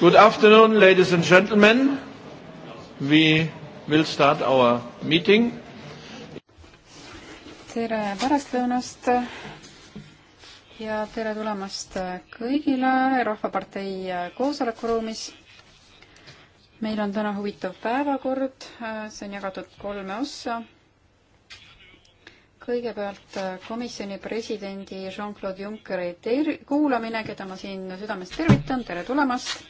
Good afternoon, ladies and gentlemen. We will start our meeting. Tere pärastlõunast ja tere tulemast kõigile Rahvapartei koosolekuruumis. Meil on täna huvitav päevakord. See on jagatud kolme ossa kõigepealt äh, komisjoni presidendi Jean-Claude Junckeri ter-, kuulamine, keda ma siin südamest tervitan, tere tulemast!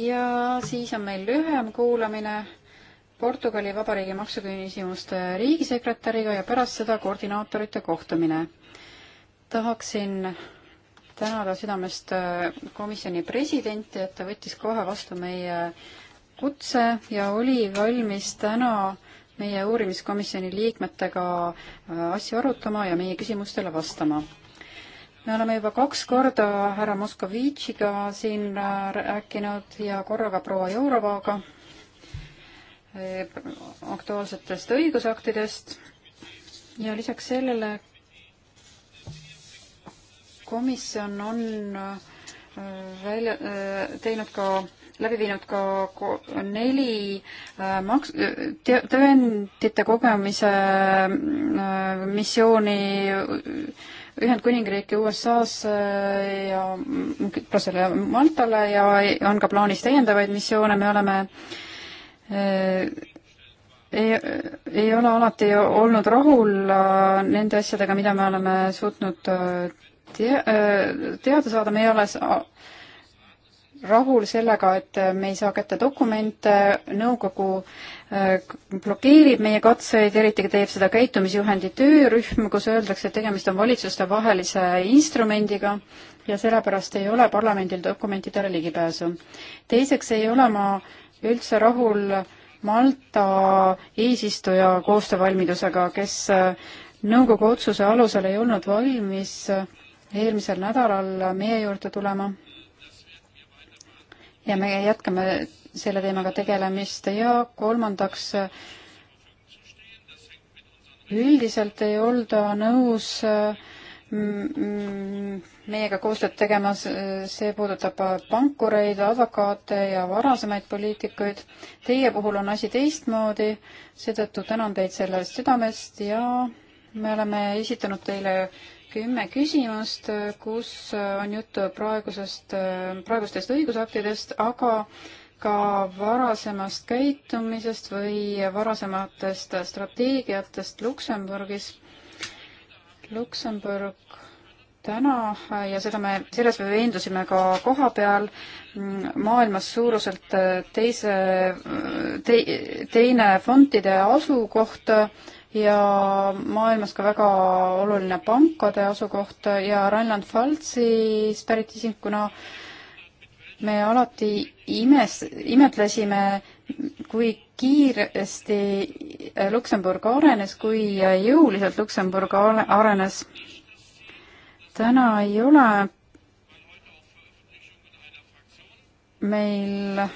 ja siis on meil lühem kuulamine Portugali Vabariigi maksuküsimuste riigisekretäriga ja pärast seda koordinaatorite kohtumine. tahaksin tänada südamest äh, komisjoni presidenti, et ta võttis kohe vastu meie kutse ja oli valmis täna äh, meie uurimiskomisjoni liikmetega äh, asju arutama ja meie küsimustele vastama. me oleme juba kaks korda härra Moskovitšiga siin äh, rääkinud ja korraga proua Jourovaga äh, aktuaalsetest õigusaktidest ja lisaks sellele komisjon on välja teinud ka läbi viinud ka neli äh, maks-, tõendite kogemise äh, missiooni Ühendkuningriiki USA-sse ja Küprosele ja Maltale ja on ka plaanis täiendavaid missioone, me oleme äh, ei, ei ole alati olnud rahul nende asjadega, mida me oleme suutnud te teada saada, me ei ole rahul sellega, et me ei saa kätte dokumente, nõukogu äh, blokeerib meie katseid, eriti teeb seda käitumisjuhendi töörühm, kus öeldakse, et tegemist on valitsustevahelise instrumendiga ja sellepärast ei ole parlamendil dokumentidele ligipääsu. teiseks ei ole ma üldse rahul Malta eesistuja koostöövalmidusega, kes äh, nõukogu otsuse alusel ei olnud valmis äh, eelmisel nädalal meie juurde tulema ja me jätkame selle teemaga tegelemist ja kolmandaks, üldiselt ei olda nõus mm, meiega koostööd tegema, see puudutab pankureid, advokaate ja varasemaid poliitikuid. Teie puhul on asi teistmoodi, seetõttu tänan teid selle eest südamest ja me oleme esitanud teile kümme küsimust, kus on juttu praegusest, praegustest õigusaktidest, aga ka varasemast käitumisest või varasematest strateegiatest Luksemburgis. Luksemburg täna ja seda me, selles me veendusime ka koha peal, maailmas suuruselt teise te,, teine fontide asukoht ja maailmas ka väga oluline pankade asukoht ja Rheinland-Pfalzist pärit isikuna me alati imes, imetlesime, kui kiiresti Luksemburg arenes, kui jõuliselt Luksemburg arenes. täna ei ole meil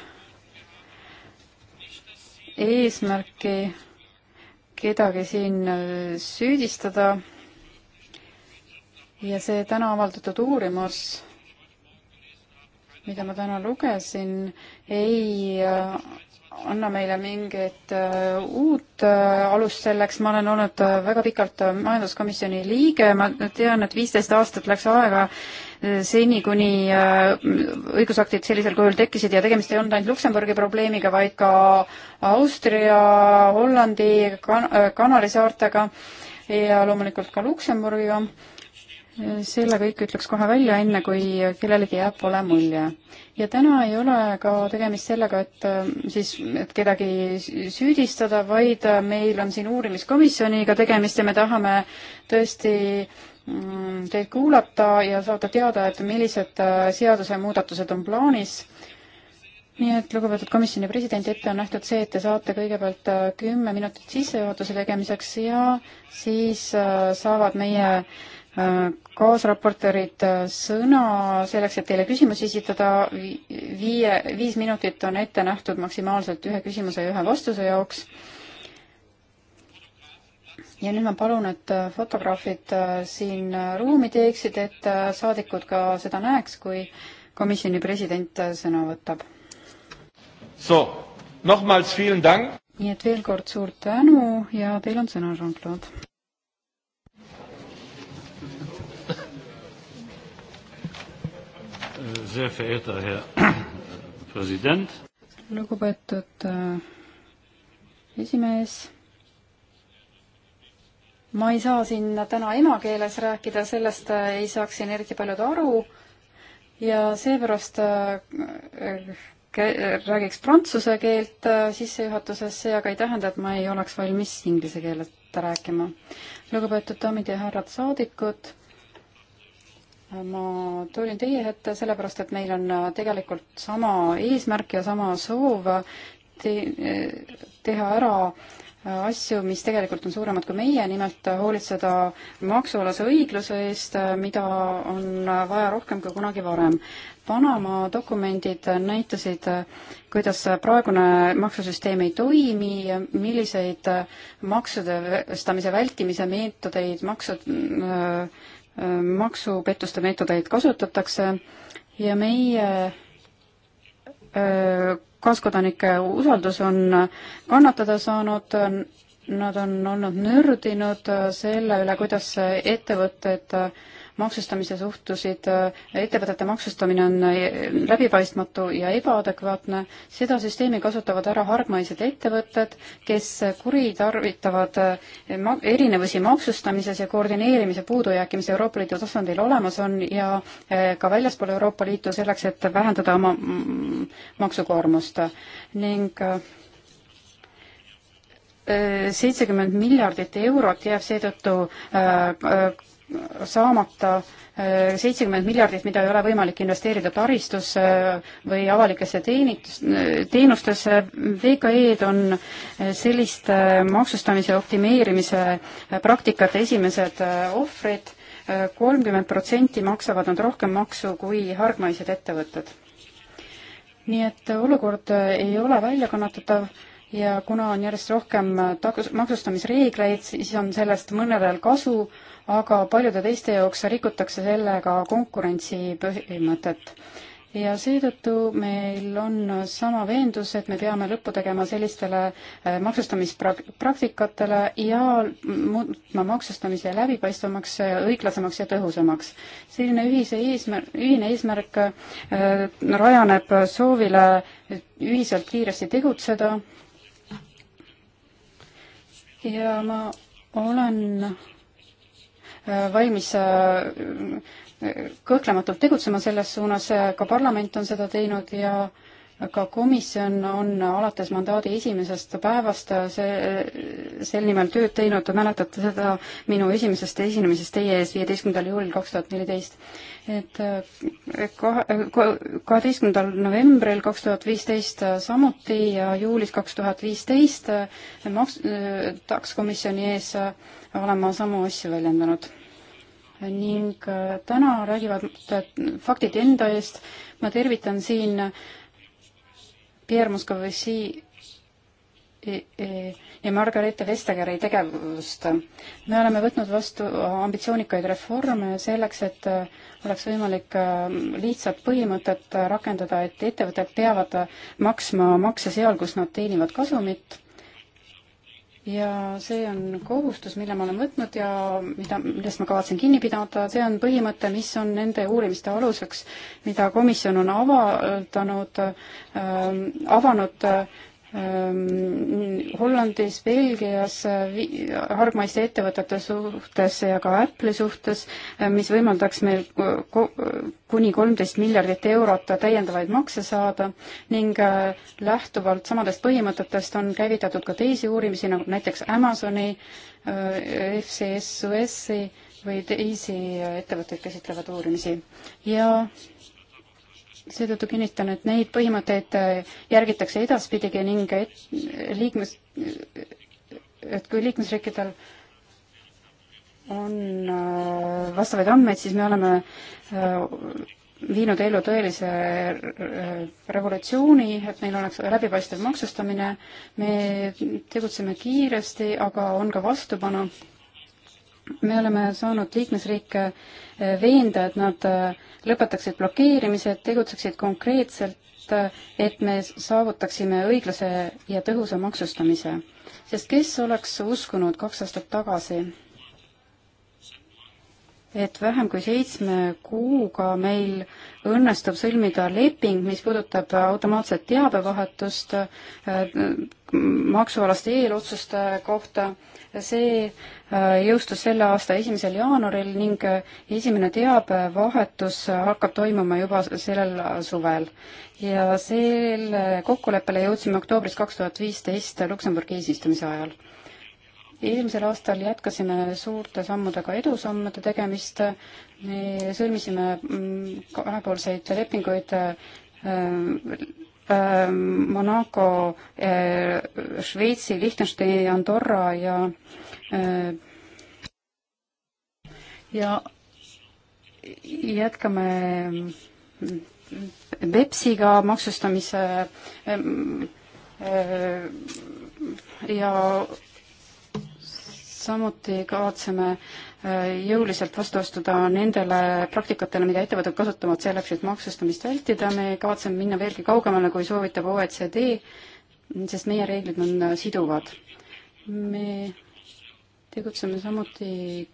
eesmärki kedagi siin äh, süüdistada. ja see täna avaldatud uurimus, mida ma täna lugesin, ei äh, anna meile mingit äh, uut alust selleks, ma olen olnud väga pikalt majanduskomisjoni liige, ma tean, et viisteist aastat läks aega seni, kuni äh, õigusaktid sellisel kujul tekkisid ja tegemist ei olnud ainult Luksemburgi probleemiga, vaid ka Austria, Hollandi kan, äh, Kanari saartega ja loomulikult ka Luksemburgiga. selle kõik ütleks kohe välja, enne kui kellelegi jääb vale mulje. ja täna ei ole ka tegemist sellega, et äh, siis, et kedagi süüdistada, vaid meil on siin uurimiskomisjoniga tegemist ja me tahame tõesti äh, Mm, teid kuulata ja saada teada, et millised äh, seadusemuudatused on plaanis. nii et lugupeetud komisjoni president, ette on nähtud see, et te saate kõigepealt äh, kümme minutit sissejuhatuse tegemiseks ja siis äh, saavad meie kaasraportöörid sõna selleks, et teile küsimusi esitada. viie, viis minutit on ette nähtud maksimaalselt ühe küsimuse ja ühe vastuse jaoks ja nüüd ma palun, et äh, fotograafid äh, siin äh, ruumi teeksid, et saadikud ka seda näeks, kui komisjoni president sõna võtab. nii et veel kord suur tänu ja teil on sõna, Jean-Claude. Sehr verehrter Herr Präsident. Lugupeetud äh, esimees ma ei saa siin täna emakeeles rääkida, sellest äh, ei saaks siin eriti paljud aru ja seepärast äh, räägiks prantsuse keelt äh, sissejuhatuses, see aga ei tähenda, et ma ei oleks valmis inglise keelet rääkima. lugupeetud daamid ja härrad saadikud, ma tulin teie ette sellepärast, et meil on tegelikult sama eesmärk ja sama soov te teha ära äh, asju, mis tegelikult on suuremad kui meie, nimelt hoolitseda maksualase õigluse eest, mida on vaja rohkem kui kunagi varem. Panama dokumendid näitasid, kuidas praegune maksusüsteem ei toimi ja milliseid maksudestamise vältimise meetodeid, maksud, maksupettuste meetodeid kasutatakse ja meie öö, kaaskodanike usaldus on kannatada saanud, nad on olnud nördinud selle üle, kuidas ettevõtted et maksustamise suhtusid, äh, ettevõtete maksustamine on äh, läbipaistmatu ja ebaadekvaatne, seda süsteemi kasutavad ära hargmaised ettevõtted, kes kuritarvitavad äh, erinevusi maksustamises ja koordineerimise puudujääki, mis Euroopa Liidu tasandil olemas on ja ka väljaspool Euroopa Liitu selleks, et vähendada oma mm, maksukoormust ning seitsekümmend miljardit eurot jääb seetõttu saamata eh, seitsekümmend miljardit, mida ei ole võimalik investeerida taristusse või avalikesse teenitust, teenustesse. VKE-d on eh, selliste maksustamise optimeerimise eh, praktikate esimesed ohvrid. kolmkümmend protsenti maksavad nad rohkem maksu kui hargmaised ettevõtted. nii et olukord ei ole väljakannatatav ja kuna on järjest rohkem tagus, maksustamisreegleid, siis on sellest mõnedel kasu, aga paljude teiste jaoks rikutakse sellega konkurentsi põhimõtet. ja seetõttu meil on sama veendus, et me peame lõppu tegema sellistele äh, maksustamispraktikatele ja muutma maksustamise läbipaistvamaks, äh, õiglasemaks ja tõhusamaks. selline ühise eesmärk, ühine eesmärk äh, rajaneb soovile ühiselt kiiresti tegutseda ja ma olen valmis äh, kõhklematult tegutsema selles suunas, ka parlament on seda teinud ja ka komisjon on alates mandaadi esimesest päevast see, sel nimel tööd teinud, mäletate seda minu esimesest esinemisest teie ees viieteistkümnendal juulil kaks tuhat neliteist et kaheteistkümnendal novembril kaks tuhat viisteist äh, samuti ja juulis kaks tuhat viisteist äh, maks-, äh, takskomisjoni ees olen ma samu asju väljendanud. ning täna räägivad faktid enda eest, ma tervitan siin Pierre Moscovici E, e, ja Margareeta Vestageri tegevust. me oleme võtnud vastu ambitsioonikaid reforme selleks, et äh, oleks võimalik äh, lihtsat põhimõtet äh, rakendada, et ettevõtted peavad maksma makse seal, kus nad teenivad kasumit. ja see on kohustus, mille ma olen võtnud ja mida, millest ma kavatsen kinni pidada, see on põhimõte, mis on nende uurimiste aluseks, mida komisjon on avaldanud äh,, avanud äh, Ehm, Hollandis, Belgias hargmaiste ettevõtete suhtes ja ka Apple'i suhtes, eh, mis võimaldaks meil kuni kolmteist miljardit eurot täiendavaid makse saada ning eh, lähtuvalt samadest põhimõtetest on käivitatud ka teisi uurimisi, nagu näiteks Amazoni, eh, FCS, US-i või teisi ettevõtteid käsitlevad uurimisi. ja seetõttu kinnitan, et neid põhimõtteid äh, järgitakse edaspidigi ning et liikmes, et kui liikmesriikidel on äh, vastavaid andmeid, siis me oleme äh, viinud ellu tõelise revolutsiooni, et meil oleks läbipaistev maksustamine, me tegutseme kiiresti, aga on ka vastupanu me oleme saanud liikmesriike eh, veenda, et nad eh, lõpetaksid blokeerimise, et tegutseksid konkreetselt, eh, et me saavutaksime õiglase ja tõhusa maksustamise. sest kes oleks uskunud kaks aastat tagasi, et vähem kui seitsme kuuga meil õnnestub sõlmida leping, mis puudutab automaatset teabevahetust maksualaste eelotsuste kohta see äh, jõustus selle aasta esimesel jaanuaril ning äh, esimene teabevahetus hakkab toimuma juba sellel suvel. ja selle kokkuleppele jõudsime oktoobris kaks tuhat viisteist Luksemburgi eesistumise ajal eelmisel aastal jätkasime suurte sammudega edusammude tegemist, me sõlmisime mm, kahepoolseid lepinguid äh, Ähm, Monaco, äh, Šveitsi, Liechtensteini, Andorra ja äh, ja jätkame ähm, Pepsiga maksustamise ähm, äh, ja samuti kavatseme äh, jõuliselt vastu astuda nendele praktikatele, mida ettevõtted kasutavad selleks, et maksustamist vältida, me kavatseme minna veelgi kaugemale, kui soovitab OECD, sest meie reeglid on siduvad. me tegutseme samuti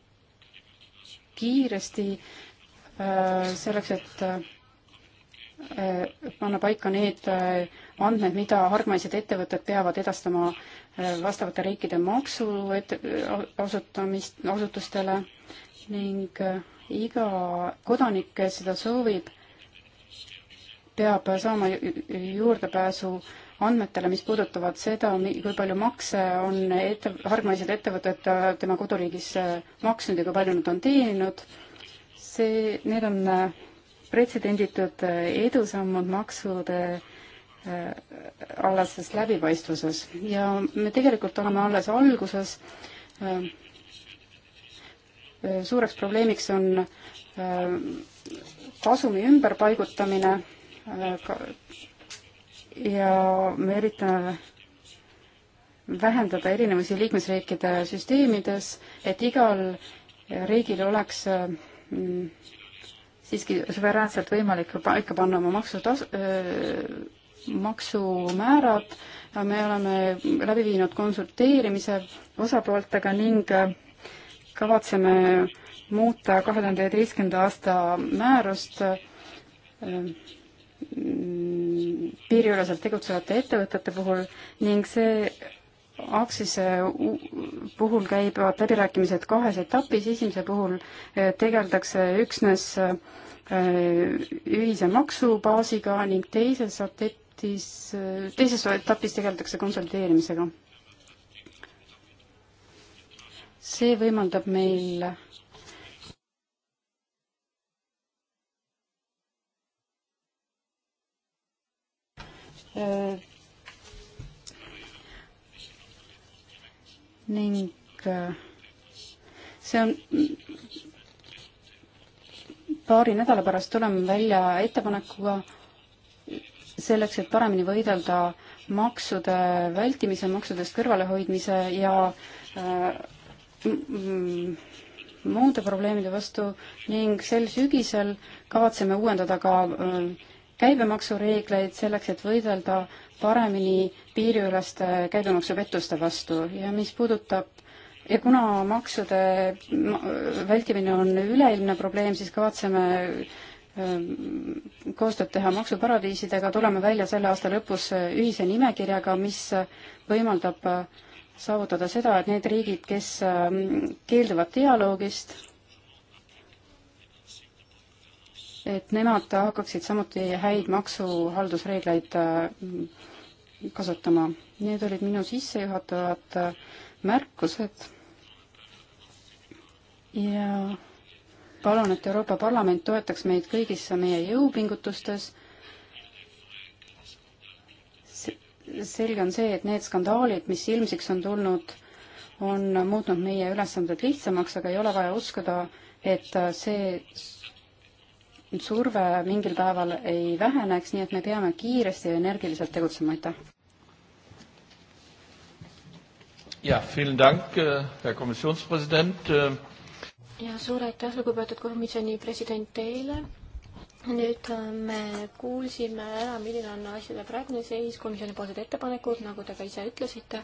kiiresti äh, selleks, et äh, panna paika need äh, andmed, mida hargmaised ettevõtted peavad edastama vastavate riikide maksu osutamist, osutustele ning äh, iga kodanik, kes seda soovib, peab saama juurdepääsu andmetele, mis puudutavad seda, kui palju makse on ette, hargmaised ettevõtted äh, tema koduriigis äh, maksnud ja kui palju nad on teeninud. see, need on pretsedenditud edusammud maksude Äh, alases läbipaistvuses ja me tegelikult oleme alles alguses. Äh, äh, suureks probleemiks on kasumi ümberpaigutamine ja me üritame vähendada erinevusi liikmesriikide süsteemides, et igal riigil oleks siiski suveräänselt võimalik paika panna oma maksutas-, maksumäärad, me oleme läbi viinud konsulteerimise osapooltega ning äh, kavatseme muuta kahe tuhande üheteistkümnenda aasta määrust äh, piiriüleselt tegutsevate ettevõtete puhul ning see Aksise puhul käivad läbirääkimised kahes etapis, esimese puhul äh, tegeldakse üksnes ühise maksubaasiga ning teises etapis, teises etapis tegeldakse konsolideerimisega. see võimaldab meil ning see on paari nädala pärast tuleme välja ettepanekuga, selleks, et paremini võidelda maksude vältimise, maksudest kõrvalehoidmise ja äh, muude probleemide vastu ning sel sügisel kavatseme uuendada ka äh, käibemaksureegleid selleks, et võidelda paremini piiriüleste käibemaksupettuste vastu ja mis puudutab ja kuna maksude vältimine on üleilmne probleem, siis kavatseme koostööd teha maksuparadiisidega, tuleme välja selle aasta lõpus ühise nimekirjaga, mis võimaldab saavutada seda, et need riigid, kes keelduvad dialoogist, et nemad hakkaksid samuti häid maksuhaldusreegleid kasutama. Need olid minu sissejuhatavad märkused ja palun, et Euroopa Parlament toetaks meid kõigis meie jõupingutustes. selge on see, et need skandaalid, mis ilmsiks on tulnud, on muutnud meie ülesanded lihtsamaks, aga ei ole vaja uskuda, et see surve mingil päeval ei väheneks, nii et me peame kiiresti ja energiliselt tegutsema, aitäh. ja, vielen Dank, äh, Herr Kommissionspräsident. Ähm, ja suur aitäh, lugupeetud komisjoni president teile. nüüd äh, me kuulsime ära, milline on asjade praegune seis, komisjonipoolsed ettepanekud, nagu te ka ise ütlesite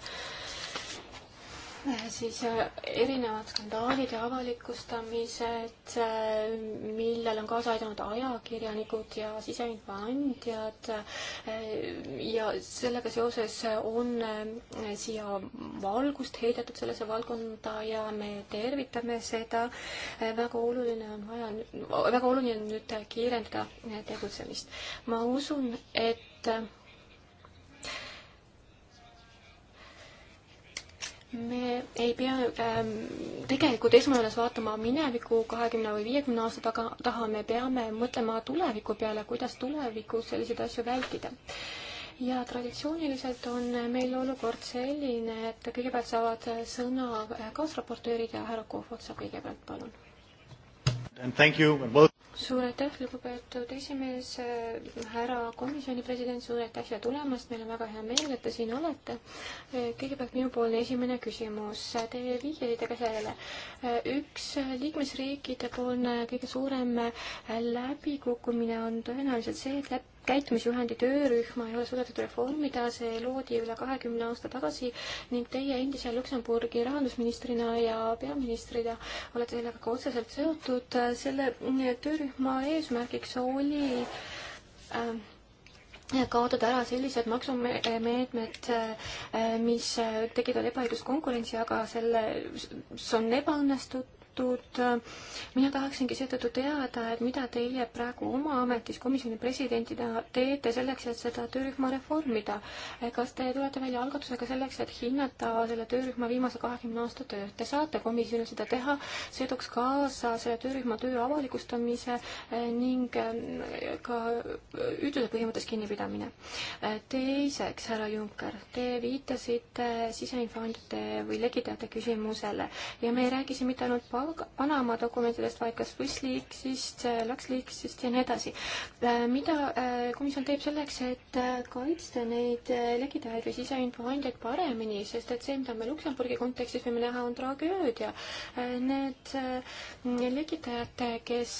siis äh, erinevad skandaalid ja avalikustamised, äh, millele on kaasa aidanud ajakirjanikud ja siseinfo andjad äh, ja sellega seoses on siia valgust heidetud sellesse valdkonda ja me tervitame seda. väga oluline on vaja, väga oluline on nüüd kiirendada tegutsemist. ma usun, et me ei pea ähm, tegelikult esmajoones vaatama minevikku kahekümne või viiekümne aasta taga, taha, me peame mõtlema tuleviku peale, kuidas tulevikus selliseid asju vältida. ja traditsiooniliselt on meil olukord selline, et kõigepealt saavad sõna äh, kaasraportöörid ja härra Kohvot saab kõigepealt, palun suur aitäh, lugupeetud esimees, äh, härra komisjoni president, suur aitäh siia tulemast, meil on väga hea meel, et te siin olete. Äh, kõigepealt minupoolne esimene küsimus, äh, te vihjasite ka sellele. üks liikmesriikide poolne kõige suurem läbikukkumine on tõenäoliselt see, et läbi käitumisjuhendi töörühma ei ole suudetud reformida, see loodi üle kahekümne aasta tagasi ning teie endise Luksemburgi rahandusministrina ja peaministrina olete sellega ka otseselt seotud. selle äh, töörühma eesmärgiks oli äh, kaotada ära sellised maksumeetmed, äh, mis tekitavad ebaõiglust konkurentsi, aga selles on ebaõnnestunud seotud. mina tahaksingi seetõttu teada, et mida teie praegu oma ametis komisjoni presidendina teete selleks, et seda töörühma reformida. kas te tulete välja algatusega selleks, et hinnata selle töörühma viimase kahekümne aasta tööd? Te saate komisjonil seda teha, see tooks kaasa selle töörühma töö avalikustamise eh, ning eh, ka ütluse põhimõttest kinnipidamine. Eh, teiseks, härra Juncker, te viitasite siseinfandite või lekitajate küsimusele ja me ei räägi siin mitte ainult Panama dokumentidest, vaid kas Swissleaksist, äh, LuxLeaksist ja nii edasi. Äh, mida äh, komisjon teeb selleks, et kaitsta neid lekitajaid või siseinfoandjaid paremini, sest et see, mida me Luksemburgi kontekstis võime näha, on tragöödia. Need lekitajad, kes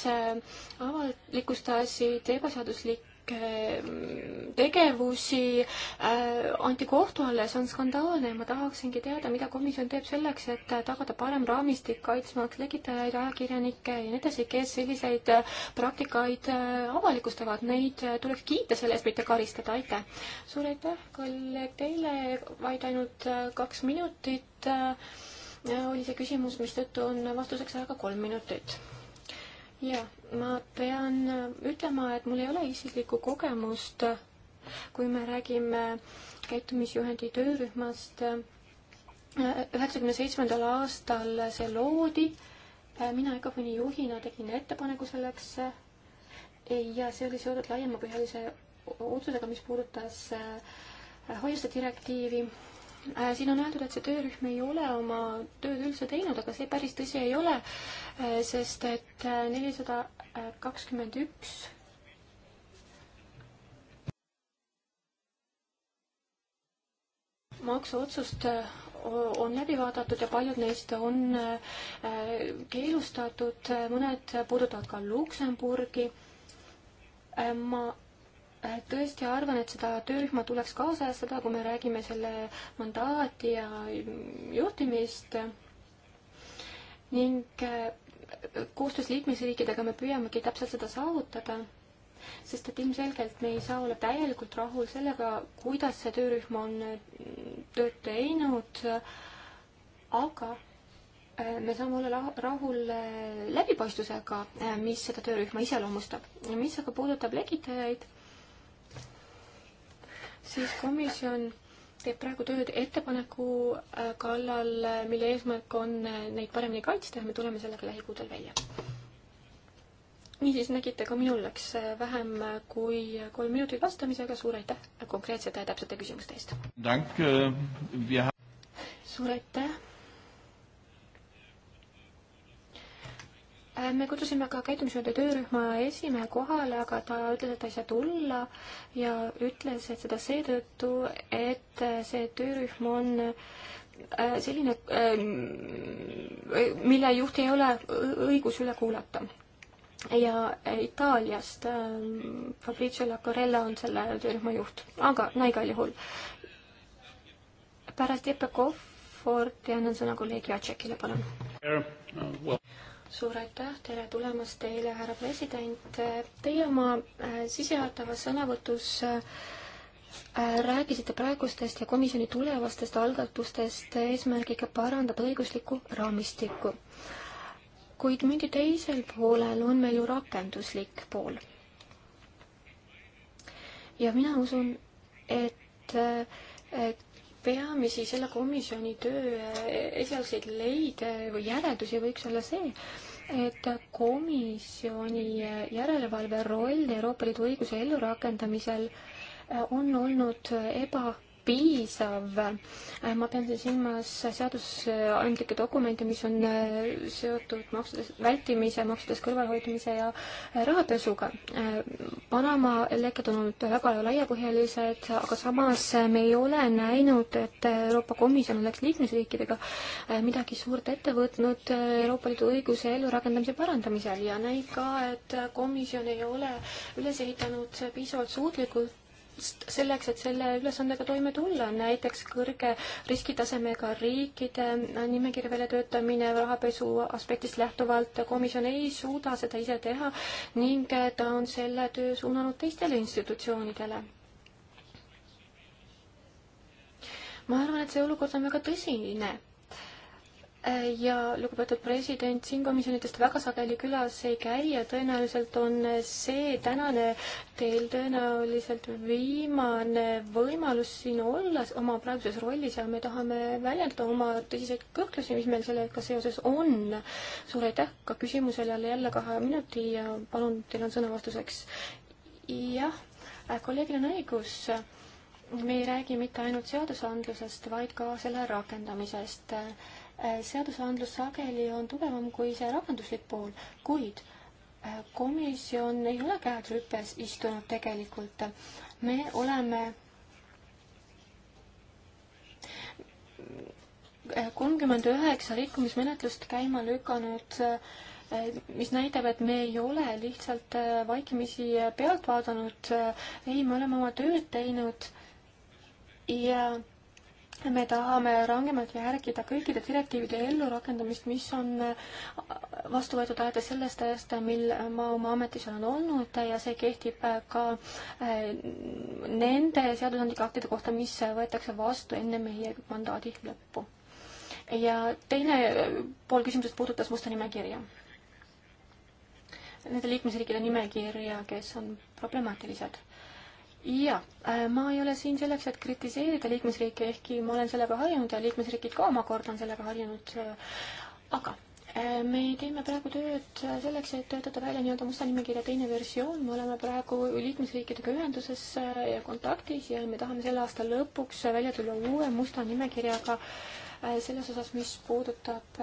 avalikustasid ebaseaduslikke Mm, tegevusi äh, anti kohtu alla ja see on skandaalne ja ma tahaksingi teada, mida komisjon teeb selleks, et tagada parem raamistik kaitsmaks lekitajaid, ajakirjanikke ja nii edasi, kes selliseid äh, praktikaid äh, avalikustavad, neid tuleks kiita selle eest, mitte karistada, aitäh. suur aitäh, kolleeg, teile vaid ainult kaks minutit oli see küsimus, mistõttu on vastuseks aega kolm minutit jaa, ma pean äh, ütlema, et mul ei ole isiklikku kogemust, äh, kui me räägime käitumisjuhendi töörühmast. Äh, üheksakümne seitsmendal aastal see loodi. mina EKAFoni juhina tegin ettepaneku selleks ja see oli seotud laiemapõhjalise otsusega, mis puudutas hoiuste direktiivi Äh, siin on öeldud, et see töörühm ei ole oma tööd üldse teinud, aga see päris tõsi ei ole, äh, sest et äh, nelisada kakskümmend üks maksuotsust on läbi vaadatud ja paljud neist on keelustatud, mõned puudutavad ka Luksemburgi. ma Äh, tõesti arvan, et seda töörühma tuleks kaasajastada, kui me räägime selle mandaati ja juhtimist ning äh, koostöös liikmesriikidega me püüamegi täpselt seda saavutada, sest et ilmselgelt me ei saa olla täielikult rahul sellega, kuidas see töörühm on äh, tööd teinud, aga me saame olla rahul läbipaistvusega, mis seda töörühma iseloomustab. mis aga puudutab lekitajaid, siis komisjon teeb praegu tööd ettepaneku äh, kallal, äh, mille eesmärk on äh, neid paremini kaitsta ja me tuleme sellega lähikuudel välja. niisiis nägite, ka minul läks vähem kui kolm minutit vastamisega, suur aitäh konkreetsete ja täpsete küsimuste eest! suur aitäh! me kutsusime ka käitumisjuurde töörühma esimehe kohale, aga ta ütles, et ta ei saa tulla ja ütles, et seda seetõttu, et see töörühm on äh, selline, äh, mille juhti ei ole õigus üle kuulata. ja Itaaliast äh, Fabrizio Lacorella on selle töörühma juht, aga no igal juhul. pärast Jeppe Kohvort ja annan sõna kolleeg Jacekile, palun. Uh, suur aitäh, tere tulemast teile, härra president. Teie oma äh, sissejuhatavas sõnavõtus äh, rääkisite praegustest ja komisjoni tulevastest algatustest eesmärgiga parandada õiguslikku raamistikku. kuid mindi teisel poolel on meil ju rakenduslik pool. ja mina usun, et äh, peamisi selle komisjoni töö esialgseid leide või järeldusi võiks olla see, et komisjoni järelevalve roll Euroopa Liidu õiguse ellurakendamisel on olnud eba piisav. ma pean siin silmas seadusandlikke dokumente, mis on äh, seotud maksudes vältimise, maksudest kõrvalhoidmise ja äh, rahapesuga. Äh, Panama lekked on olnud väga laiapõhjalised, aga samas me ei ole näinud, et Euroopa Komisjon oleks liikmesriikidega midagi suurt ette võtnud Euroopa Liidu õiguse ellurakendamise parandamisel ja näib ka, et komisjon ei ole üles ehitanud piisavalt suutlikult selleks, et selle ülesandega toime tulla, on näiteks kõrge riskitasemega riikide äh, nimekirja väljatöötamine rahapesu aspektist lähtuvalt. komisjon ei suuda seda ise teha ning äh, ta on selle töö suunanud teistele institutsioonidele. ma arvan, et see olukord on väga tõsine ja lugupeetud president, siin komisjonidest väga sageli külas ei käi ja tõenäoliselt on see tänane teil tõenäoliselt viimane võimalus siin olla oma praeguses rollis ja me tahame väljendada oma tõsiseid kõhklusi, mis meil sellega seoses on. suur aitäh ka küsimusele jälle, jälle kahe minuti ja palun, teil on sõna vastuseks. jah, äh, kolleegil on õigus me ei räägi mitte ainult seadusandlusest, vaid ka selle rakendamisest äh, Äh, seadusandlus sageli on tugevam kui see rakenduslik pool, kuid äh, komisjon ei ole käed rüpes istunud tegelikult. me oleme äh, kolmkümmend üheksa rikkumismenetlust käima lükanud, mis näitab, et me ei ole lihtsalt vaikimisi pealt vaadanud, ei, me oleme oma tööd teinud ja me tahame rangemalt järgida kõikide direktiivide ellurakendamist, mis on vastu võetud alates sellest ajast, mil ma oma ametis olen olnud ja see kehtib ka eh, nende seadusandlike aktide kohta, mis võetakse vastu enne meie mandaadi lõppu. ja teine pool küsimusest puudutas musta nimekirja. Nende liikmesriikide nimekirja, kes on problemaatilised jah, äh, ma ei ole siin selleks, et kritiseerida liikmesriike, ehkki ma olen sellega harjunud ja liikmesriigid ka omakorda on sellega harjunud, äh, aga äh, me teeme praegu tööd selleks, et töötada välja nii-öelda musta nimekirja teine versioon, me oleme praegu liikmesriikidega ühenduses ja kontaktis ja me tahame selle aasta lõpuks välja tulla uue musta nimekirjaga selles osas, mis puudutab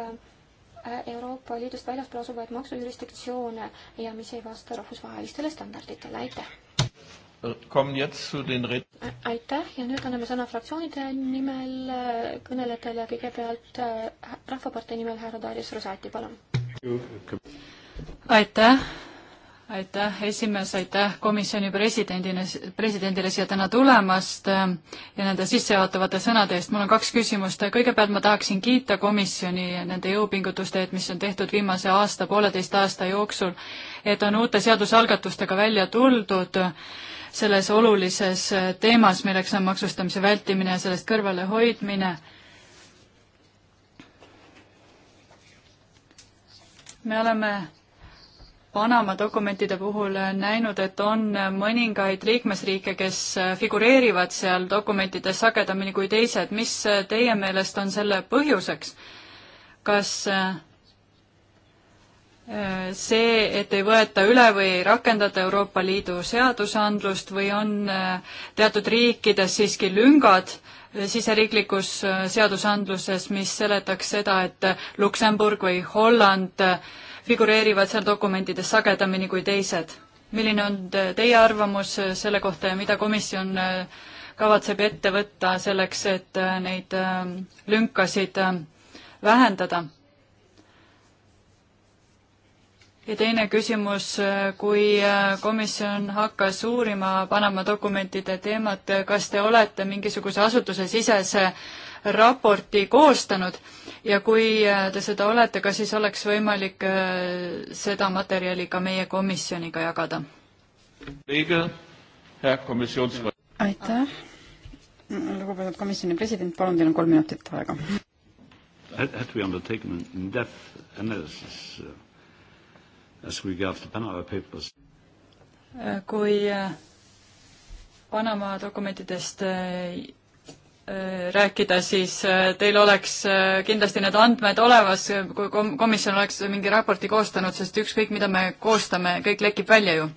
Euroopa Liidust väljaspool asuvaid maksujurisdiktsioone ja mis ei vasta rahvusvahelistele standarditele, aitäh! aitäh ja nüüd anname sõna fraktsioonide nimel äh, kõnelejatele, kõigepealt äh, Rahvapartei nimel härra Darius Rosati, palun. aitäh, aitäh esimees, aitäh komisjoni presidendina, presidendile siia täna tulemast äh, ja nende sissejuhatavate sõnade eest. mul on kaks küsimust, kõigepealt ma tahaksin kiita komisjoni nende jõupingutuste, et mis on tehtud viimase aasta, pooleteist aasta jooksul, et on uute seadusalgatustega välja tuldud selles olulises äh, teemas, milleks on maksustamise vältimine ja sellest kõrvalehoidmine. me oleme Panama dokumentide puhul näinud, et on mõningaid liikmesriike, kes äh, figureerivad seal dokumentides sagedamini kui teised. mis äh, teie meelest on selle põhjuseks? kas äh, see, et ei võeta üle või ei rakendata Euroopa Liidu seadusandlust või on äh, teatud riikides siiski lüngad äh, siseriiklikus äh, seadusandluses, mis seletaks seda, et Luksemburg või Holland figureerivad seal dokumentides sagedamini kui teised. milline on teie arvamus selle kohta ja mida komisjon kavatseb ette võtta selleks, et neid lünkasid vähendada? ja teine küsimus, kui äh, komisjon hakkas uurima Panama dokumentide teemat, kas te olete mingisuguse asutusesisese raporti koostanud ja kui äh, te seda olete, kas siis oleks võimalik äh, seda materjali ka meie komisjoniga jagada? aitäh, lugupeetud komisjoni president, palun, teil on kolm minutit aega. Had we undertaken in-depth analysis uh, as regards the Panama Papers. kui eh, Panama dokumentidest eh, eh, rääkida, siis teil oleks kindlasti need andmed olemas, kui kom-, komisjon oleks mingi raporti koostanud, sest ükskõik, mida me koostame, kõik lekib välja ju.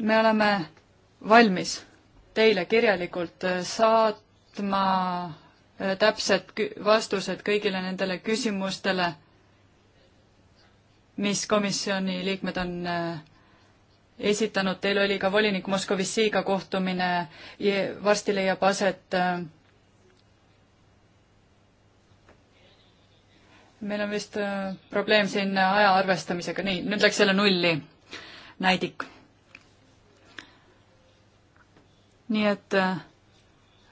me oleme valmis teile kirjalikult saatma täpsed vastused kõigile nendele küsimustele mis komisjoni liikmed on äh, esitanud, teil oli ka volinik Moskovissiga kohtumine, varsti leiab aset äh, meil on vist äh, probleem siin aja arvestamisega, nii, nüüd läks jälle nulli näidik. nii et äh,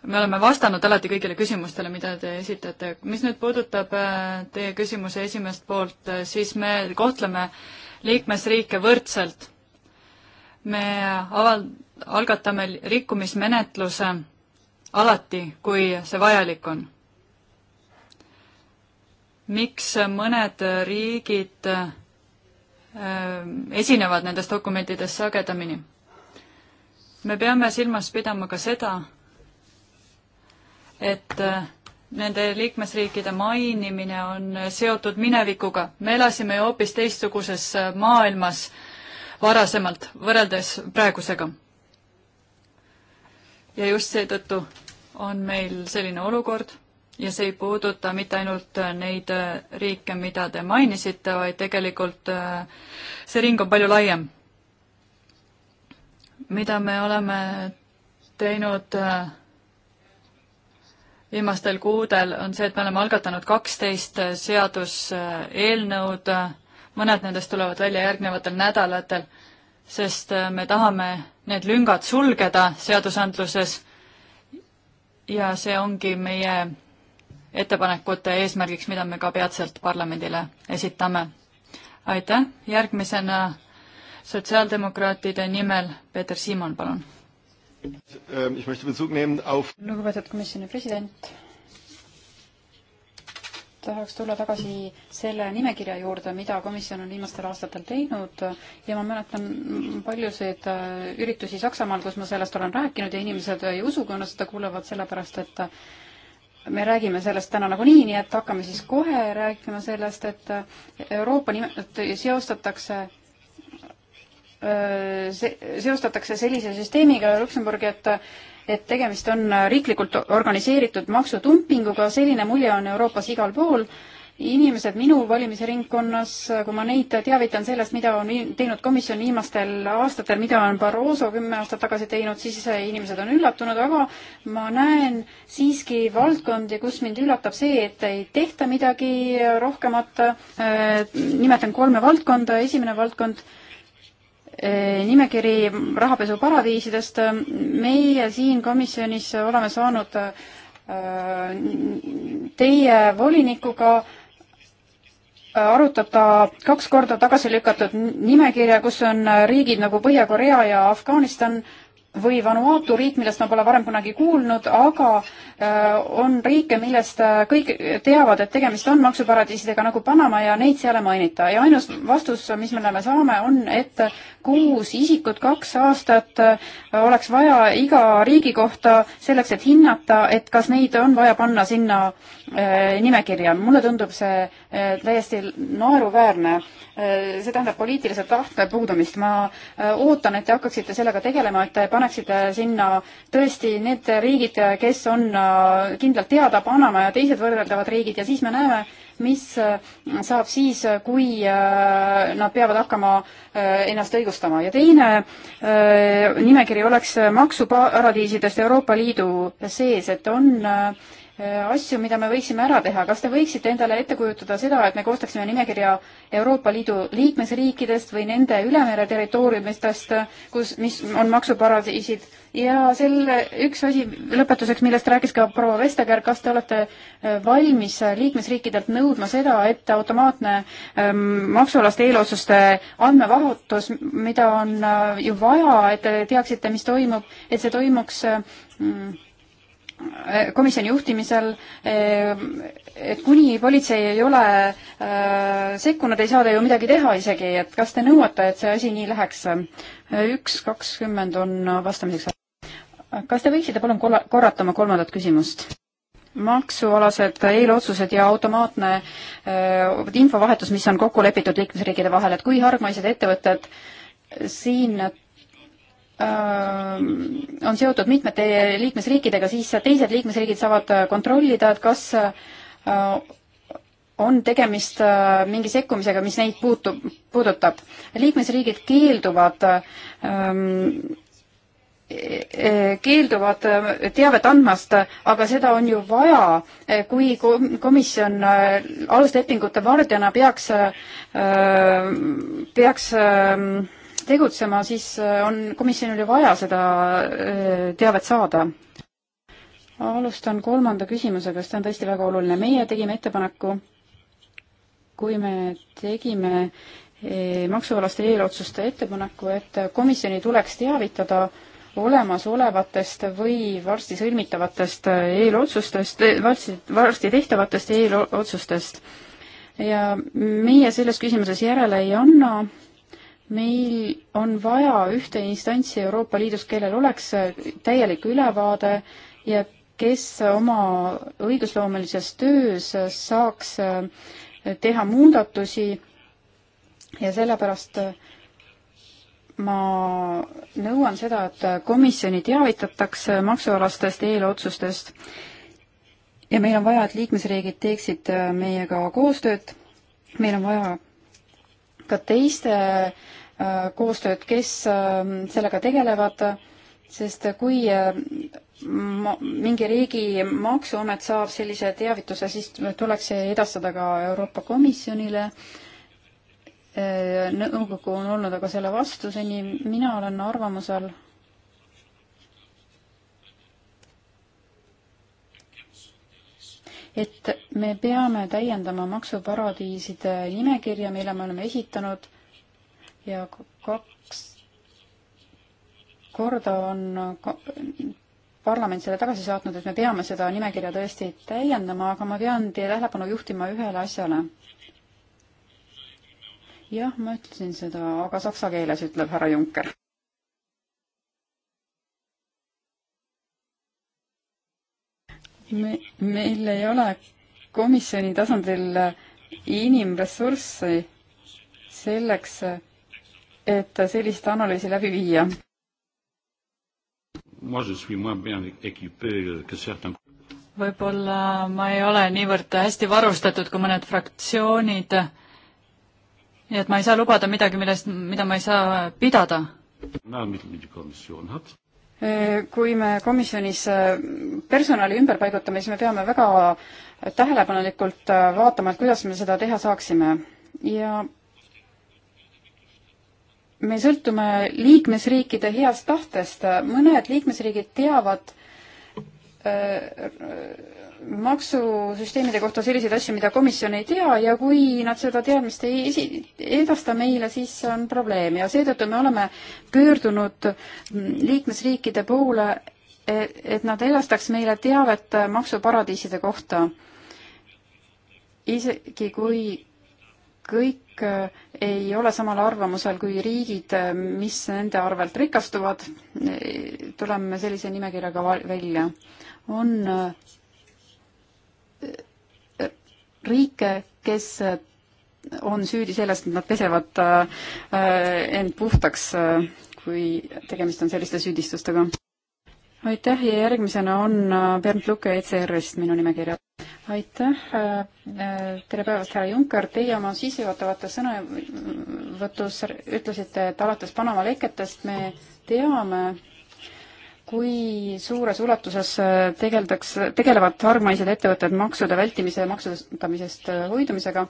me oleme vastanud alati kõigile küsimustele, mida te esitate. mis nüüd puudutab äh, teie küsimuse esimest poolt, äh, siis me kohtleme liikmesriike võrdselt. me aval-, algatame rikkumismenetluse alati, kui see vajalik on. miks mõned riigid äh, esinevad nendes dokumentides sagedamini? me peame silmas pidama ka seda, et äh, nende liikmesriikide mainimine on äh, seotud minevikuga. me elasime ju hoopis teistsuguses äh, maailmas varasemalt, võrreldes praegusega. ja just seetõttu on meil selline olukord ja see ei puuduta mitte ainult neid riike, mida te mainisite, vaid tegelikult see ring on palju laiem. mida me oleme teinud äh, viimastel kuudel, on see, et me oleme algatanud kaksteist seaduseelnõud, mõned nendest tulevad välja järgnevatel nädalatel, sest me tahame need lüngad sulgeda seadusandluses ja see ongi meie ettepanekute eesmärgiks, mida me ka peatselt parlamendile esitame. aitäh, järgmisena sotsiaaldemokraatide nimel Peeter Siimon, palun Ähm, lugupeetud komisjoni president, tahaks tulla tagasi selle nimekirja juurde, mida komisjon on viimastel aastatel teinud ja ma mäletan paljusid äh, üritusi Saksamaal, kus ma sellest olen rääkinud ja inimesed ei usu, kui nad seda kuulevad, sellepärast et me räägime sellest täna nagunii, nii et hakkame siis kohe rääkima sellest, et Euroopa nim-, seostatakse Äh, seostatakse sellise süsteemiga Luksemburgi, et et tegemist on riiklikult organiseeritud maksutumpinguga, selline mulje on Euroopas igal pool. inimesed minu valimisringkonnas, kui ma neid teavitan sellest, mida on teinud komisjon viimastel aastatel, mida on Barroso kümme aastat tagasi teinud, siis inimesed on üllatunud, aga ma näen siiski valdkondi, kus mind üllatab see, et ei tehta midagi rohkemat. Äh, nimetan kolme valdkonda, esimene valdkond äh, Äh, nimekiri rahapesuparadiisidest. meie siin komisjonis oleme saanud äh, teie volinikuga äh, arutab ta kaks korda tagasi lükatud nimekirja, kus on riigid nagu Põhja-Korea ja Afganistan või Vanuatu riik, millest ma pole varem kunagi kuulnud, aga on riike, millest kõik teavad, et tegemist on maksuparadiisidega nagu Panama ja neid seal ei mainita ja ainus vastus, mis me oleme saame, on, et kuus isikut kaks aastat äh, oleks vaja iga riigi kohta selleks, et hinnata, et kas neid on vaja panna sinna äh, nimekirja. mulle tundub see äh, täiesti naeruväärne. see tähendab poliitilise tahte puudumist. ma ootan, et te hakkaksite sellega tegelema, et te paneksite sinna tõesti need riigid, kes on kindlalt teada, Panama ja teised võrreldavad riigid ja siis me näeme, mis äh, saab siis, äh, kui äh, nad peavad hakkama ennast õigustama ja teine nimekiri oleks maksuparadiisidest Euroopa Liidu sees, et on Äh, asju, mida me võiksime ära teha. kas te võiksite endale ette kujutada seda, et me koostaksime nimekirja Euroopa Liidu liikmesriikidest või nende ülemere territooriumitest, kus, mis on maksuparadiisid ja selle üks asi lõpetuseks, millest rääkis ka proua Vestager, kas te olete äh, valmis liikmesriikidelt nõudma seda, et automaatne ähm, maksualaste eelotsuste andmevahutus, mida on äh, ju vaja, et te teaksite, mis toimub, et see toimuks äh, mm, Äh, komisjoni juhtimisel, äh, et kuni politsei ei ole äh, sekkunud, ei saa te ju midagi teha isegi, et kas te nõuate, et see asi nii läheks? üks kakskümmend on vastamiseks. kas te võiksite palun korrata oma kolmandat küsimust? maksualased eelotsused ja automaatne äh, infovahetus, mis on kokku lepitud liikmesriikide vahel, et kui hargmaised ettevõtted siin on seotud mitmete liikmesriikidega, siis teised liikmesriigid saavad kontrollida, et kas on tegemist mingi sekkumisega, mis neid puutub, puudutab. liikmesriigid keelduvad e-, keelduvad teavet andmast, aga seda on ju vaja, kui komisjon aluslepingute vardjana peaks, peaks tegutsema, siis äh, on komisjonil ju vaja seda äh, teavet saada. alustan kolmanda küsimusega, sest see on tõesti väga oluline. meie tegime ettepaneku, kui me tegime äh, maksualaste eelotsuste ettepaneku, et komisjoni tuleks teavitada olemasolevatest või varsti sõlmitavatest eelotsustest, varsti, varsti tehtavatest eelotsustest. ja meie selles küsimuses järele ei anna meil on vaja ühte instantsi Euroopa Liidus, kellel oleks täielik ülevaade ja kes oma õigusloomelises töös saaks äh, teha muudatusi ja sellepärast äh, ma nõuan seda, et komisjoni teavitataks maksualastest eelotsustest ja meil on vaja, et liikmesriigid teeksid äh, meiega koostööd, meil on vaja ka teiste äh, koostööd, kes ähm, sellega tegelevad, sest kui äh, ma, mingi riigi maksuamet saab sellise teavituse, siis tuleks see edastada ka Euroopa Komisjonile. Äh, nõukogu on olnud aga selle vastu seni, mina olen arvamusel et me peame täiendama maksuparadiiside nimekirja, mille me oleme esitanud ja kaks korda on parlament selle tagasi saatnud, et me peame seda nimekirja tõesti täiendama, aga ma pean teie tähelepanu juhtima ühele asjale. jah, ma ütlesin seda, aga saksa keeles, ütleb härra Juncker me, meil ei ole komisjoni tasandil inimressurssi selleks, et sellist analüüsi läbi viia. võib-olla ma ei ole niivõrd hästi varustatud kui mõned fraktsioonid, nii et ma ei saa lubada midagi, millest, mida ma ei saa pidada. Äh, kui me komisjonis äh, personali ümberpaigutame, siis me peame väga tähelepanelikult äh, vaatama, et kuidas me seda teha saaksime ja me sõltume liikmesriikide heast tahtest, mõned liikmesriigid teavad maksusüsteemide kohta selliseid asju, mida komisjon ei tea ja kui nad seda teadmist ei esi-, edasta meile, siis on probleem ja seetõttu me oleme pöördunud liikmesriikide poole, e-, et nad edastaks meile teavet maksuparadiiside kohta. isegi kui kõik ei ole samal arvamusel kui riigid, mis nende arvelt rikastuvad, e-, tuleme sellise nimekirjaga välja. on riike, kes on süüdi selles, et nad pesevad äh, end puhtaks, äh, kui tegemist on selliste süüdistustega. aitäh ja järgmisena on äh, Bernd Luke ECR-ist minu nimekirjas. aitäh, tere päevast, härra Juncker, teie oma sissejuhatavates sõnavõtus ütlesite, et alates Panama leketest me teame, kui suures ulatuses äh, tegeldakse, tegelevad hargmaised ettevõtted maksude vältimise ja maksustamisest äh, hoidumisega,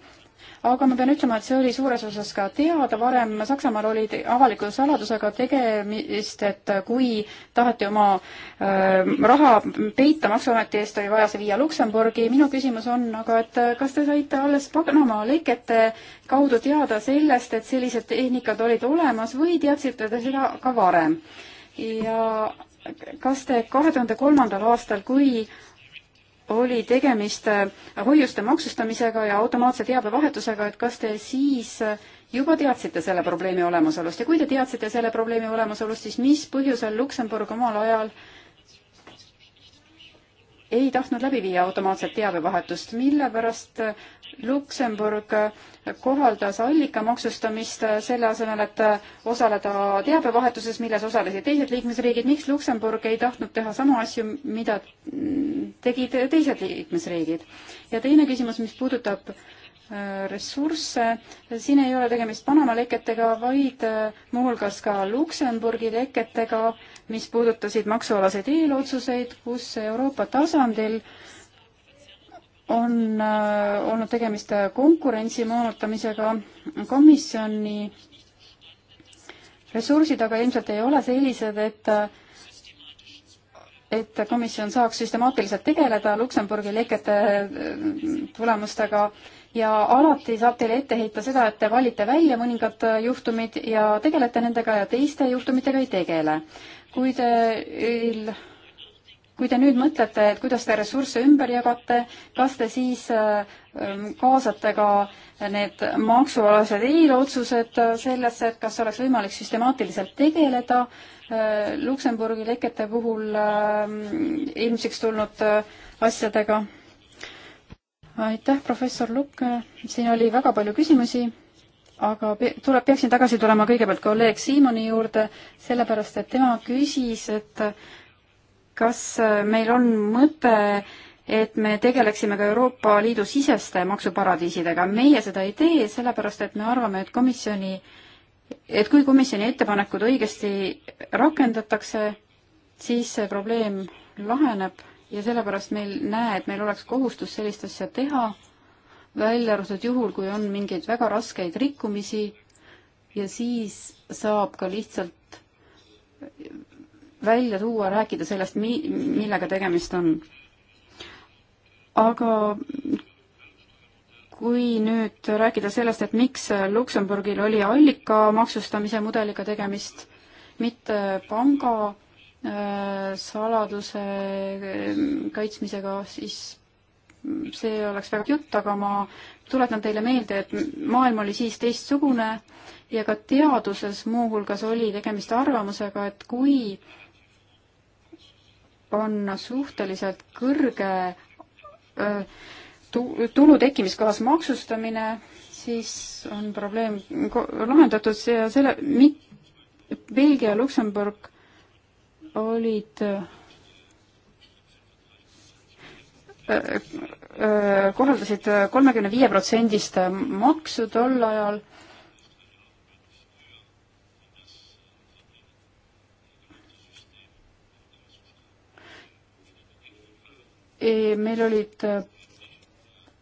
aga ma pean ütlema, et see oli suures osas ka teada varem, Saksamaal oli avaliku saladusega tegemist, et kui taheti oma äh, raha peita Maksuameti eest, oli vaja see viia Luksemburgi, minu küsimus on aga, et äh, kas te saite alles Panama lekete kaudu teada sellest, et sellised tehnikad olid olemas või teadsite te seda ka varem? ja kas te kahe tuhande kolmandal aastal, kui oli tegemist äh, hoiuste maksustamisega ja automaatse teabevahetusega, et kas te siis äh, juba teadsite selle probleemi olemasolust ja kui te teadsite selle probleemi olemasolust, siis mis põhjusel Luksemburg omal ajal ei tahtnud läbi viia automaatset teabevahetust, mille pärast äh, Luksemburg kohaldas allika maksustamist selle asemel, et osaleda teabevahetuses, milles osalesid teised liikmesriigid. miks Luksemburg ei tahtnud teha samu asju, mida tegid teised liikmesriigid? ja teine küsimus, mis puudutab äh, ressursse, siin ei ole tegemist Panama leketega, vaid äh, muuhulgas ka Luksemburgi leketega, mis puudutasid maksualaseid eelotsuseid, kus Euroopa tasandil äh, on äh, olnud tegemist äh, konkurentsi moonutamisega. komisjoni ressursid aga ilmselt ei ole sellised, et äh, et komisjon saaks süstemaatiliselt tegeleda Luksemburgi lekete tulemustega ja alati saab teile ette heita seda, et te valite välja mõningad juhtumid ja tegelete nendega ja teiste juhtumitega ei tegele. kui teil kui te nüüd mõtlete, et kuidas te ressursse ümber jagate, kas te siis ähm, kaasate ka need maksualased eelotsused äh, sellesse, et kas oleks võimalik süstemaatiliselt tegeleda äh, Luksemburgi lekete puhul ähm, ilmsiks tulnud äh, asjadega? aitäh, professor Lukk, siin oli väga palju küsimusi aga tuleb, peaksin tagasi tulema kõigepealt kolleeg Siimoni juurde, sellepärast et tema küsis, et kas äh, meil on mõte et me tegeleksime ka Euroopa Liidu siseste maksuparadiisidega. meie seda ei tee, sellepärast et me arvame, et komisjoni, et kui komisjoni ettepanekud õigesti rakendatakse, siis see probleem laheneb ja sellepärast meil näe, et meil oleks kohustus sellist asja teha, välja arvatud juhul, kui on mingeid väga raskeid rikkumisi ja siis saab ka lihtsalt välja tuua, rääkida sellest, mi-, millega tegemist on. aga kui nüüd rääkida sellest, et miks Luksemburgil oli allika maksustamise mudeliga tegemist, mitte panga äh, saladuse äh, kaitsmisega, siis see oleks väga jutt, aga ma tuletan teile meelde, et maailm oli siis teistsugune ja ka teaduses muuhulgas oli tegemist arvamusega, et kui äh, panna suhteliselt kõrge tulu tekkimiskohas maksustamine, siis on probleem lahendatud ja selle, Belgia ja Luksemburg olid korraldasid kolmekümne viie protsendist maksu tol ajal E, meil olid äh,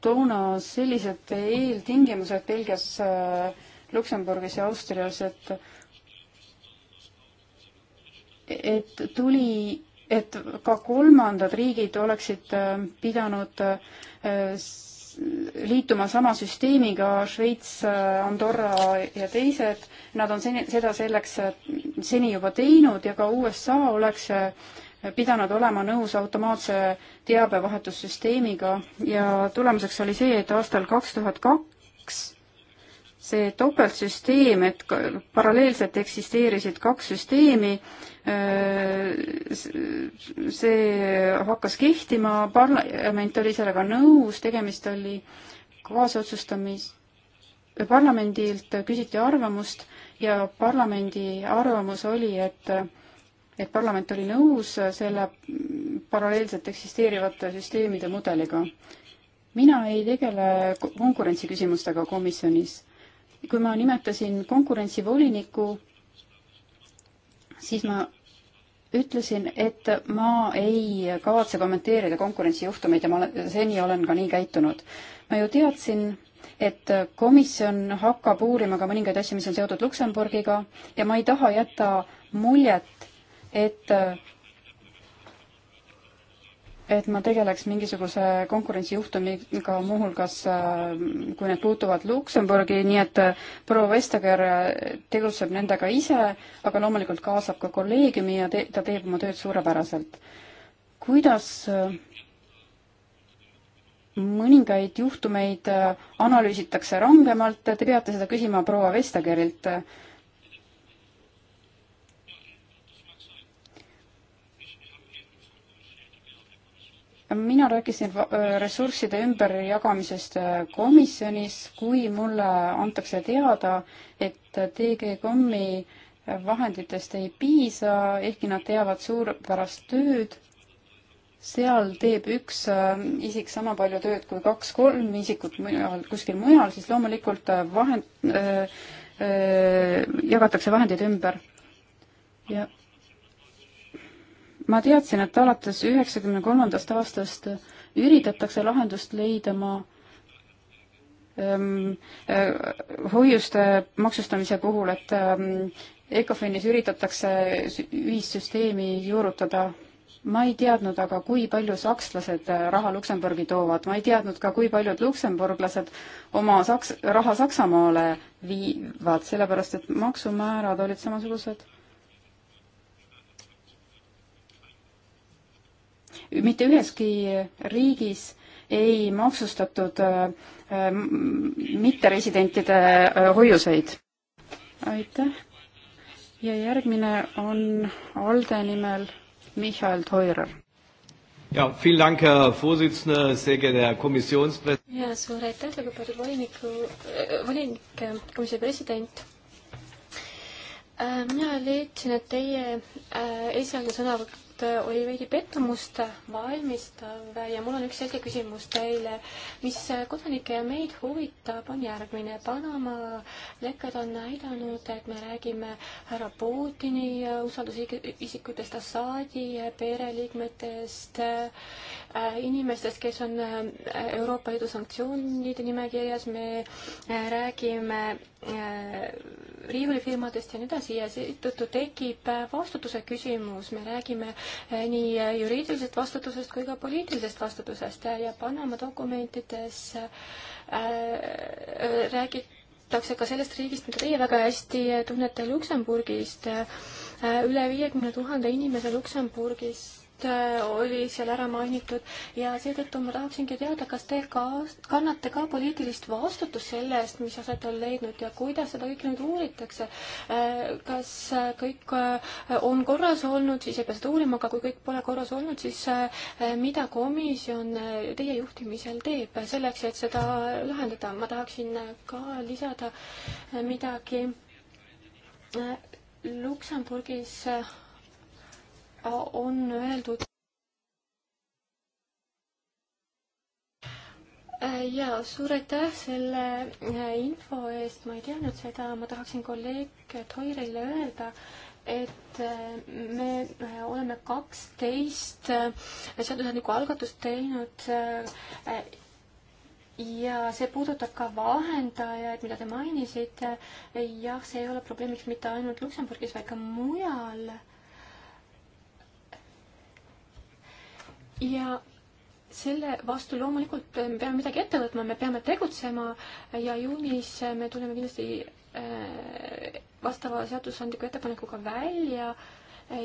toona sellised eeltingimused Belgias, äh, Luksemburgis ja Austrias, et et tuli, et ka kolmandad riigid oleksid äh, pidanud liituma sama süsteemiga, Šveits, Andorra ja teised, nad on seni, seda selleks seni juba teinud ja ka USA oleks pidanud olema nõus automaatse teabevahetussüsteemiga ja tulemuseks oli see, et aastal kaks tuhat kaks see topeltsüsteem, et paralleelselt eksisteerisid kaks süsteemi, äh, see hakkas kehtima, parlament oli sellega nõus, tegemist oli kaasotsustamis-, parlamendilt küsiti arvamust ja parlamendi arvamus oli, et et parlament oli nõus selle paralleelselt eksisteerivate süsteemide mudeliga. mina ei tegele konkurentsiküsimustega komisjonis. kui ma nimetasin konkurentsivoliniku, siis ma ütlesin, et ma ei kavatse kommenteerida konkurentsijuhtumeid ja ma olen, seni olen ka nii käitunud. ma ju teadsin, et komisjon hakkab uurima ka mõningaid asju, mis on seotud Luksemburgiga ja ma ei taha jätta muljet, et et ma tegeleks mingisuguse konkurentsijuhtumiga, muuhulgas kui need puutuvad Luksemburgi, nii et proua Vestager tegutseb nendega ise, aga loomulikult kaasab ka kolleegiumi ja te ta teeb oma tööd suurepäraselt. kuidas mõningaid juhtumeid analüüsitakse rangemalt, te peate seda küsima proua Vestagerilt mina rääkisin äh, ressursside ümberjagamisest äh, komisjonis, kui mulle antakse teada, et TG-kommi vahenditest ei piisa, ehkki nad teevad suurepärast tööd. seal teeb üks äh, isik sama palju tööd kui kaks-kolm isikut mujal, kuskil mujal, siis loomulikult vahend äh,, äh, jagatakse vahendid ümber. ja ma teadsin, et alates üheksakümne kolmandast aastast üritatakse lahendust leida ma ähm, äh, hoiuste maksustamise puhul, et ähm, ECOFINis üritatakse ühissüsteemi juurutada. ma ei teadnud aga, kui palju sakslased äh, raha Luksemburgi toovad, ma ei teadnud ka, kui paljud luksemburglased oma saks-, raha Saksamaale viivad, sellepärast et maksumäärad olid samasugused mitte üheski riigis ei maksustatud äh, äh, mitteresidentide äh, hoiuseid. aitäh. ja järgmine on ALDE nimel Michael Teurer. Ja, vielen Dank, Herr Vorsitzender, sehr geehrter Herr Kommissionspräsident. Ja, suur aitäh, lugupeetud voliniku äh,, volinik, komisjoni president äh,. mina leidsin, et teie äh, esialgne sõnavõtt raport äh, oli veidi pettumust valmistav ja mul on üks selge küsimus teile, mis äh, kodanikke ja meid huvitab, on järgmine. Panama lekked on näidanud, et me räägime härra Putini äh, usaldusisikutest, Assaadi pereliikmetest, inimestest, kes on Euroopa Liidu sanktsioonide nimekirjas, me räägime riiulifirmadest ja nii edasi ja seetõttu tekib vastutuse küsimus, me räägime nii juriidilisest vastutusest kui ka poliitilisest vastutusest ja Panama dokumentides äh, räägitakse ka sellest riigist, mida teie väga hästi tunnete, Luksemburgist. Äh, üle viiekümne tuhande inimese Luksemburgis Äh, oli seal ära mainitud ja seetõttu ma tahaksingi teada, kas te ka kannate ka poliitilist vastutust selle eest, mis aset on leidnud ja kuidas seda kõike nüüd uuritakse. Äh, kas äh, kõik on korras olnud, siis ei pea seda uurima, aga kui kõik pole korras olnud, siis mida komisjon teie juhtimisel teeb selleks, et seda lahendada? ma tahaksin ka lisada midagi. Luksemburgis on öeldud. Äh, ja suur aitäh selle äh, info eest, ma ei teadnud seda, ma tahaksin kolleeg Toirile öelda, et äh, me oleme kaksteist seadusandlikku algatust teinud ja see puudutab ka vahendajaid, mida te mainisite. jah, see ei ole probleemiks mitte ainult Luksemburgis, vaid ka mujal ja selle vastu loomulikult me peame midagi ette võtma, me peame tegutsema ja juunis me tuleme kindlasti äh, vastava seadusandliku ettepanekuga välja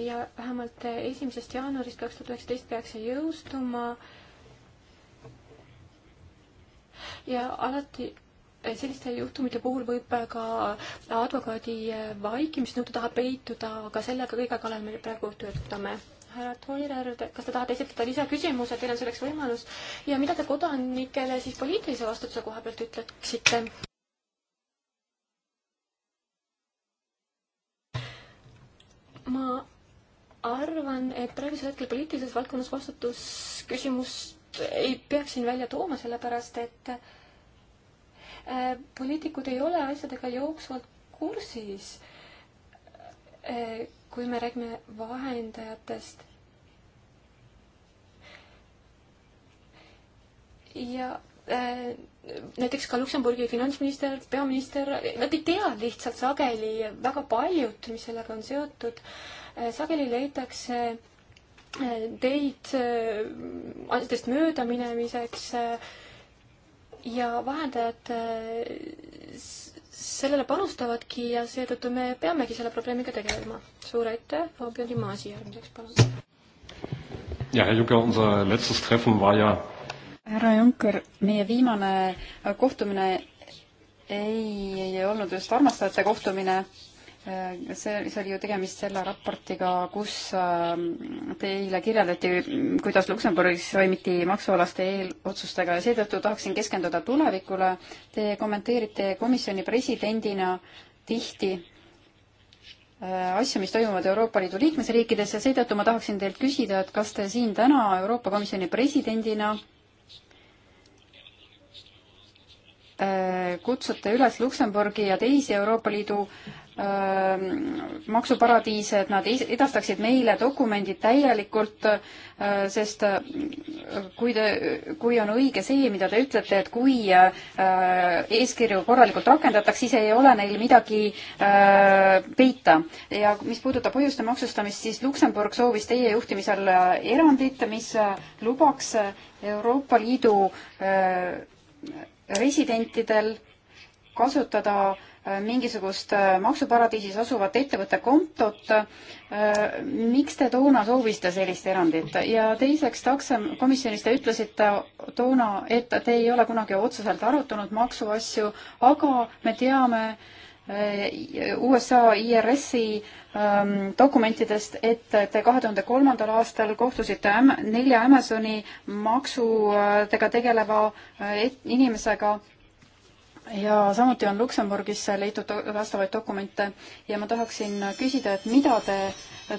ja vähemalt esimesest jaanuarist kaks tuhat üheksateist peaks see jõustuma. ja alati äh, selliste juhtumite puhul võib ka advokaadi vaikimisnõude taha peituda, aga sellega kõige kallal me praegu töötame härra Toiler, kas te tahate esitada lisaküsimuse, teil on selleks võimalus ja mida te kodanikele siis poliitilise vastutuse koha pealt ütleksite? ma arvan, et praegusel hetkel poliitilises valdkonnas vastutusküsimust ei peaks siin välja tooma, sellepärast et äh, poliitikud ei ole asjadega jooksvalt kursis äh, kui me räägime vahendajatest ja äh, näiteks ka Luksemburgi finantsminister, peaminister, nad ei tea lihtsalt sageli väga paljut, mis sellega on seotud. Äh, sageli leitakse äh, teid äh, asjadest möödaminemiseks ja vahendajad sellele panustavadki ja seetõttu me peamegi selle probleemiga tegelema. suur aitäh, Fabio Di Masi järgmiseks, palun. ja, Herr Juncker, unser letztes Treffen war ja härra Juncker, meie viimane kohtumine ei, ei olnud just armastajate kohtumine Äh, see, see oli ju tegemist selle raportiga, kus äh, teile kirjeldati, kuidas Luksemburgis toimiti maksualaste eelotsustega ja seetõttu tahaksin keskenduda tulevikule. Te kommenteerite komisjoni presidendina tihti äh, asju, mis toimuvad Euroopa Liidu liikmesriikides ja seetõttu ma tahaksin teilt küsida, et kas te siin täna Euroopa Komisjoni presidendina kutsute üles Luksemburgi ja teisi Euroopa Liidu maksuparadiise, et nad edastaksid meile dokumendid täielikult, sest kui te, kui on õige see, mida te ütlete, et kui eeskirju korralikult rakendatakse, siis ei ole neil midagi peita. ja mis puudutab hoiuste maksustamist, siis Luksemburg soovis teie juhtimisel erandit, mis lubaks Euroopa Liidu residentidel kasutada äh, Äh, mingisugust äh, maksuparadiisis asuvat ettevõtte kontot. Äh, miks te toona soovisite sellist erandit ja teiseks taksokomisjonis te ütlesite toona, et te ei ole kunagi otseselt arutanud maksuasju, aga me teame USA IRS-i ähm, dokumentidest, et te kahe tuhande kolmandal aastal kohtusite nelja Amazoni maksudega tegeleva inimesega ja samuti on Luksemburgisse leitud vastavaid dokumente ja ma tahaksin küsida, et mida te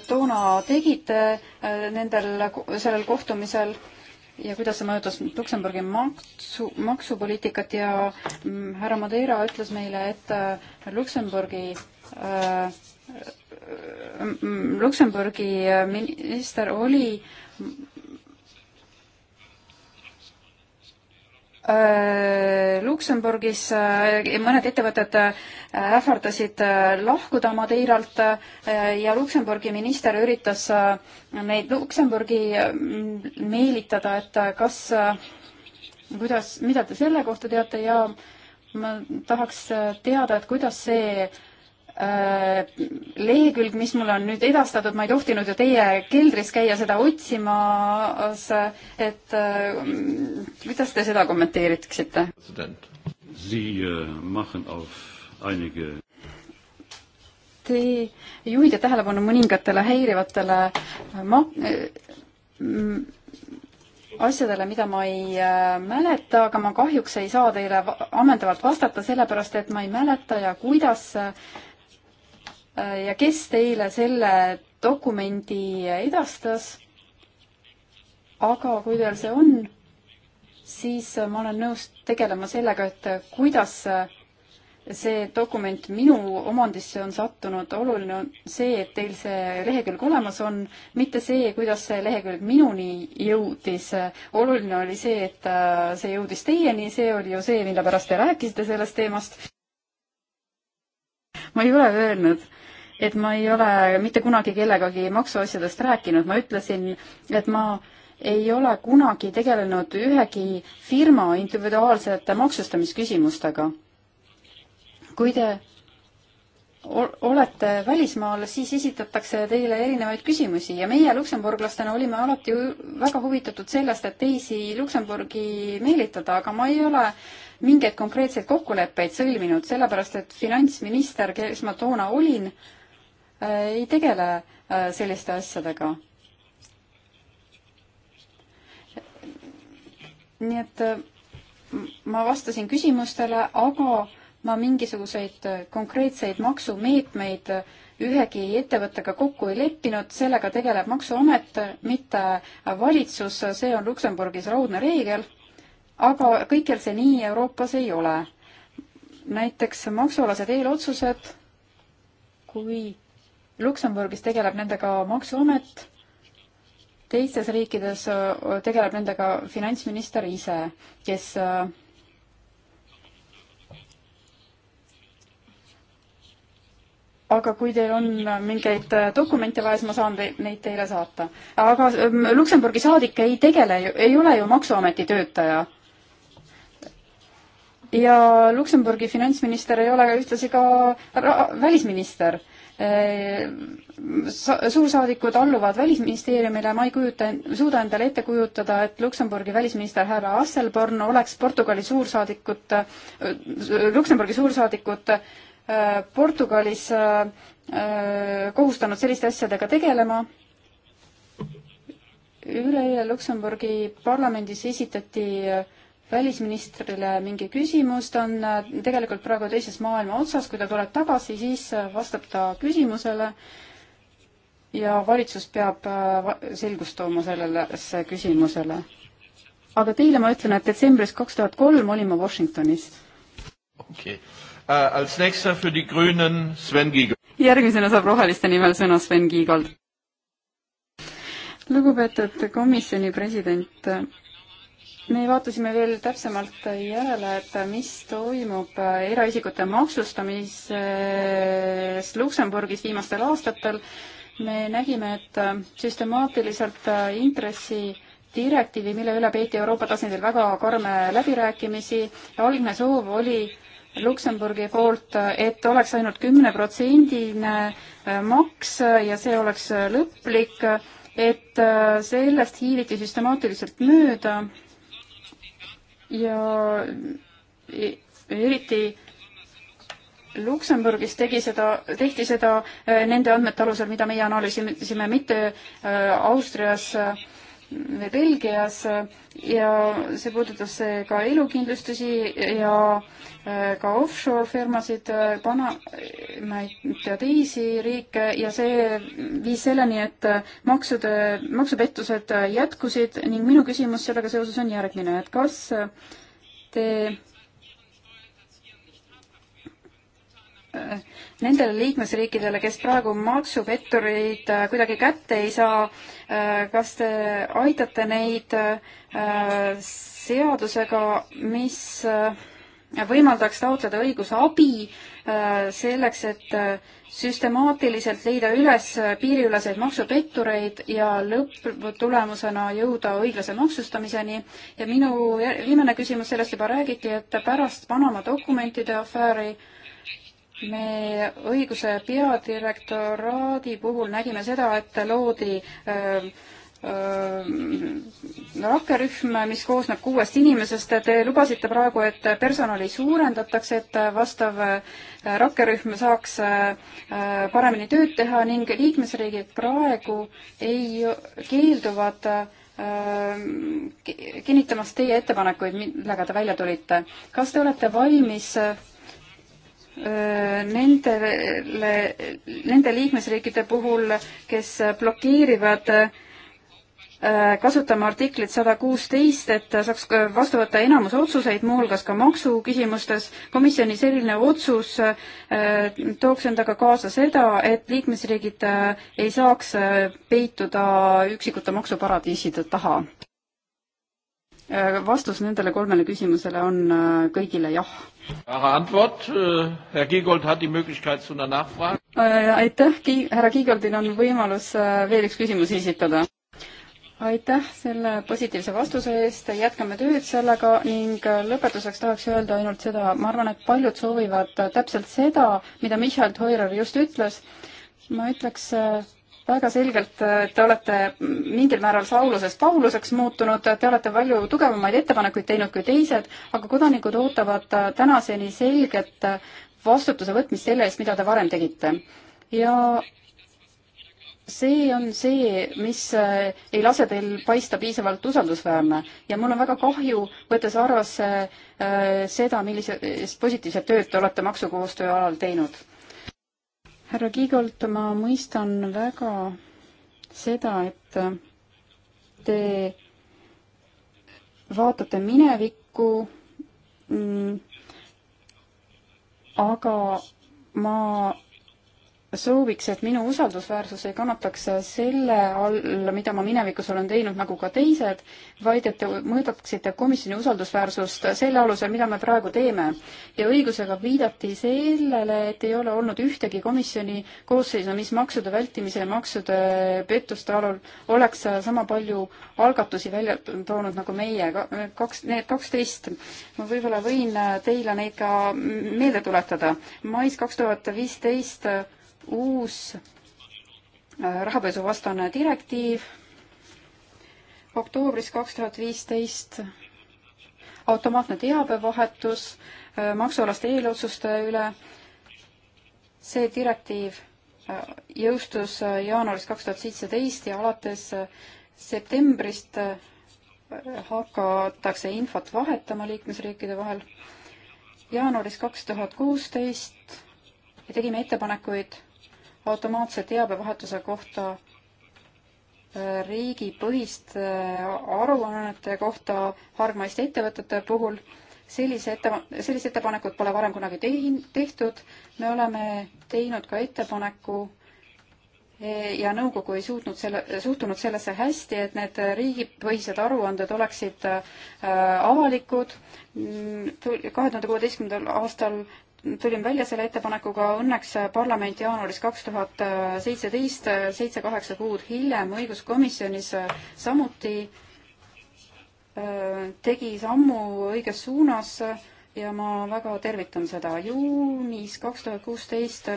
toona tegite äh, nendel, sellel kohtumisel ja kuidas see mõjutas Luksemburgi maksu, maksupoliitikat ja mm, härra Madeira ütles meile, et Luksemburgi äh, Luksemburgi äh, äh, mm, minister oli Äh, Luksemburgis äh, mõned ettevõtted äh, ähvardasid lahkuda Madeiralt ja Luksemburgi minister üritas neid Luksemburgi meelitada, et kas, kuidas, mida te selle kohta teate ja ma tahaks teada, et kuidas see Äh, lehekülg, mis mulle on nüüd edastatud, ma ei tohtinud ju teie keldris käia seda otsimas, et äh, kuidas te seda kommenteeriksite? Äh, te juhite tähelepanu mõningatele häirivatele ma-, mm, asjadele, mida ma ei mäleta, aga ma kahjuks ei saa teile ammendavalt vastata, sellepärast et ma ei mäleta ja kuidas äh, ja kes teile selle dokumendi edastas. aga kui teil see on, siis ma olen nõus tegelema sellega, et kuidas see dokument minu omandisse on sattunud, oluline on see, et teil see lehekülg olemas on, mitte see, kuidas see lehekülg minuni jõudis. oluline oli see, et see jõudis teieni, see oli ju see, mille pärast te rääkisite sellest teemast. ma ei ole öelnud, et ma ei ole mitte kunagi kellegagi maksuasjadest rääkinud, ma ütlesin, et ma ei ole kunagi tegelenud ühegi firma individuaalsete maksustamisküsimustega. kui te olete välismaal, siis esitatakse teile erinevaid küsimusi ja meie luksemburglastena olime alati väga huvitatud sellest, et teisi Luksemburgi meelitada, aga ma ei ole mingeid konkreetseid kokkuleppeid sõlminud, sellepärast et finantsminister, kes ma toona olin, ei tegele äh, selliste asjadega. nii et äh, ma vastasin küsimustele, aga ma mingisuguseid äh, konkreetseid maksumeetmeid ühegi ettevõttega kokku ei leppinud, sellega tegeleb Maksuamet, mitte valitsus, see on Luksemburgis raudne reegel, aga kõikjal see nii Euroopas ei ole. näiteks maksualased eelotsused, kui Luksemburgis tegeleb nendega Maksuamet, teistes riikides tegeleb nendega finantsminister ise, kes aga kui teil on mingeid dokumente vaja, siis ma saan neid teile saata. aga Luksemburgi saadik ei tegele ju, ei ole ju Maksuameti töötaja. ja Luksemburgi finantsminister ei ole ühtlasi ka välisminister Äh, suursaadikud alluvad Välisministeeriumile, ma ei kujuta, suuda endale ette kujutada, et Luksemburgi välisminister härra Asselborn oleks Portugali suursaadikut, äh, Luksemburgi suursaadikut äh, Portugalis kohustanud selliste asjadega tegelema. üleeile Luksemburgi parlamendis esitati äh, välisministrile mingi küsimus, ta on äh, tegelikult praegu teises maailma otsas, kui ta tuleb tagasi, siis äh, vastab ta küsimusele ja valitsus peab äh, selgust tooma sellesse küsimusele. aga teile ma ütlen, et detsembris kaks tuhat kolm olin ma Washingtonis. okei okay. uh,. Als nächster für die Grünen Sven Kiigold. järgmisena saab Roheliste nimel sõna Sven Kiigold. lugupeetud komisjoni president me vaatasime veel täpsemalt järele, et mis toimub eraisikute maksustamises Luksemburgis viimastel aastatel. me nägime, et süstemaatiliselt intressi direktiivi, mille üle peeti Euroopa tasandil väga karme läbirääkimisi, algne soov oli Luksemburgi poolt, et oleks ainult kümneprotsendine maks ja see oleks lõplik, et sellest hiiliti süstemaatiliselt mööda ja e-, eriti Luksemburgis tegi seda, tehti seda e, nende andmete alusel, mida meie analüüsisime, mitte e, Austrias äh, Belgias ja see puudutas ka elukindlustusi ja äh, ka offshore firmasid, äh, Panamaid ja teisi riike ja see viis selleni, et äh, maksude, maksupettused jätkusid ning minu küsimus sellega seoses on järgmine, et kas te nendele liikmesriikidele, kes praegu maksupetturid äh, kuidagi kätte ei saa, äh, kas te aitate neid äh, seadusega, mis võimaldaks taotleda õigusabi selleks, et süstemaatiliselt leida üles piiriüleseid maksupettureid ja lõpptulemusena jõuda õiglase maksustamiseni. ja minu viimane küsimus, sellest juba räägiti, et pärast Panama dokumentide afääri äh, me õiguse peadirektoraadi puhul nägime seda, et loodi äh, rakkerühm, mis koosneb kuuest inimesest, te lubasite praegu, et personali suurendatakse, et vastav äh, rakkerühm saaks äh, paremini tööd teha ning liikmesriigid praegu ei, keelduvad ähm, kinnitamast teie ettepanekuid, millega te välja tulite. kas te olete valmis äh, nendele, nende liikmesriikide puhul, kes blokeerivad kasutama artiklit sada kuusteist, et saaks vastu võtta enamus otsuseid, muuhulgas ka maksuküsimustes. komisjoni selline otsus tooks endaga kaasa seda, et liikmesriigid ei saaks peituda üksikute maksuparadiiside taha. Äh, vastus nendele kolmele küsimusele on äh, kõigile jah. Äh, aitäh, härra Kiigoldil on võimalus veel üks küsimus esitada. aitäh selle positiivse vastuse eest, jätkame tööd sellega ning lõpetuseks tahaks öelda ainult seda, ma arvan, et paljud soovivad täpselt seda, mida Michal Toirer just ütles. ma ütleks väga selgelt äh, te olete mingil määral Saulusest Pauluseks muutunud, te olete palju tugevamaid ettepanekuid teinud kui teised, aga kodanikud ootavad äh, tänaseni selget äh, vastutuse võtmist selle eest, mida te varem tegite. ja see on see, mis ei lase teil paista piisavalt usaldusväärne ja mul on väga kahju, võttes arvesse seda, millise positiivset tööd te olete maksukoostöö alal teinud härra Kiigolt, ma mõistan väga seda, et te vaatate minevikku, mm, aga ma sooviks, et minu usaldusväärsus ei kannataks selle all, mida ma minevikus olen teinud, nagu ka teised, vaid et te mõõdaksite komisjoni usaldusväärsust selle alusel, mida me praegu teeme. ja õigusega viidati sellele, et ei ole olnud ühtegi komisjoni koosseisu, mis maksude vältimise ja maksude pettuste alal oleks sama palju algatusi välja toonud nagu meie, kaks, need kaksteist. ma võib-olla võin teile neid ka meelde tuletada. mais kaks tuhat viisteist uus äh, rahapesuvastane direktiiv oktoobris kaks tuhat viisteist automaatne teabevahetus äh, maksualaste eelotsuste üle. see direktiiv äh, jõustus jaanuaris kaks tuhat seitseteist ja alates septembrist hakatakse infot vahetama liikmesriikide vahel. jaanuaris kaks tuhat kuusteist tegime ettepanekuid automaatse teabevahetuse kohta äh, riigipõhiste äh, aruannete kohta hargmaiste ettevõtete puhul. sellise ette, sellist ettepanekut pole varem kunagi tein, tehtud. me oleme teinud ka ettepaneku e, ja nõukogu ei suutnud selle, suhtunud sellesse hästi, et need riigipõhised aruanded oleksid äh, avalikud. Mm, kahe tuhande kuueteistkümnendal aastal tulin välja selle ettepanekuga, õnneks parlament jaanuaris kaks tuhat seitseteist, seitse-kaheksa kuud hiljem õiguskomisjonis samuti äh, tegi sammu õiges suunas ja ma väga tervitan seda. juunis kaks tuhat kuusteist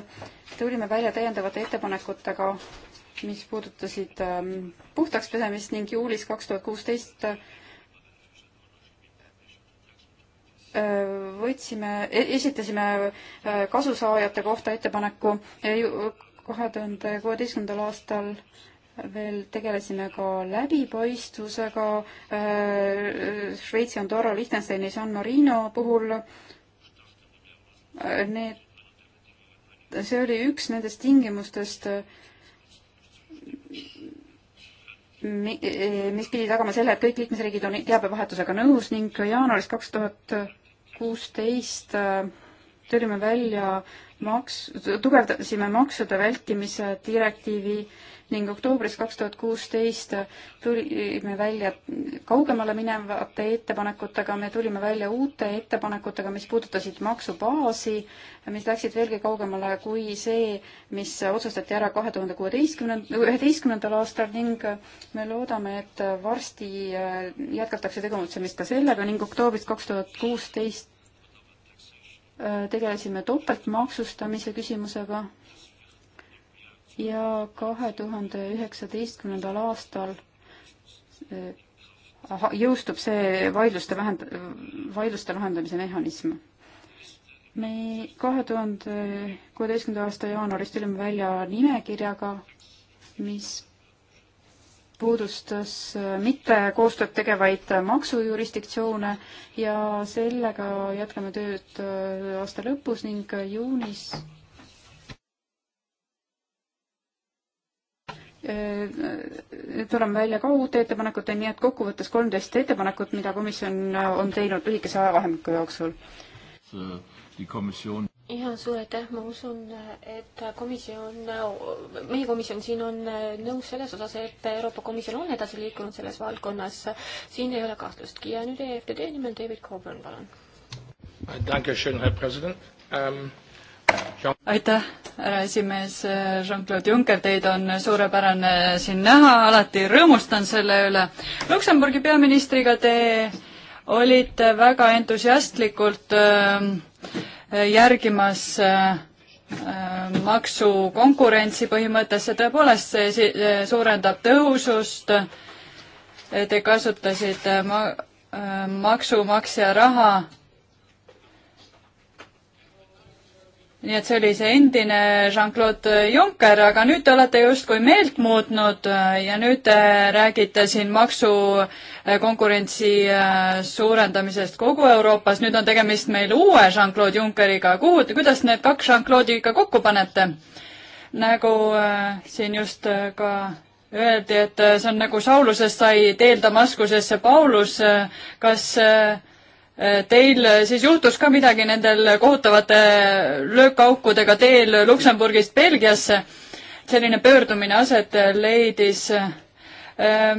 tulime välja täiendavate ettepanekutega, mis puudutasid ähm, puhtaks pesemist ning juulis kaks tuhat kuusteist võtsime, e-, esitasime e, kasusaajate kohta ettepaneku kahe tuhande kuueteistkümnendal aastal veel tegelesime ka läbipaistvusega e, Šveitsi, Andorra, Liechtensteini, San Marino puhul. Need, see oli üks nendest tingimustest, mis pidi tagama selle, et kõik liikmesriigid on teabevahetusega nõus ning jaanuaris kaks tuhat kuusteist äh, tulime välja maks, tugevdasime maksude vältimise direktiivi äh, ning oktoobris kaks tuhat kuusteist tulime välja kaugemale minevate ettepanekutega, me tulime välja uute ettepanekutega, mis puudutasid maksubaasi, mis läksid veelgi kaugemale kui see, mis otsustati ära kahe tuhande kuueteistkümnenda, üheteistkümnendal aastal ning me loodame, et varsti jätkatakse tegutsemist ka sellega ning oktoobris kaks tuhat kuusteist tegelesime topeltmaksustamise küsimusega ja kahe tuhande üheksateistkümnendal aastal eh, jõustub see vaidluste vähend-, vaidluste lahendamise mehhanism. me kahe tuhande kuueteistkümnenda aasta jaanuaris tulime välja nimekirjaga, mis puudustas eh, mitte koostööd tegevaid maksujurisdiktsioone ja sellega jätkame tööd eh, aasta lõpus ning juunis Äh, tuleme välja ka uute ettepanekuteni, nii et kokkuvõttes kolmteist ettepanekut, mida komisjon on teinud lühikese ajavahemiku jooksul. ja suur aitäh, ma usun, et komisjon, meie komisjon siin on nõus selles osas, et Euroopa Komisjon on edasi liikunud selles valdkonnas. siin ei ole kahtlustki ja nüüd EFTD nimel David Coburn, palun. Dankeschön, Herr President um aitäh, härra esimees, Jean-Claude Juncker, teid on suurepärane siin näha, alati rõõmustan selle üle. Luksemburgi peaministriga te olite väga entusiastlikult äh, järgimas äh, maksukonkurentsi põhimõttes, see tõepoolest, see suurendab tõhusust. Te kasutasite ma-, äh, maksumaksja raha nii et see oli see endine Jean-Claude Juncker, aga nüüd te olete justkui meelt muutnud äh, ja nüüd te räägite siin maksukonkurentsi äh, suurendamisest kogu Euroopas, nüüd on tegemist meil uue Jean-Claude Junckeriga, kuhu, kuidas need kaks Jean-Claude'i ikka kokku panete? nagu äh, siin just ka öeldi, et see on nagu Saulusest sai teel Damaskusesse Paulus, kas äh, Äh, teil äh, siis juhtus ka midagi nendel kohutavate löökaukudega teel Luksemburgist Belgiasse. selline pöördumine aset leidis. Äh,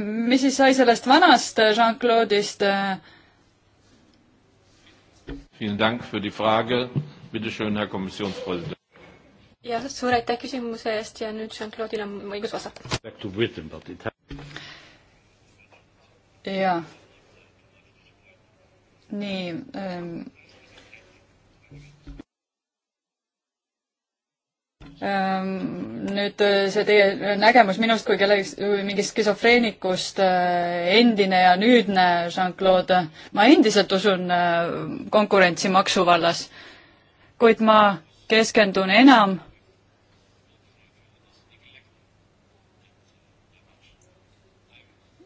mis siis sai sellest vanast Jean-Claude'ist? jah, suur aitäh küsimuse eest ja nüüd Jean-Claude'il on õigus vastata. jaa nii ähm, ähm Nüüd äh, see teie nägemus minust kui kellegi, mingist skisofreenikust, äh, endine ja nüüdne Jean-Claude, ma endiselt usun äh, konkurentsi maksu vallas, kuid ma keskendun enam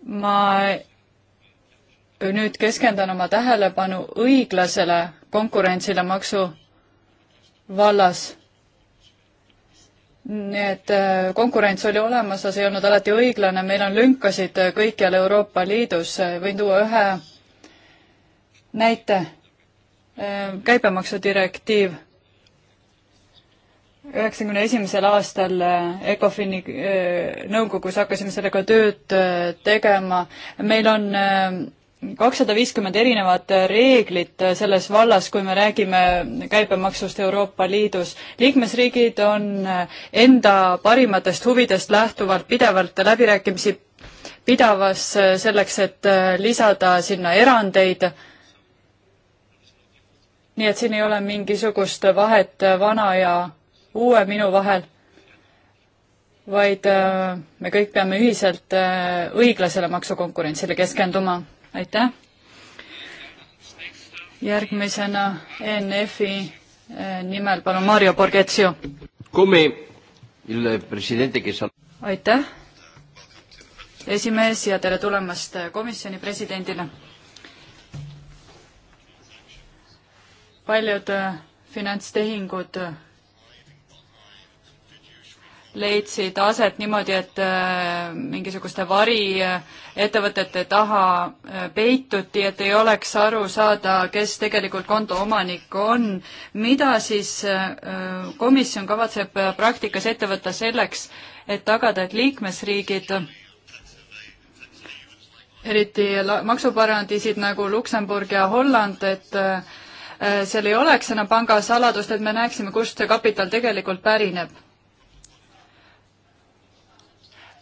ma nüüd keskendan oma tähelepanu õiglasele konkurentsile maksu vallas. nii et äh, konkurents oli olemas, aga see ei olnud alati õiglane, meil on lünkasid äh, kõikjal Euroopa Liidus, äh, võin tuua ühe näite, käibemaksudirektiiv üheksakümne esimesel aastal Ecofini nõukogus hakkasime sellega tööd tegema. meil on kakssada viiskümmend erinevat reeglit selles vallas, kui me räägime käibemaksust Euroopa Liidus. liikmesriigid on enda parimatest huvidest lähtuvalt pidevalt läbirääkimisi pidavas selleks, et lisada sinna erandeid. nii et siin ei ole mingisugust vahet vana ja uue minu vahel, vaid me kõik peame ühiselt õiglasele maksukonkurentsile keskenduma aitäh. järgmisena ENF-i eh, nimel palun Mario Borghezio. aitäh, esimees ja tere tulemast komisjoni presidendile. paljud eh, finantstehingud leidsid aset niimoodi, et äh, mingisuguste variettevõtete taha äh, peituti, et ei oleks aru saada, kes tegelikult konto omanik on. mida siis äh, komisjon kavatseb praktikas ette võtta selleks, et tagada, et liikmesriigid eriti maksuparadiisid nagu Luksemburg ja Holland, et seal ei oleks enam pangasaladust, et me näeksime, kust see kapital tegelikult pärineb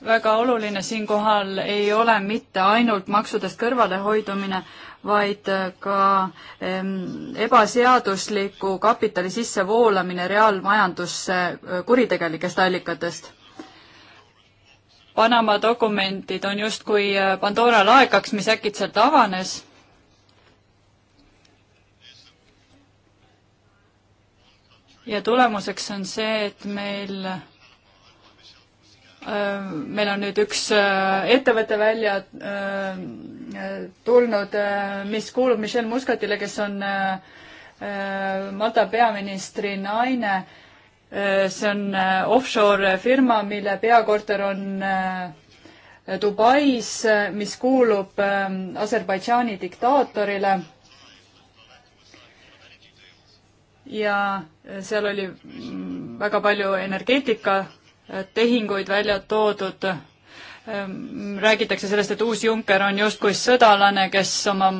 väga oluline siinkohal ei ole mitte ainult maksudest kõrvalehoidumine, vaid ka ehm, ebaseadusliku kapitali sissevoolamine reaalmajandusse kuritegelikest allikatest. Panama dokumendid on justkui Pandora laekaks, mis äkitselt avanes ja tulemuseks on see, et meil Äh, meil on nüüd üks äh, ettevõte välja äh, tulnud, mis kuulub Michel Muscatile, kes on Malta peaministri naine. see on offshore firma, mille peakorter on Dubais, mis kuulub Aserbaidžaani diktaatorile ja seal oli mm, väga palju energeetika tehinguid välja toodud. Ehm, räägitakse sellest, et uus Juncker on justkui sõdalane, kes oma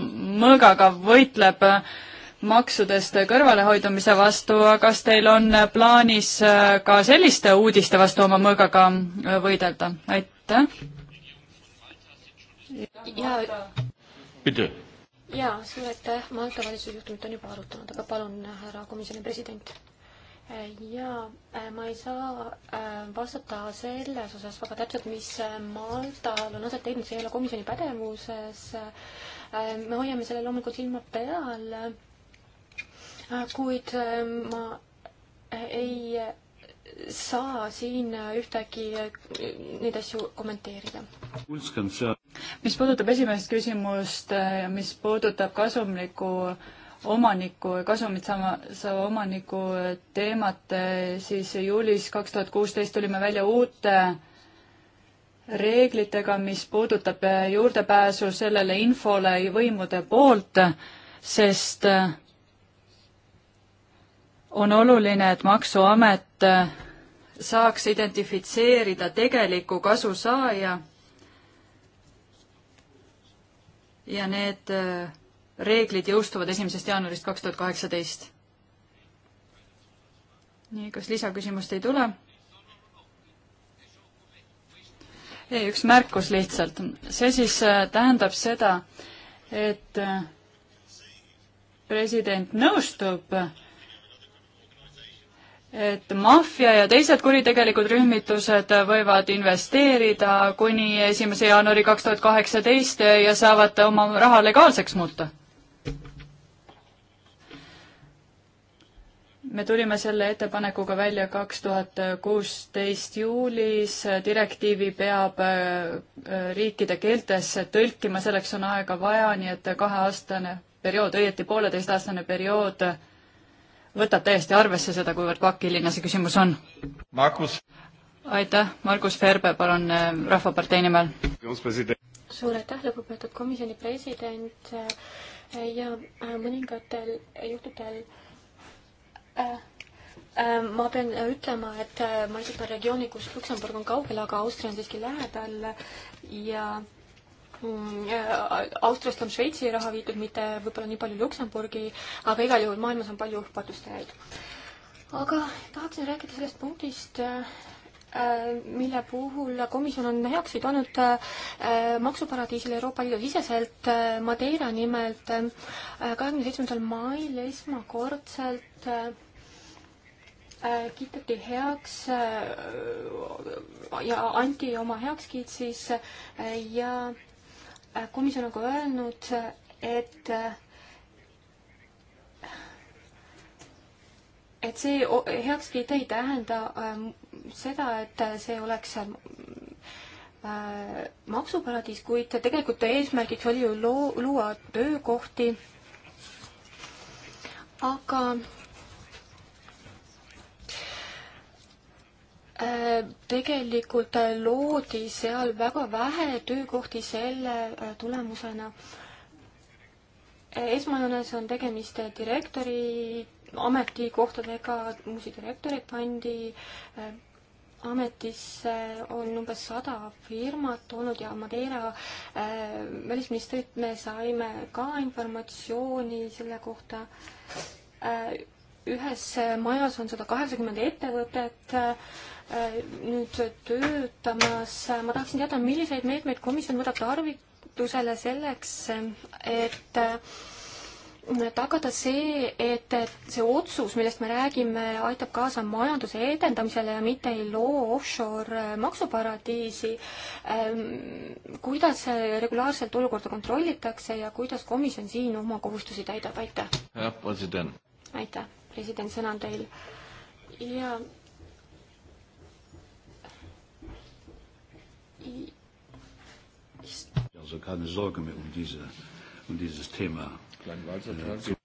mõõgaga võitleb maksudest kõrvalehoidumise vastu, kas teil on plaanis äh, ka selliste uudiste vastu oma mõõgaga äh, võidelda? aitäh! ja, ja, ja suur aitäh, Malta valitsusjuhtumit on juba arutanud, aga palun, härra komisjoni president jaa, äh, ma ei saa äh, vastata selles osas väga täpselt, mis äh, Maltal on aset leidnud, see ei ole komisjoni pädevuses. me hoiame selle loomulikult silma peal. kuid ma ei saa siin ühtegi neid asju kommenteerida. mis puudutab esimest küsimust, mis puudutab kasumlikku äh, omaniku, kasumit saama, saava omaniku teemat, eh, siis juulis kaks tuhat kuusteist tulime välja uute reeglitega, mis puudutab eh, juurdepääsu sellele infole võimude poolt, sest eh, on oluline, et Maksuamet saaks identifitseerida tegeliku kasusaaja ja need reeglid jõustuvad esimesest jaanuarist kaks tuhat kaheksateist. nii, kas lisaküsimust ei tule? ei, üks märkus lihtsalt. see siis äh, tähendab seda, et äh, president nõustub, et maffia ja teised kuritegelikud rühmitused võivad investeerida kuni esimese jaanuari kaks tuhat kaheksateist ja saavad oma raha legaalseks muuta me tulime selle ettepanekuga välja kaks tuhat kuusteist juulis, direktiivi peab äh, riikide keeltesse tõlkima, selleks on aega vaja, nii et kaheaastane periood, õieti pooleteistaastane periood võtab täiesti arvesse seda, kuivõrd pakiline see küsimus on. Markus. aitäh, Margus Ferbe, palun äh, Rahvapartei nimel. suur aitäh, lugupeetud komisjoni president ja äh, mõningatel juhtudel äh, äh, ma pean ütlema, et ma esindan regiooni, kus Luksemburg on kaugel, aga Austria on siiski lähedal ja mm, Austriast on Šveitsi raha viidud, mitte võib-olla nii palju Luksemburgi, aga igal juhul maailmas on palju patustajaid. aga tahaksin rääkida sellest punktist, Äh, mille puhul komisjon on heaks pidanud äh, maksuparadiisile Euroopa Liidu siseselt äh, Madeira nimelt kahekümne seitsmendal mail esmakordselt kiideti heaks ja anti oma heakskiit siis ja komisjon on ka öelnud, et et see heakskiit ei tähenda ähm, seda, et see oleks ähm, äh, maksuparadiis, kuid tegelikult eesmärgiks oli ju loo-, luua töökohti, aga äh, tegelikult loodi seal väga vähe töökohti selle äh, tulemusena. esmajoones on tegemist direktori ametikohtadega muusikadirektorid pandi äh, ametisse on umbes sada firmat olnud ja Madeira äh, välisministrilt me saime ka informatsiooni selle kohta. Äh, ühes majas on sada kaheksakümmend ettevõtet nüüd töötamas. ma tahaksin teada, milliseid meetmeid komisjon võtab tarvitusele selleks, et tagada see, et see otsus, millest me räägime, aitab kaasa majanduse edendamisele ja mitte ei loo offshore äh, maksuparadiisi. Ähm, kuidas äh, regulaarselt olukorda kontrollitakse ja kuidas komisjon siin oma kohustusi täidab, aitäh! aitäh, president, sõna on teil. ja Also keine Sorge mehr um diese, um dieses Thema kleinen Wahlvertrag.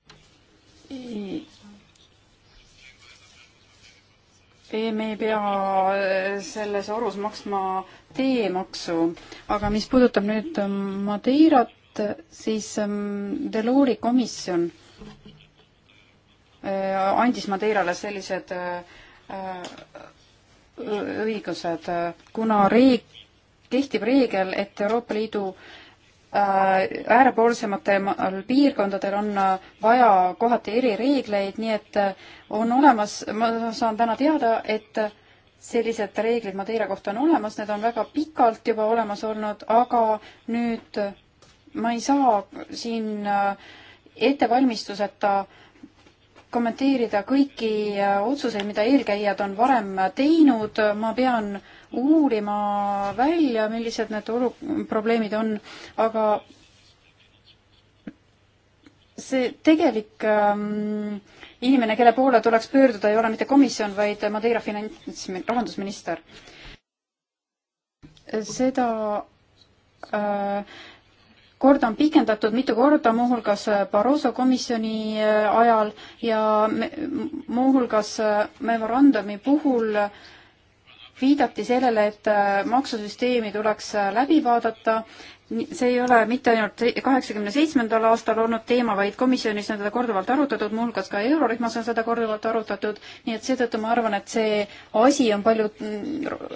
ei, me ei pea äh, selles orus maksma teemaksu, aga mis puudutab nüüd ähm, Madeirat, siis ähm, Delori komisjon äh, andis Madeirale sellised äh, õigused, kuna reeg-, kehtib reegel, et Euroopa Liidu äh, Äh, äärepoolsematel piirkondadel on äh, vaja kohati erireegleid, nii et äh, on olemas, ma saan täna teada, et sellised reeglid Madeira kohta on olemas, need on väga pikalt juba olemas olnud, aga nüüd ma ei saa siin ettevalmistuseta kommenteerida kõiki äh, otsuseid, mida eelkäijad on varem äh, teinud, ma pean uurima välja, millised need olu-, probleemid on, aga see tegelik ähm, inimene, kelle poole tuleks pöörduda, ei ole mitte komisjon, vaid Madeira finants, rahandusminister. seda äh, korda on pikendatud mitu korda, muuhulgas äh, Barroso komisjoni äh, ajal ja muuhulgas äh, memorandumi puhul viidati sellele, et maksusüsteemi tuleks läbi vaadata see ei ole mitte ainult kaheksakümne seitsmendal aastal olnud teema, vaid komisjonis on seda korduvalt arutatud, muuhulgas ka eurorühmas on seda korduvalt arutatud, nii et seetõttu ma arvan, et see asi on palju mm,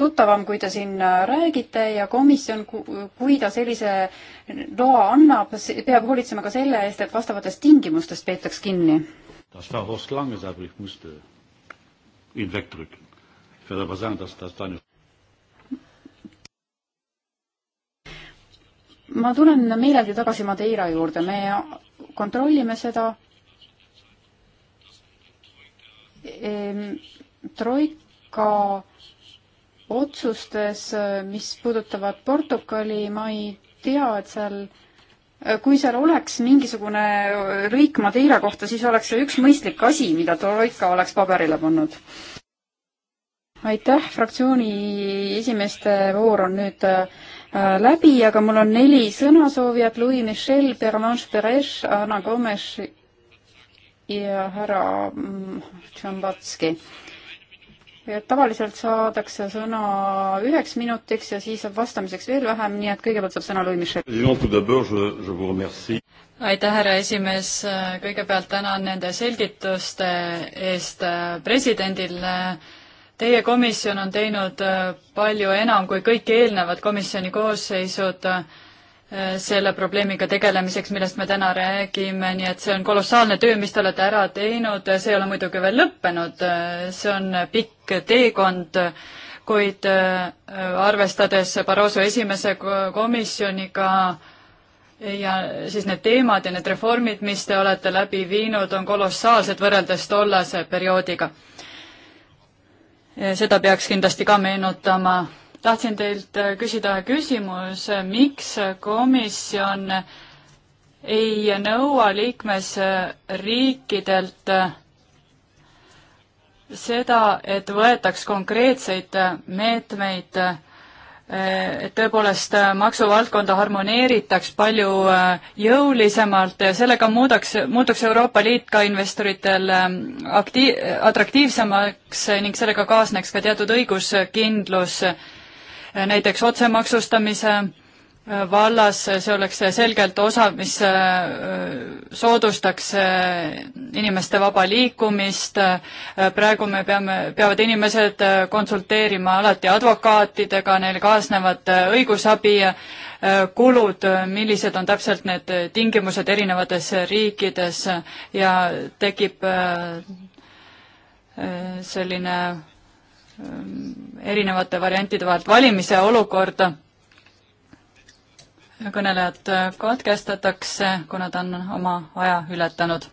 tuttavam, kui te siin räägite ja komisjon, kui ta sellise loa annab, peab hoolitsema ka selle eest, et vastavatest tingimustest peetaks kinni. Das war Horst Lange, aber ich musste ihn wegdrücken. Ich werde aber sagen, dass das deine ma tulen meeleldi tagasi Madeira juurde, me kontrollime seda ehm,. troika otsustes, mis puudutavad Portugali, ma ei tea, et seal kui seal oleks mingisugune lõik Madeira kohta, siis oleks see üks mõistlik asi, mida Troika oleks paberile pannud. aitäh, fraktsiooni esimeeste voor on nüüd äh, Äh, läbi, aga mul on neli sõnasoovijat, Louis Michel, Berlange Perez, Anna Gomes ja härra mm, Tšambatski. tavaliselt saadakse sõna üheks minutiks ja siis saab vastamiseks veel vähem, nii et kõigepealt saab sõna Louis Michel. aitäh, härra esimees, kõigepealt tänan nende selgituste eest presidendile Teie komisjon on teinud äh, palju enam kui kõik eelnevad komisjoni koosseisud äh, selle probleemiga tegelemiseks, millest me täna räägime, nii et see on kolossaalne töö, mis te olete ära teinud, see ei ole muidugi veel lõppenud, äh, see on pikk teekond, kuid arvestades Barroso esimese komisjoniga ja siis need teemad ja need reformid, mis te olete läbi viinud, on kolossaalsed võrreldes tollase perioodiga seda peaks kindlasti ka meenutama. tahtsin teilt äh, küsida küsimuse, äh, miks komisjon ei nõua liikmesriikidelt äh, seda, et võetaks konkreetseid meetmeid et tõepoolest äh, maksuvaldkonda harmoneeritaks palju äh, jõulisemalt ja sellega muudaks, muutuks Euroopa Liit ka investoritel ähm, akti-, atraktiivsemaks ning sellega kaasneks ka teatud õiguskindlus, äh, näiteks otsemaksustamise vallas, see oleks selgelt osa, mis äh, soodustaks äh, inimeste vaba liikumist, äh, praegu me peame, peavad inimesed konsulteerima alati advokaatidega, neil kaasnevad õigusabikulud, millised on täpselt need tingimused erinevates riikides ja tekib selline erinevate variantide vahelt valimise olukorda kõnelejad katkestatakse, kuna ta on oma aja ületanud.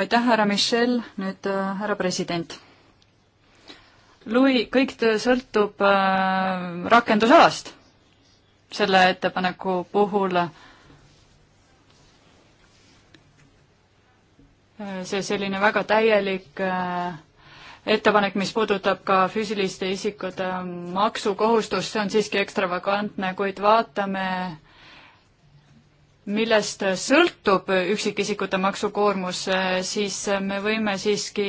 aitäh, härra Michel, nüüd äh, härra president. Louis, kõik sõltub äh, rakendusalast selle ettepaneku puhul äh, see selline väga täielik äh, ettepanek, mis puudutab ka füüsiliste isikute maksukohustust, see on siiski ekstravagantne, kuid vaatame, millest sõltub üksikisikute maksukoormus, siis me võime siiski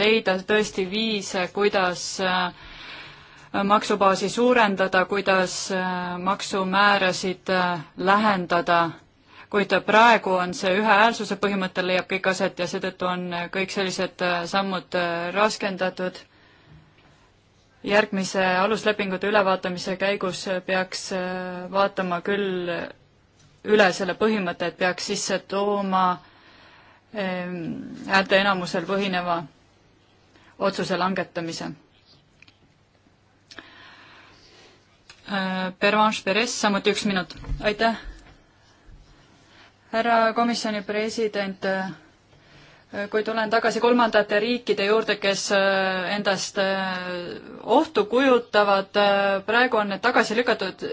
leida tõesti viise, kuidas maksubaasi suurendada, kuidas maksumäärasid lähendada kuid praegu on see ühehäälsuse põhimõttel leiab kõik aset ja seetõttu on kõik sellised äh, sammud äh, raskendatud. järgmise aluslepingute ülevaatamise käigus peaks äh, vaatama küll üle selle põhimõtte, et peaks sisse tooma ähm, häälteenamusel põhineva otsuse langetamise. Pervanche Perez, samuti üks minut, aitäh härra komisjoni president, äh, kui tulen tagasi kolmandate riikide juurde, kes äh, endast äh, ohtu kujutavad, praegu on need tagasi lükatud,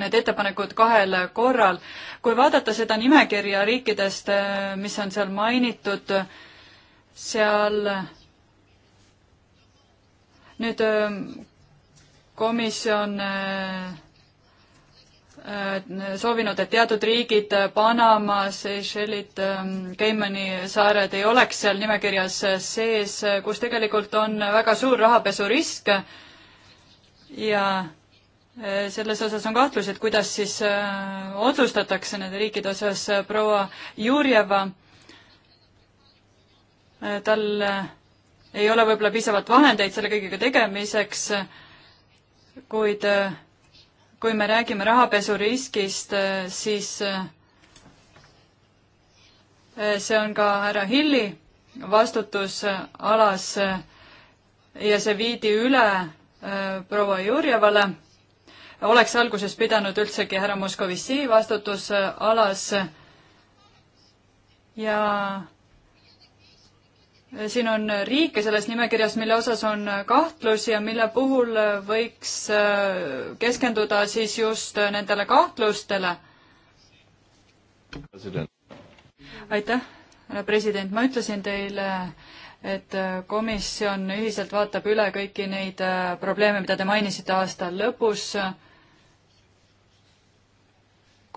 need ettepanekud kahel korral. kui vaadata seda nimekirja riikidest, mis on seal mainitud, seal nüüd komisjon äh, Äh, soovinud, et teatud riigid, äh, Panama, Seychellid, Keimani ähm, saared ei oleks seal nimekirjas sees, kus tegelikult on väga suur rahapesurisk ja äh, selles osas on kahtlus, et kuidas siis otsustatakse nende riikide osas proua Jurjeva, tal ei ole võib-olla piisavalt vahendeid selle kõigega tegemiseks, kuid kui me räägime rahapesuriskist, siis see on ka härra Hilli vastutusalas ja see viidi üle proua Jurjevale. oleks alguses pidanud üldsegi härra Moskovitši vastutusalas ja siin on riike selles nimekirjas, mille osas on kahtlusi ja mille puhul võiks äh, keskenduda siis just nendele kahtlustele. aitäh, härra president, ma ütlesin teile, et komisjon ühiselt vaatab üle kõiki neid äh, probleeme, mida te mainisite aasta lõpus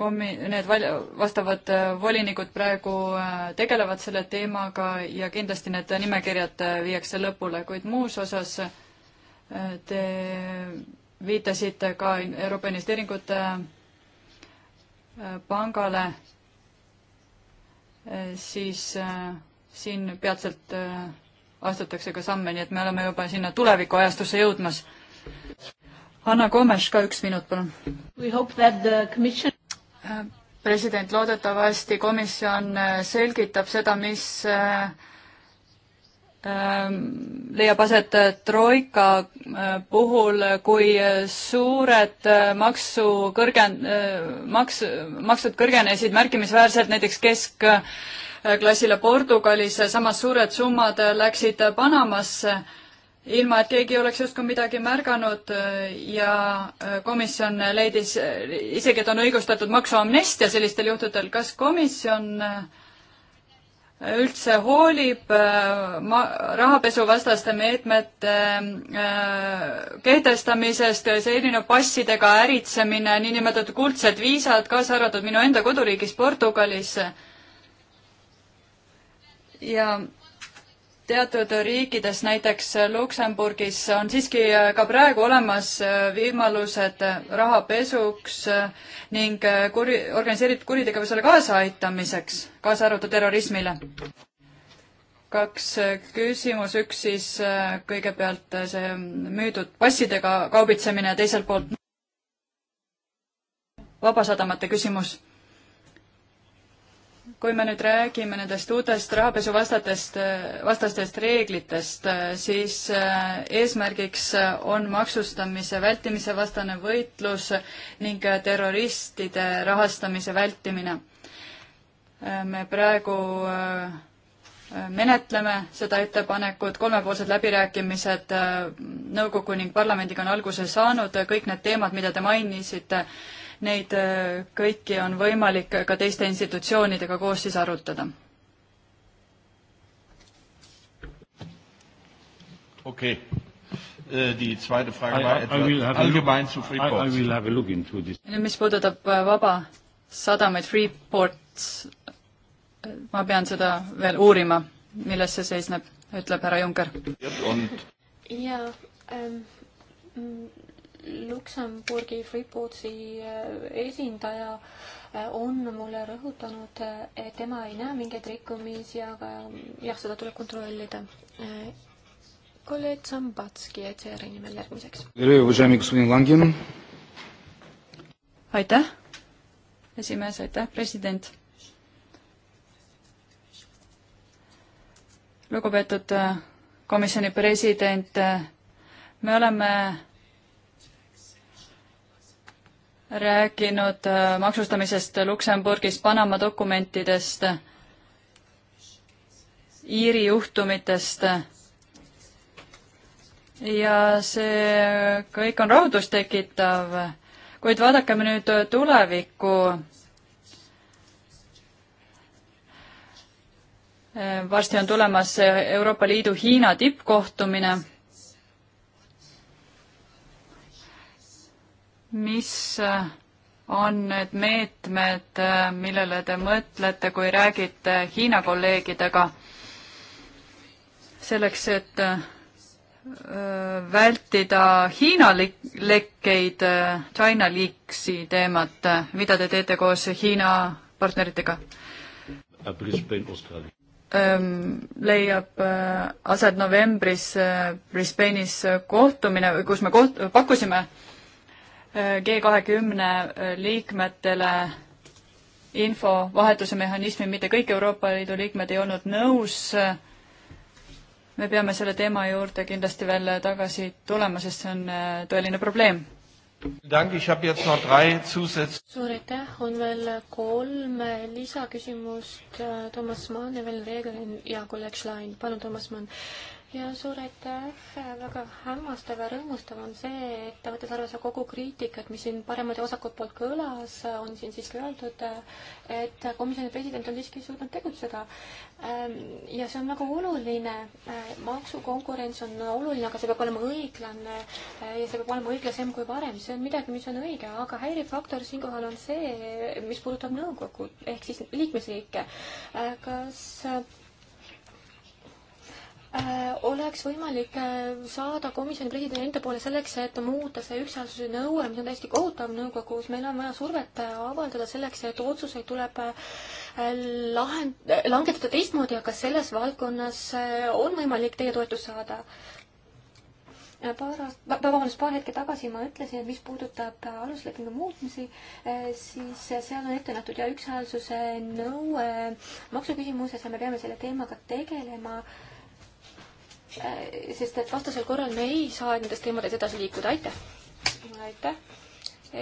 komi-, need val-, vastavad äh, volinikud praegu äh, tegelevad selle teemaga ja kindlasti need nimekirjad äh, viiakse lõpule, kuid muus osas te viitasite ka Euroopa Investeeringute Pangale, siis siin peatselt astutakse ka samme, nii et me oleme juba sinna tulevikuajastusse jõudmas Anna Komes ka üks minut, palun. Commission president, loodetavasti komisjon äh, selgitab seda, mis äh, ähm, leiab aset äh, Troika puhul, kui suured maksu kõrgen-, maks, maksud kõrgenesid märkimisväärselt näiteks keskklassile Portugalis, samas suured summad läksid Panamasse ilma, et keegi oleks justkui midagi märganud äh, ja äh, komisjon leidis äh, isegi, et on õigustatud maksuamnestia sellistel juhtudel. kas komisjon üldse hoolib ma-, rahapesuvastaste meetmete kehtestamisest, selline passidega äritsemine, niinimetatud kuldsed viisad, kaasa arvatud minu enda koduriigis Portugalis ja teatud riikides, näiteks Luksemburgis on siiski äh, ka praegu olemas äh, võimalused äh, rahapesuks ning kuri, organiseeritud kuritegevusele kaasaaitamiseks, kaasa arvatud terrorismile. kaks küsimus, üks siis kõigepealt see müüdud passidega kaubitsemine ja teiselt poolt vabasadamate küsimus kui me nüüd räägime nendest uutest rahapesuvastatest, vastastest reeglitest, siis äh, eesmärgiks on maksustamise vältimise vastane võitlus ning terroristide rahastamise vältimine. Äh, me praegu äh, menetleme seda ettepanekut, kolmepoolsed läbirääkimised nõukogu ning parlamendiga on alguse saanud, kõik need teemad, mida te mainisite, neid äh, kõiki on võimalik ka teiste institutsioonidega koos siis arutada. okei okay. Äh, die zweite Frage war etwas allgemein zu Freeports. nüüd, mis puudutab äh, vaba sadamaid Freeports, ma pean seda veel uurima, milles see seisneb, ütleb härra Juncker. ja ähm, Luksemburgi Freeportsi äh, esindaja äh, on mulle rõhutanud, äh, et tema ei näe mingeid rikkumisi, aga jah, seda tuleb kontrollida. kolleeg Zambatski ECR-i nimel järgmiseks. aitäh, esimees, aitäh, president. lugupeetud komisjoni president, me oleme rääkinud äh, maksustamisest Luksemburgis, Panama dokumentidest, Iiri juhtumitest ja see kõik on raudust tekitav, kuid vaadakem nüüd tulevikku äh, varsti on tulemas Euroopa Liidu Hiina tippkohtumine. mis äh, on need meetmed, äh, millele te mõtlete, kui räägite Hiina kolleegidega selleks, et äh, vältida Hiina lekkeid, China leaks'i teemat, mida te teete koos Hiina partneritega? leiab aset novembris Brisbane'is kohtumine, kus me koht-, pakkusime äh, G kahekümne liikmetele infovahetuse mehhanismi, mitte kõik Euroopa Liidu liikmed ei olnud nõus. me peame selle teema juurde kindlasti veel tagasi tulema, sest see on äh, tõeline probleem. suur aitäh, on veel kolm lisaküsimust äh, Toomas Mann ja veel Reeglin ja kolleeg Schlein. palun, Toomas Mann ja suur aitäh, väga hämmastav ja rõõmustav on see, et võttes arvesse kogu kriitikat, mis siin paremalt ja vasakult poolt kõlas, on siin siiski öeldud, et komisjoni president on siiski suutnud tegutseda. Ähm, ja see on väga oluline, äh, maksukonkurents on oluline, aga see peab olema õiglane äh, ja see peab olema õiglasem kui varem, see on midagi, mis on õige, aga häiriv faktor siinkohal on see, mis puudutab nõukogu ehk siis liikmesriike. Äh, kas Äh, oleks võimalik äh, saada komisjoni presidendi enda poole selleks, et muuta see ükshäälsuse nõue, mis on täiesti kohutav nõukogus, meil on vaja survet äh, avaldada selleks, et otsuseid tuleb lahend-, langetada teistmoodi ja kas selles valdkonnas on võimalik teie toetust saada? paar aast-, vabandust, paar hetke tagasi ma ütlesin, et mis puudutab aluslepingu muutmisi, siis seal on ette nähtud ja ükshäälsuse nõue maksuküsimuses ja me peame selle teemaga tegelema äh, Äh, sest et vastasel korral me ei saa nendes teemades edasi liikuda, aitäh! aitäh!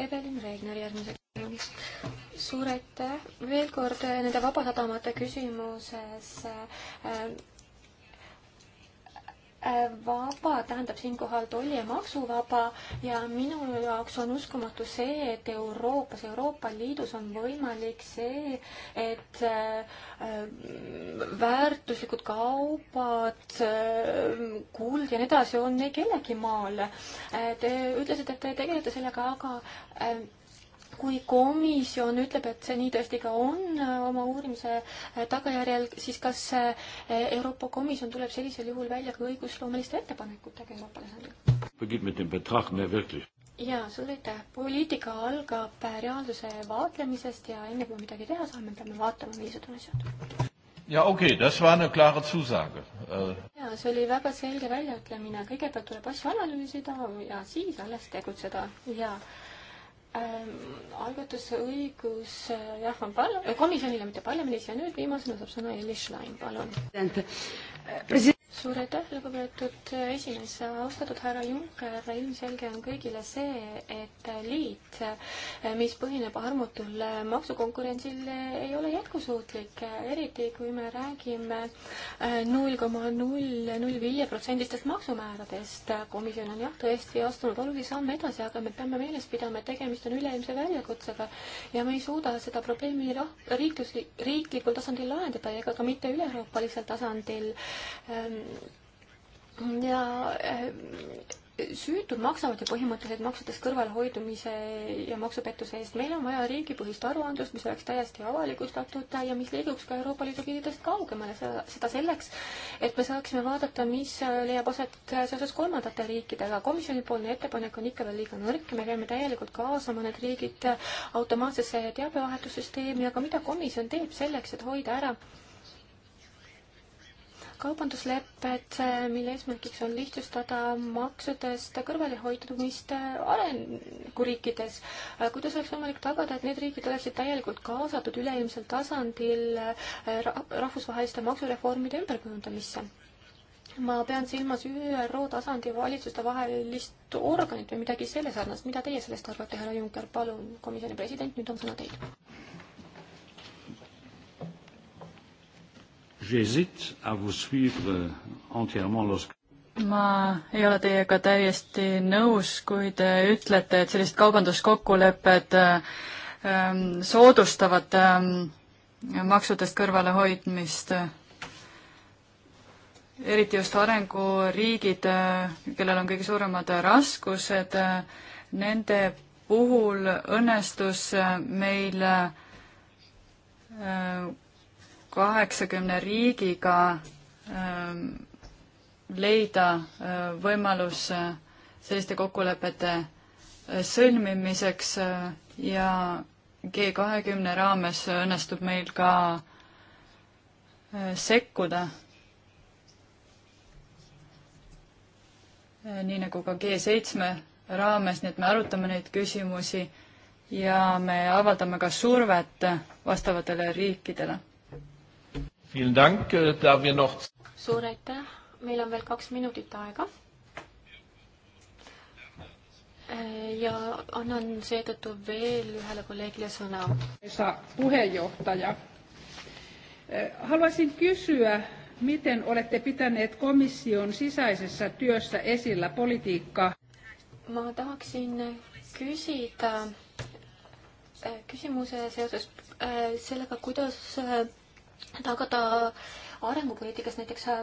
Evelyn Regner järgmiseks. suur aitäh veel kord äh, nende Vabasadamate küsimuses äh, Äh, vaba tähendab siinkohal tolli- ja maksuvaba ja minu jaoks on uskumatu see, et Euroopas, Euroopa Liidus on võimalik see, et äh, väärtuslikud kaubad, äh, kuld ja nii edasi on kellegi maal. Te ütlesite, et te tegelete sellega, aga kui komisjon ütleb, et see nii tõesti ka on äh, oma uurimise äh, tagajärjel, siis kas äh, Euroopa Komisjon tuleb sellisel juhul välja ka õigusloomeliste ettepanekutega Euroopa tasandil? jaa, suur aitäh. poliitika algab reaalsuse vaatlemisest ja enne kui midagi teha saame, peame vaatama, millised on asjad. Ja okei okay,, das war eine klare Zusage äh.. ja see oli väga selge väljaütlemine, kõigepealt tuleb asju analüüsida ja siis alles tegutseda ja Ähm, algatusõigus äh, jah, on parla-, äh, komisjonile, mitte parlamendis ja nüüd viimasena saab sõna Elis Schlein, palun. Äh, suur aitäh, lugupeetud esimees, austatud härra Juncker, ilmselge on kõigile see, et liit, mis põhineb armutul maksukonkurentsil, ei ole jätkusuutlik, eriti kui me räägime äh, null koma null null viie protsendistest maksumääradest. komisjon on jah, tõesti astunud olulisi samme edasi, aga me peame meeles pidama, et tegemist on üleilmse väljakutsega ja me ei suuda seda probleemi riiklus, riiklikul tasandil lahendada ega ka mitte üle-euroopalisel tasandil ehm, ja eh, süütud maksavad ju põhimõtteliselt maksudest kõrvalhoidumise ja maksupettuse eest. meil on vaja riigipõhist aruandlust, mis oleks täiesti avalikustatud ja mis liiguks ka Euroopa Liidu piiridest kaugemale, seda selleks, et me saaksime vaadata, mis eh, leiab aset eh, seoses kolmandate riikidega. komisjonipoolne ettepanek on ikka veel liiga nõrk ja me peame täielikult kaasama need riigid automaatsesse teabevahetussüsteemi, aga mida komisjon teeb selleks, et hoida ära kaubanduslepped, mille eesmärgiks on lihtsustada maksudest kõrvalehoidumist arenguriikides. kuidas oleks võimalik tagada, et need riigid oleksid täielikult kaasatud üleilmsel tasandil rahvusvaheliste maksureformide ümberkujundamisse? ma pean silmas ÜRO tasandi valitsuste vahelist organit või midagi selle sarnast. mida teie sellest arvate, härra Juncker? palun, komisjoni president, nüüd on sõna teil J'hésite à vous suivre entièrement lorsque ma ei ole teiega täiesti nõus, kui te ütlete, et sellised kaubanduskokkulepped ähm, soodustavad ähm, maksudest kõrvalehoidmist. eriti just arenguriigid äh,, kellel on kõige suuremad raskused äh,, nende puhul õnnestus äh, meil äh, kaheksakümne riigiga ähm, leida äh, võimalus äh, selliste kokkulepete äh, sõlmimiseks ja G kahekümne raames õnnestub meil ka sekkuda. nii nagu ka G seitsme raames, nii et me arutame neid küsimusi ja me avaldame ka survet vastavatele riikidele Äh, suur aitäh, meil on veel kaks minutit aega. Äh, ja annan seetõttu veel ühele kolleegile sõna. puheenjohtaja, äh, haluaisin kysyä, miten olette pitäneet komission sisäisessä työssä esillä politiikkaa? ma tahaksin küsida küsimuse seoses sellega, kuidas tagada arengupoliitikas näiteks äh,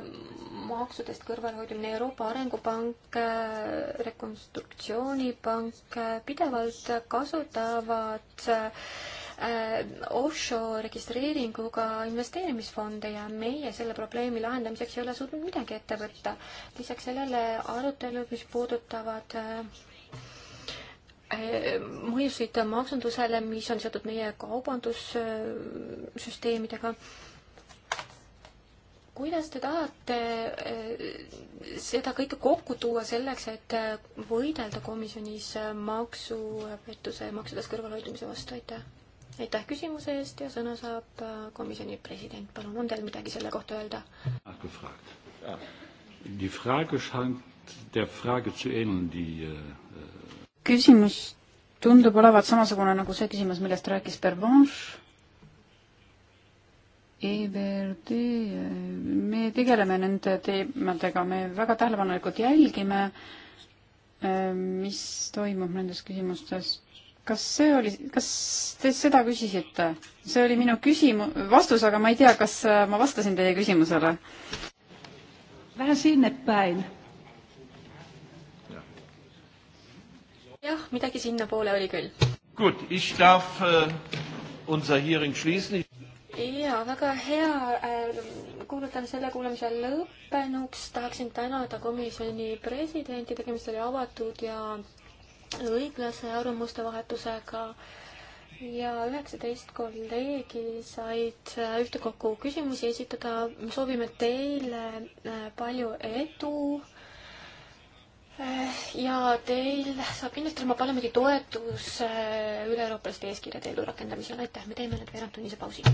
maksudest kõrvalhoidmine, Euroopa Arengupank, äh, Rekonstruktsioonipank äh, pidevalt kasutavad offshore registreeringuga investeerimisfonde ja meie selle probleemi lahendamiseks ei ole suutnud midagi ette võtta. lisaks sellele arutelud, mis puudutavad mõjusid maksundusele, mis on seotud meie kaubandussüsteemidega äh, kuidas te tahate eh, seda kõike kokku tuua selleks, et eh, võidelda komisjonis eh, maksupettuse ja maksudest kõrvalhoidmise vastu, aitäh! aitäh küsimuse eest ja sõna saab komisjoni president, palun, on teil midagi selle kohta öelda? Äh, äh küsimus tundub olevat samasugune nagu see küsimus, millest rääkis Pervanche EBRD, me tegeleme nende teemadega, me väga tähelepanelikult jälgime, ähm, mis toimub nendes küsimustes. kas see oli, kas te seda küsisite? see oli minu küsimu-, vastus, aga ma ei tea, kas äh, ma vastasin teie küsimusele. Vähän sinnepäin. jah, midagi sinnapoole oli küll. Gut, ich darf äh, unser hearing schließen jaa, väga hea. Äh, kuulutan selle kuulamise lõppenuks. tahaksin tänada komisjoni presidenti, tegemist oli avatud ja õiglase arvamuste vahetusega ja üheksateist kolleegi said äh, ühtekokku küsimusi esitada. soovime teile äh, palju edu Äh, ja teil saab kindlasti olema parlamendi toetus äh, üle-euroopaliste eeskirjade ellurakendamisel, aitäh, me teeme nüüd veerand tunnise pausi.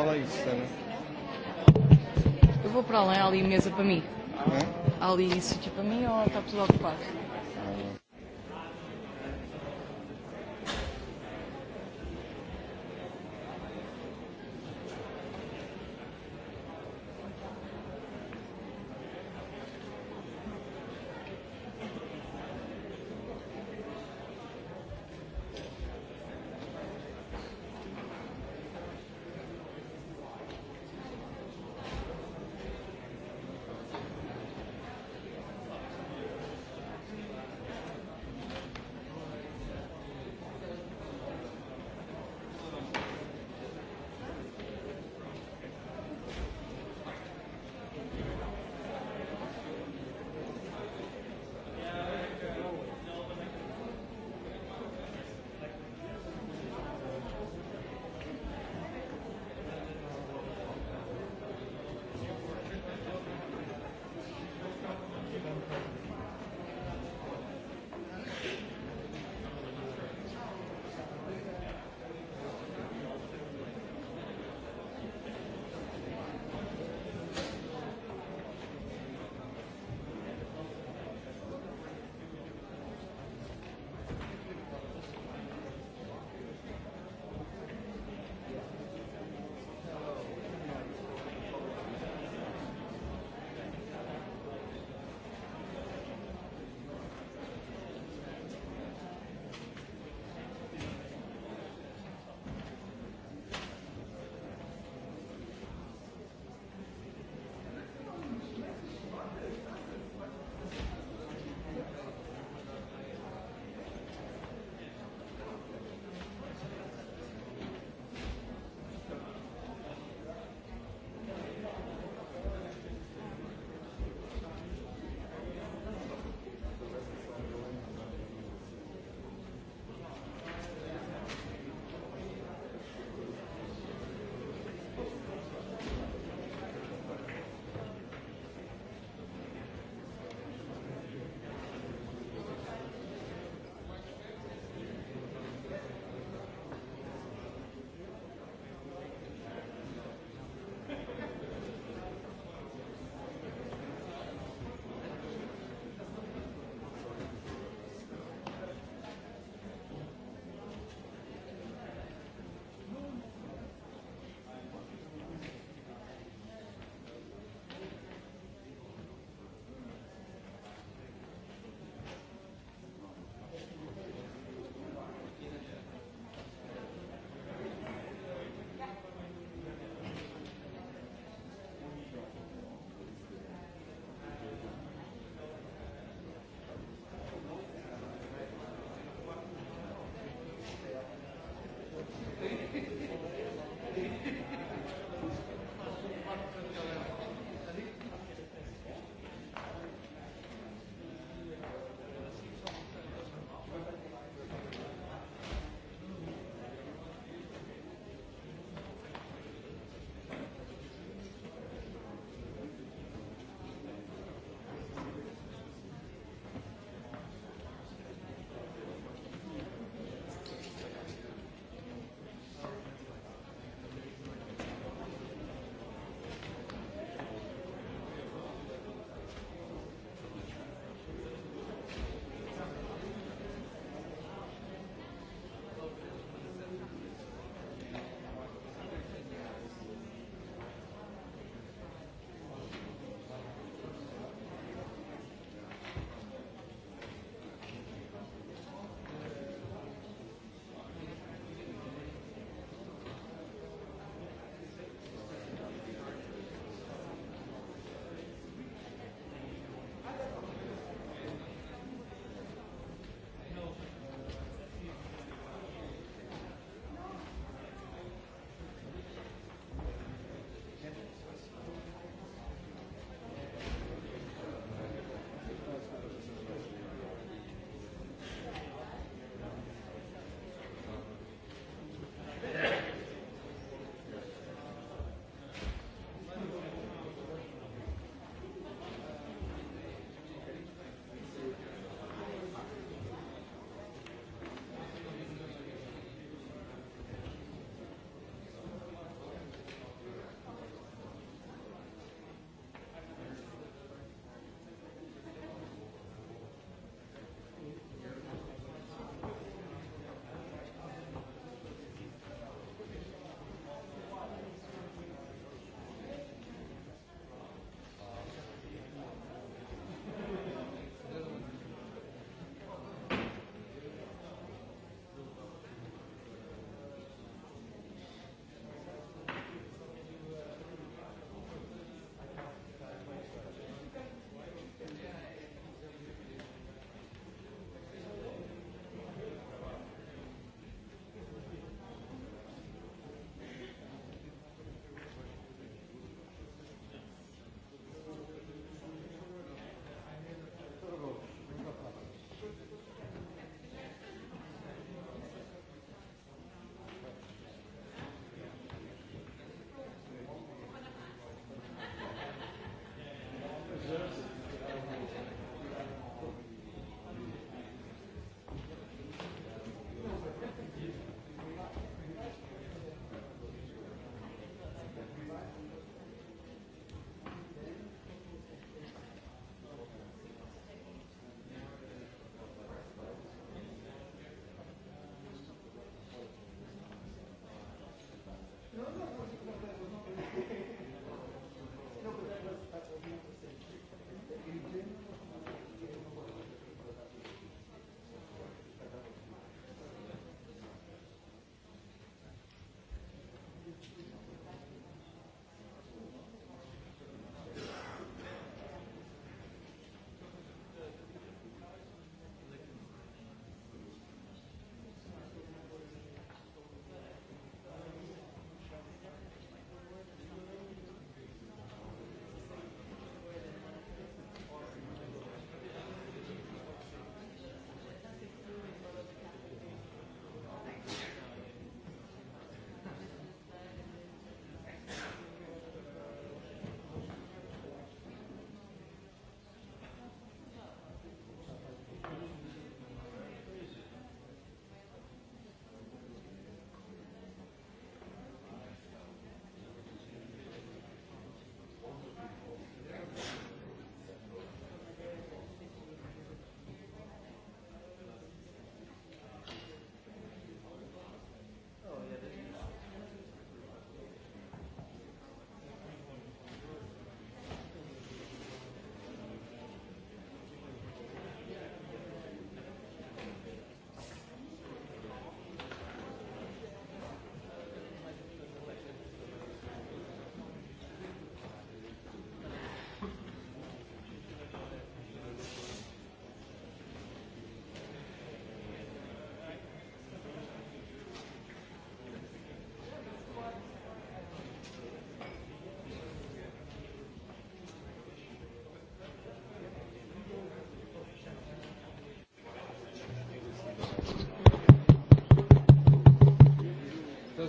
fala isso, Sara. Eu vou para lá, há ali mesa para mim. É? Há ali sítio para mim ou está tudo ocupado?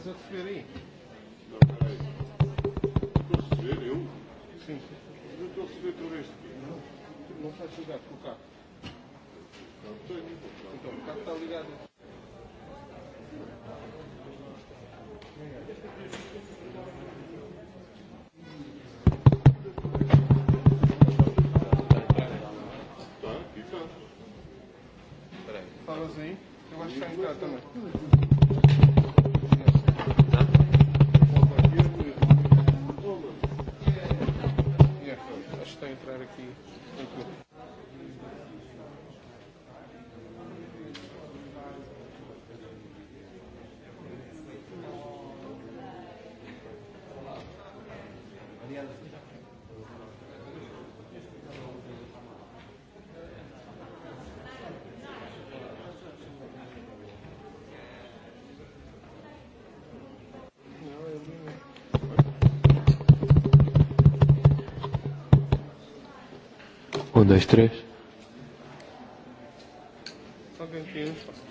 mas eu receber aí. Não, peraí. Estou a receber, eu? Sim. Eu estou a receber por este. Não, não está jogado com o carro. Não tenho. Então, o carro está ligado. Ustedes tres.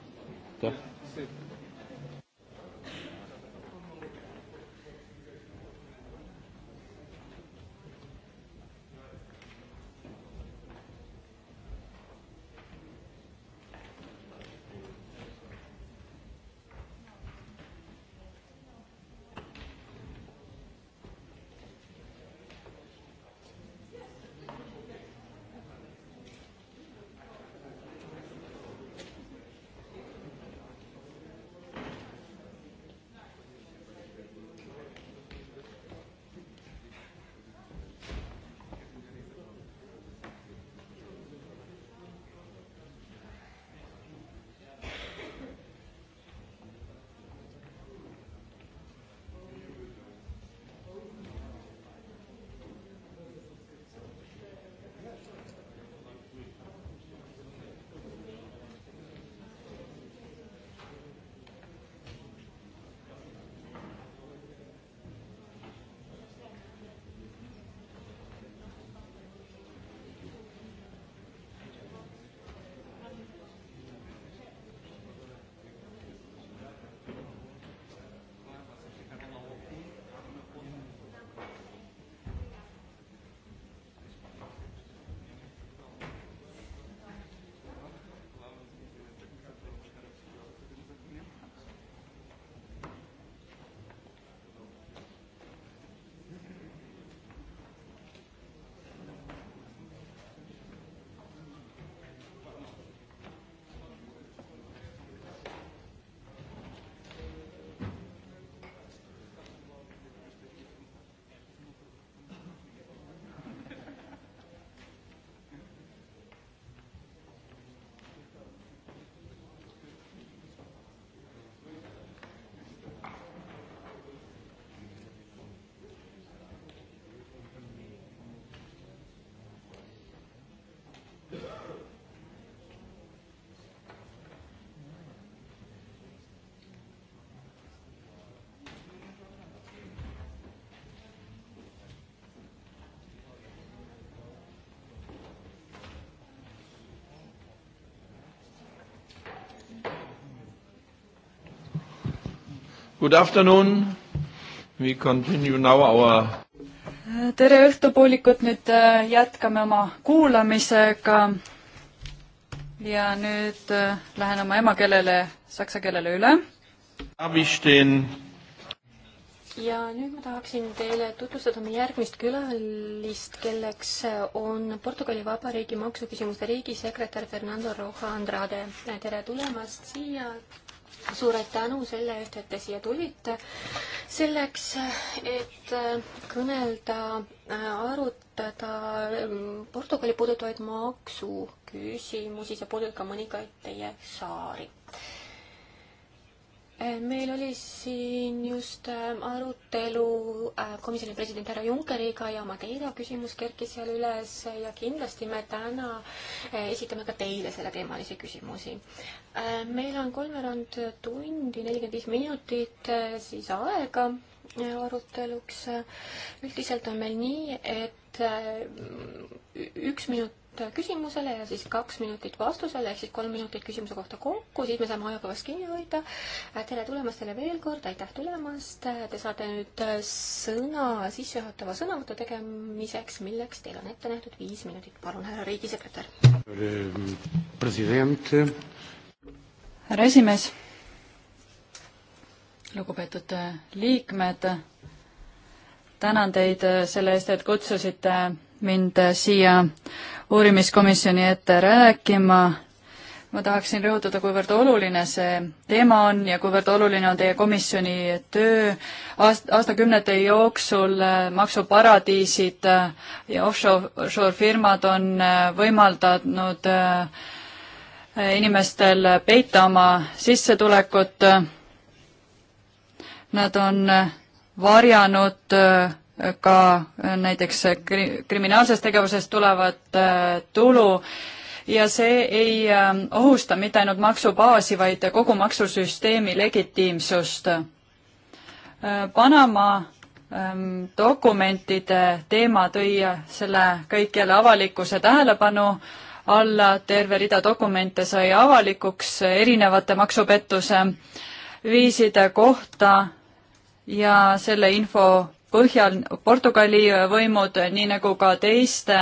Good afternoon. We continue now our tere õhtupoolikut, nüüd äh, jätkame oma kuulamisega. ja nüüd äh, lähen oma emakeelele, saksa keelele üle. ja nüüd ma tahaksin teile tutvustada meie järgmist külalist, kelleks äh, on Portugali Vabariigi maksuküsimuste riigisekretär Fernando Roja Andrade. tere tulemast siia suur tänu selle eest, et te siia tulite. selleks, et äh, kõnelda, äh, arutada ähm, Portugali puudutavaid maksuküsimusi, see puudutab ka mõningaid teie saari Eh, meil oli siin just ähm, arutelu äh, komisjoni president härra Junckeriga ja Madeira küsimus kerkis seal üles ja kindlasti me täna äh, esitame ka teile selleteemalisi küsimusi. Äh, meil on kolmveerand tundi, nelikümmend viis minutit siis aega aruteluks. üldiselt on meil nii, et üks minut Äh, küsimusele ja siis kaks minutit vastusele, ehk siis kolm minutit küsimuse kohta kokku, siis me saame ajakavast kinni hoida. Äh, tere tulemast teile veel kord, aitäh tulemast. Äh, te saate nüüd sõna sissejuhatava sõnavõtu tegemiseks, milleks teil on ette nähtud viis minutit. palun, härra riigisekretär. Mm, president. härra esimees. lugupeetud liikmed. tänan teid selle eest, et kutsusite mind siia uurimiskomisjoni ette rääkima. ma tahaksin rõhutada, kuivõrd oluline see teema on ja kuivõrd oluline on teie komisjoni töö Aast. aastakümnete jooksul äh, maksuparadiisid äh, ja offshore firmad on äh, võimaldanud inimestel peita oma sissetulekut. Nad on varjanud ka näiteks kri-, kriminaalsest tegevusest tulevat äh, tulu ja see ei äh, ohusta mitte ainult maksubaasi, vaid kogu maksusüsteemi legitiimsust. Äh, Panama ähm, dokumentide teema tõi selle kõik jälle avalikkuse tähelepanu alla, terve rida dokumente sai avalikuks erinevate maksupettuse viiside kohta ja selle info põhjal Portugali võimud, nii nagu ka teiste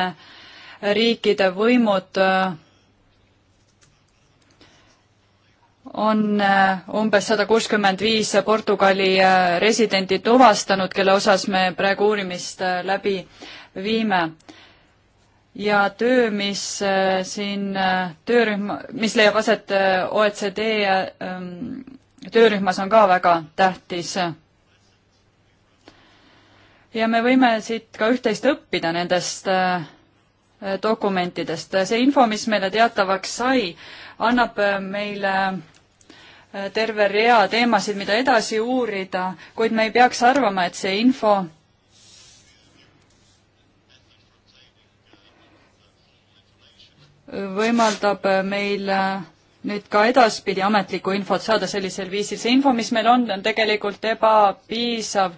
riikide võimud on äh, umbes sada kuuskümmend viis Portugali äh, residenti tuvastanud, kelle osas me praegu uurimist äh, läbi viime. ja töö, mis siin töörühm, mis leiab aset OECD ähm, töörühmas, on ka väga tähtis ja me võime siit ka üht-teist õppida nendest äh, dokumentidest. see info, mis meile teatavaks sai, annab äh, meile äh, terve rea teemasid, mida edasi uurida, kuid me ei peaks arvama, et see info võimaldab meil nüüd ka edaspidi ametlikku infot saada sellisel viisil. see info, mis meil on, on tegelikult ebapiisav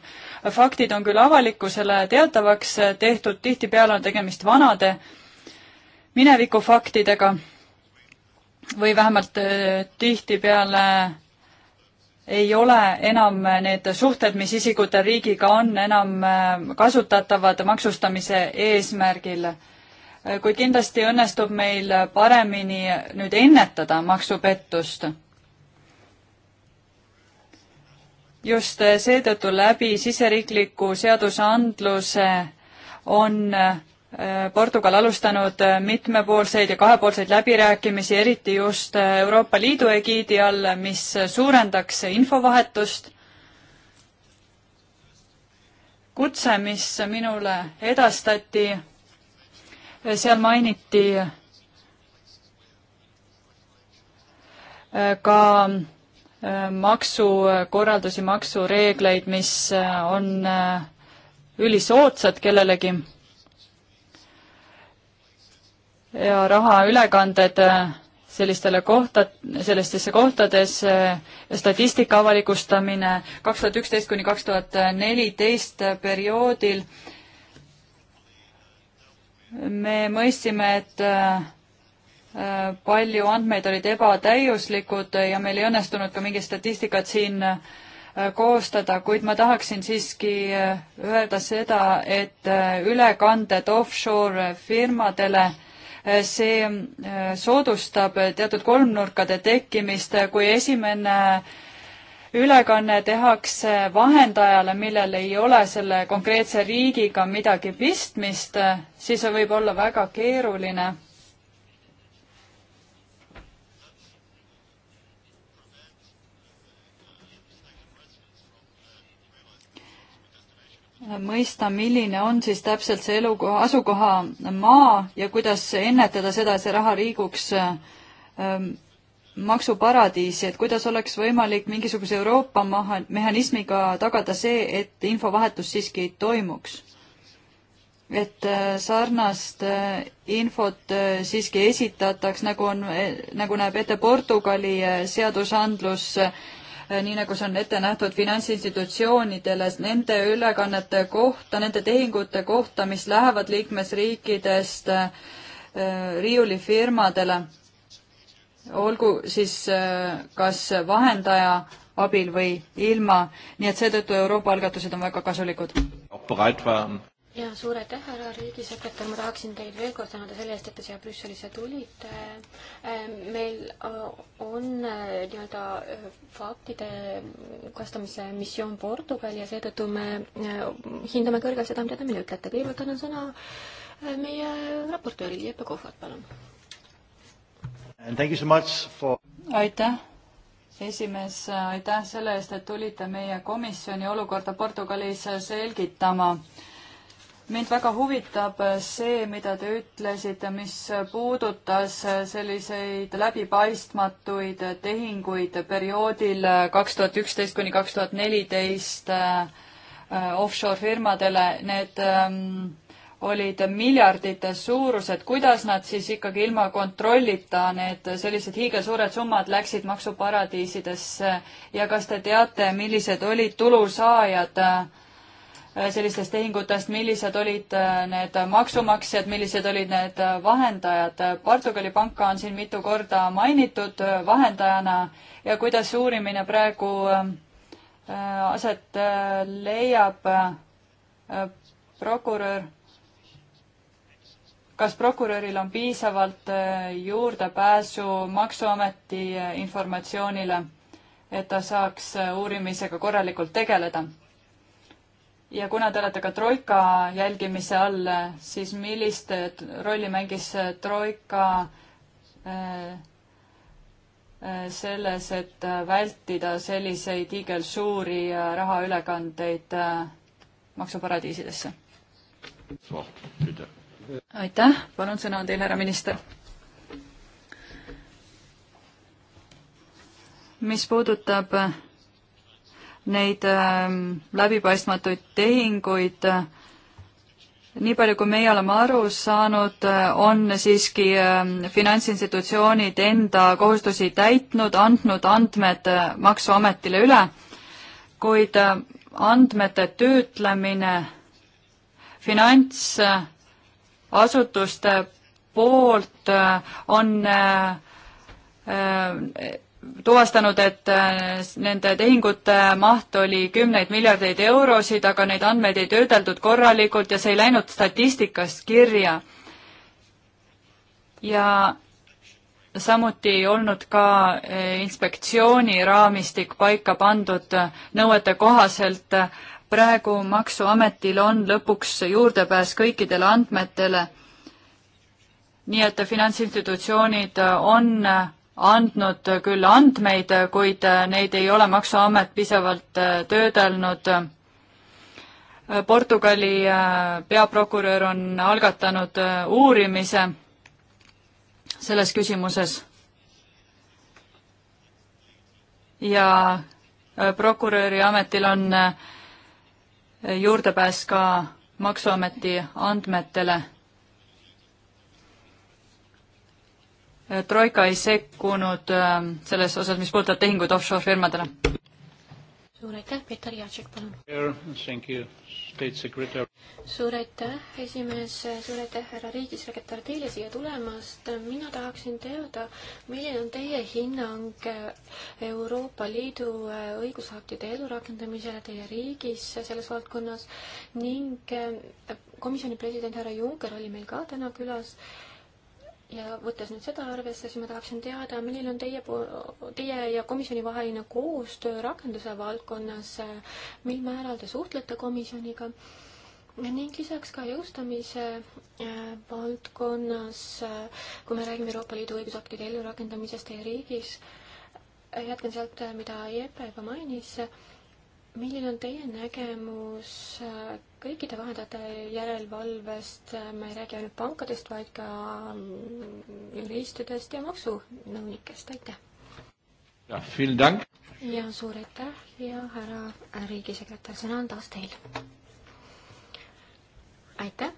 faktid on küll avalikkusele teatavaks tehtud, tihtipeale on tegemist vanade minevikufaktidega või vähemalt äh, tihtipeale ei ole enam need suhted, mis isikutel riigiga on, enam äh, kasutatavad maksustamise eesmärgil. Äh, kuid kindlasti õnnestub meil paremini nüüd ennetada maksupettust. just seetõttu läbi siseriikliku seadusandluse on äh, Portugal alustanud äh, mitmepoolseid ja kahepoolseid läbirääkimisi, eriti just äh, Euroopa Liidu egiidi all, mis suurendaks infovahetust. kutse, mis minule edastati, seal mainiti ka maksukorraldusi, maksureegleid, mis äh, on äh, ülisoodsad kellelegi ja raha ülekanded äh, sellistele kohta, sellistesse kohtades, statistika avalikustamine kaks tuhat üksteist kuni kaks tuhat neliteist perioodil me mõistsime, et palju andmeid olid ebatäiuslikud ja meil ei õnnestunud ka mingit statistikat siin äh, koostada, kuid ma tahaksin siiski äh, öelda seda, et äh, ülekanded offshore firmadele, see soodustab teatud kolmnurkade tekkimist, kui esimene ülekanne tehakse vahendajale, millel ei ole selle konkreetse riigiga midagi pistmist, siis võib olla väga keeruline mõista, milline on siis täpselt see elukoha, asukoha maa ja kuidas ennetada seda, et see raha liiguks ähm, maksuparadiisi, et kuidas oleks võimalik mingisuguse Euroopa maha, mehhanismiga tagada see, et infovahetus siiski toimuks? et äh, sarnast äh, infot äh, siiski esitataks, nagu on, nagu näeb ette Portugali seadusandlus nii nagu see on ette nähtud finantsinstitutsioonidele, nende ülekannete kohta, nende tehingute kohta, mis lähevad liikmesriikidest äh, riiulifirmadele, olgu siis äh, kas vahendaja abil või ilma, nii et seetõttu Euroopa algatused on väga kasulikud ja suur aitäh, härra riigisekretär, ma tahaksin teid veel kord tänada selle eest, et te siia Brüsselisse tulite. Ähm, meil äh, on äh, nii-öelda äh, faktide kastamise missioon Portugal ja seetõttu me hindame kõrgelt seda, mida te meile ütlete. kõigepealt annan sõna meie raportööril Jeppe Kohvat, palun. For... aitäh, esimees, aitäh selle eest, et tulite meie komisjoni olukorda Portugalis selgitama mind väga huvitab see, mida te ütlesite, mis puudutas selliseid läbipaistmatuid tehinguid perioodil kaks tuhat üksteist kuni kaks tuhat neliteist äh, offshore firmadele, need ähm, olid miljardite suurused, kuidas nad siis ikkagi ilma kontrollita, need sellised hiigelsuured summad läksid maksuparadiisidesse ja kas te teate, millised olid tulusaajad äh, Äh, sellistest tehingutest, millised olid äh, need maksumaksjad, millised olid need äh, vahendajad. Portugali panka on siin mitu korda mainitud vahendajana ja kuidas uurimine praegu aset leiab prokurör, kas prokuröril on piisavalt juurdepääsu Maksuameti informatsioonile, et ta saaks uurimisega korralikult tegeleda? ja kuna te olete ka Troika jälgimise all, siis millist rolli mängis Troika äh, äh, selles, et vältida selliseid hiigelsuuri rahaülekandeid äh, maksuparadiisidesse? aitäh, palun, sõna on teil, härra minister. mis puudutab neid ähm, läbipaistmatuid tehinguid. nii palju, kui meie oleme aru saanud, äh, on siiski ähm, finantsinstitutsioonid enda kohustusi täitnud, andnud andmed äh, Maksuametile üle, kuid äh, andmete töötlemine finantsasutuste poolt on tuvastanud, et äh, nende tehingute maht oli kümneid miljardeid eurosid, aga neid andmeid ei töödeldud korralikult ja see ei läinud statistikas kirja. ja samuti ei olnud ka äh, inspektsiooni raamistik paika pandud nõuete kohaselt. praegu Maksuametil on lõpuks juurdepääs kõikidele andmetele, nii et finantsinstitutsioonid on äh, andnud küll andmeid, kuid neid ei ole Maksuamet piisavalt äh, töödelnud. Äh, Portugali äh, peaprokurör on algatanud uurimise selles küsimuses. ja prokuröri ametil on juurdepääs ka Maksuameti andmetele Äh, Troika ei sekkunud äh, selles osas, mis puudutab tehinguid offshore firmadele. suur aitäh, Peeter Jacek, palun. suur aitäh, esimees, suur aitäh, härra riigisekretär, teile siia tulemast. mina tahaksin teada, milline on teie hinnang Euroopa Liidu õigusaktide elurakendamisele teie riigis selles valdkonnas ning komisjoni president härra Juncker oli meil ka täna külas ja võttes nüüd seda arvesse, siis ma tahaksin teada, milline on teie, teie ja komisjoni vaheline koostöö rakenduse valdkonnas, mil määral te suhtlete komisjoniga ning lisaks ka jõustamise äh, valdkonnas, äh, kui me räägime Euroopa Liidu õigusaktide ellurakendamisest teie riigis, äh, jätkan sealt, mida Jeppe juba mainis milline on teie nägemus äh, kõikide vahendajate järelevalvest, äh, ma ei räägi ainult pankadest, vaid ka mm, juristidest ja maksunõunikest, aitäh! jah, vielen Dank! ja suur aitäh ja härra äh, riigisekretär, sõna on taas teil. aitäh!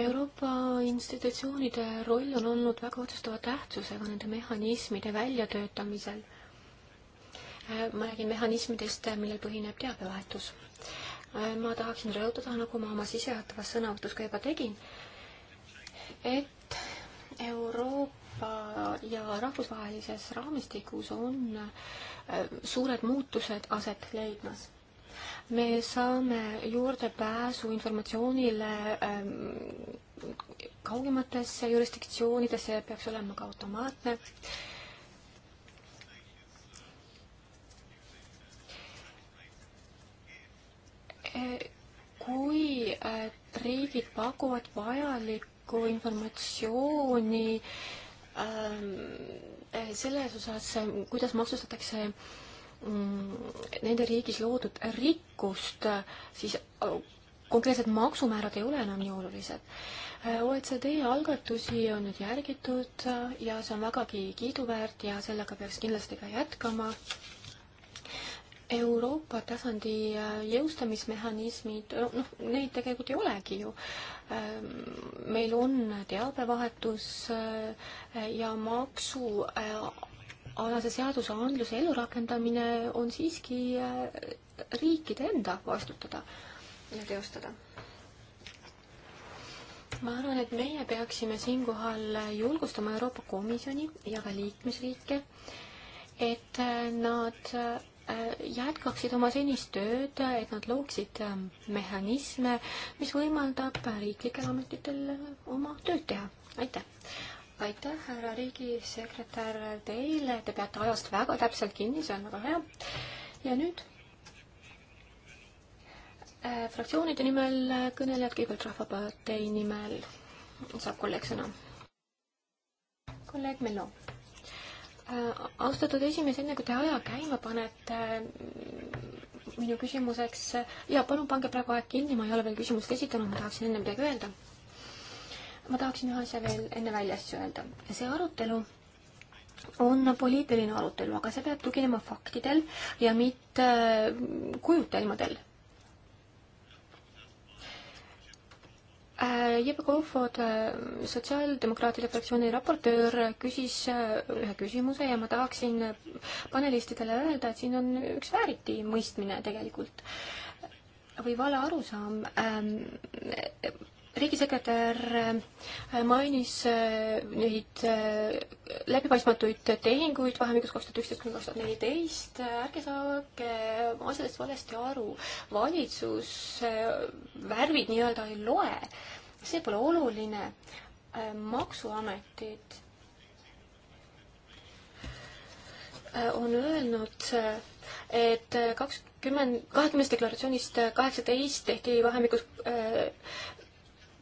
Euroopa institutsioonide roll on olnud väga otsustava tähtsusega nende mehhanismide väljatöötamisel. Äh, ma räägin mehhanismidest, millel põhineb teabevahetus. Äh, ma tahaksin rõhutada, nagu ma oma sissejuhatavas sõnavõtus ka juba tegin, et Euroopa ja rahvusvahelises raamistikus on äh, suured muutused aset leidmas me saame juurdepääsu informatsioonile ähm, kaugematesse jurisdiktsioonidesse, peaks olema ka automaatne kui äh, riigid pakuvad vajalikku informatsiooni ähm, selles osas, kuidas maksustatakse Mm, nende riigis loodud rikkust, siis äh, konkreetsed maksumäärad ei ole enam nii olulised. Äh, OECD algatusi on nüüd järgitud äh, ja see on vägagi kiiduväärt ja sellega peaks kindlasti ka jätkama. Euroopa tasandi jõustamismehhanismid, noh, neid tegelikult ei olegi ju. Ähm, meil on teabevahetus ja maksu alase seadusandluse elurakendamine on siiski äh, riikide enda vastutada ja teostada. ma arvan, et meie peaksime siinkohal julgustama Euroopa Komisjoni ja ka liikmesriike, et äh, nad äh, jätkaksid oma senist tööd, et nad looksid mehhanisme, mis võimaldab riiklikel ametitel oma tööd teha. aitäh! aitäh, härra riigisekretär, teile, te peate ajast väga täpselt kinni, see on väga hea. ja nüüd äh, fraktsioonide nimel kõnelejad, kõigepealt Rahvapartei nimel saab kolleeg sõna. kolleeg Mello äh,. austatud esimees, enne kui te aja käima panete äh,, minu küsimuseks äh, ja palun pange praegu aeg kinni, ma ei ole veel küsimust esitanud, ma tahaksin enne midagi öelda ma tahaksin ühe asja veel enne välja asju öelda. see arutelu on poliitiline arutelu, aga see peab tuginema faktidel ja mitte äh, kujutelmadel. Äh, Jeppe Kohvod, äh, Sotsiaaldemokraatide fraktsiooni raportöör, küsis ühe küsimuse ja ma tahaksin panelistidele öelda, et siin on üks vääritimõistmine tegelikult või vale arusaam ähm, riigisekretär äh, mainis äh, neid äh, läbipaistmatuid tehinguid vahemikus kaks tuhat üksteist kuni kaks tuhat neliteist. ärge saage asjadest valesti aru, valitsuse värvid nii-öelda ei loe, see pole oluline. maksuametid on öelnud, et kaks kümmend, kahekümnest deklaratsioonist kaheksateist tehti vahemikus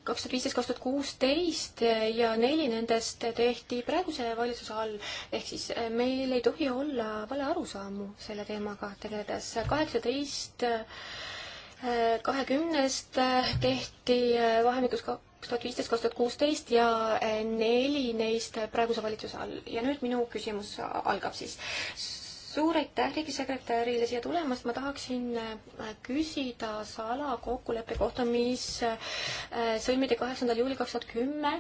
kaks tuhat viisteist, kaks tuhat kuusteist ja neli nendest tehti praeguse valitsuse all. ehk siis eh, meil ei tohi olla vale arusaamu selle teemaga tegeledes. kaheksateist eh, kahekümnest eh, tehti vahemikus kaks tuhat viisteist, kaks tuhat kuusteist ja neli neist praeguse valitsuse all. ja nüüd minu küsimus algab siis suur aitäh riigisekretärile siia tulemast, ma tahaksin äh, küsida salakokkuleppe kohta, mis äh, sõlmiti kaheksandal juulil kaks tuhat kümme,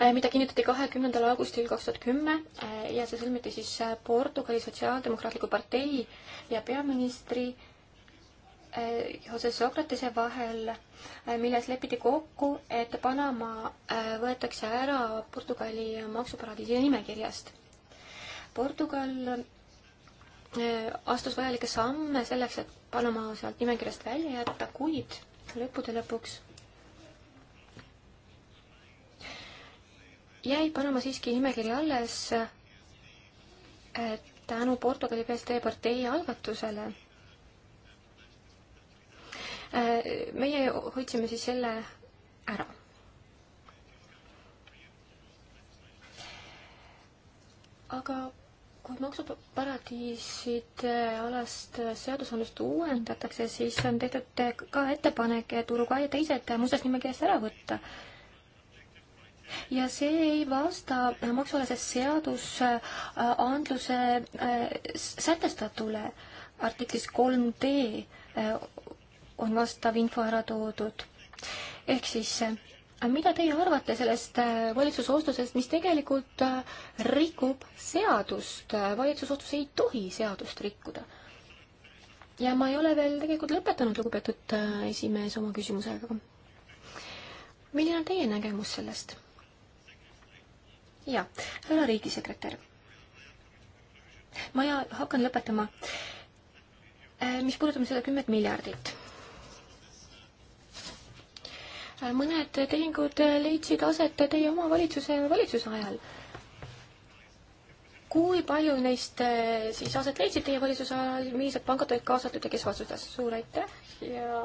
äh, mida kinnitati kahekümnendal augustil kaks tuhat kümme ja see sõlmiti siis Portugali Sotsiaaldemokraatliku Partei ja peaministri Jose Sokratese vahel, milles lepiti kokku, et Panama võetakse ära Portugali maksuparadiisi nimekirjast Portugal eh, astus vajalikke samme selleks, et Panama sealt nimekirjast välja jätta, kuid lõppude lõpuks jäi Panama siiski nimekiri alles eh, tänu Portugali PSD partei algatusele. Eh, meie hoidsime siis selle ära. aga kui maksuparadiiside alast seadusandlust uuendatakse, siis on tehtud ka ettepanek, et Uruguay ja teised mustast nimekirjast ära võtta ja see ei vasta maksualase seadusandluse äh, sätestatule. artiklis kolm D äh, on vastav info ära toodud. ehk siis äh, mida teie arvate sellest äh, valitsuse otsusest, mis tegelikult äh, rikub seadust? Äh, valitsuse otsus ei tohi seadust rikkuda. ja ma ei ole veel tegelikult lõpetanud, lugupeetud esimees, oma küsimusega. milline on teie nägemus sellest? jaa, härra riigisekretär. ma ja hakkan lõpetama. mis puudutab seda kümmet miljardit Äh, mõned tehingud leidsid aset teie oma valitsuse valitsuse ajal. kui palju neist äh, siis aset leidsid teie valitsuse ajal, millised pangad olid kaasatud ja kes vastutas? suur aitäh ja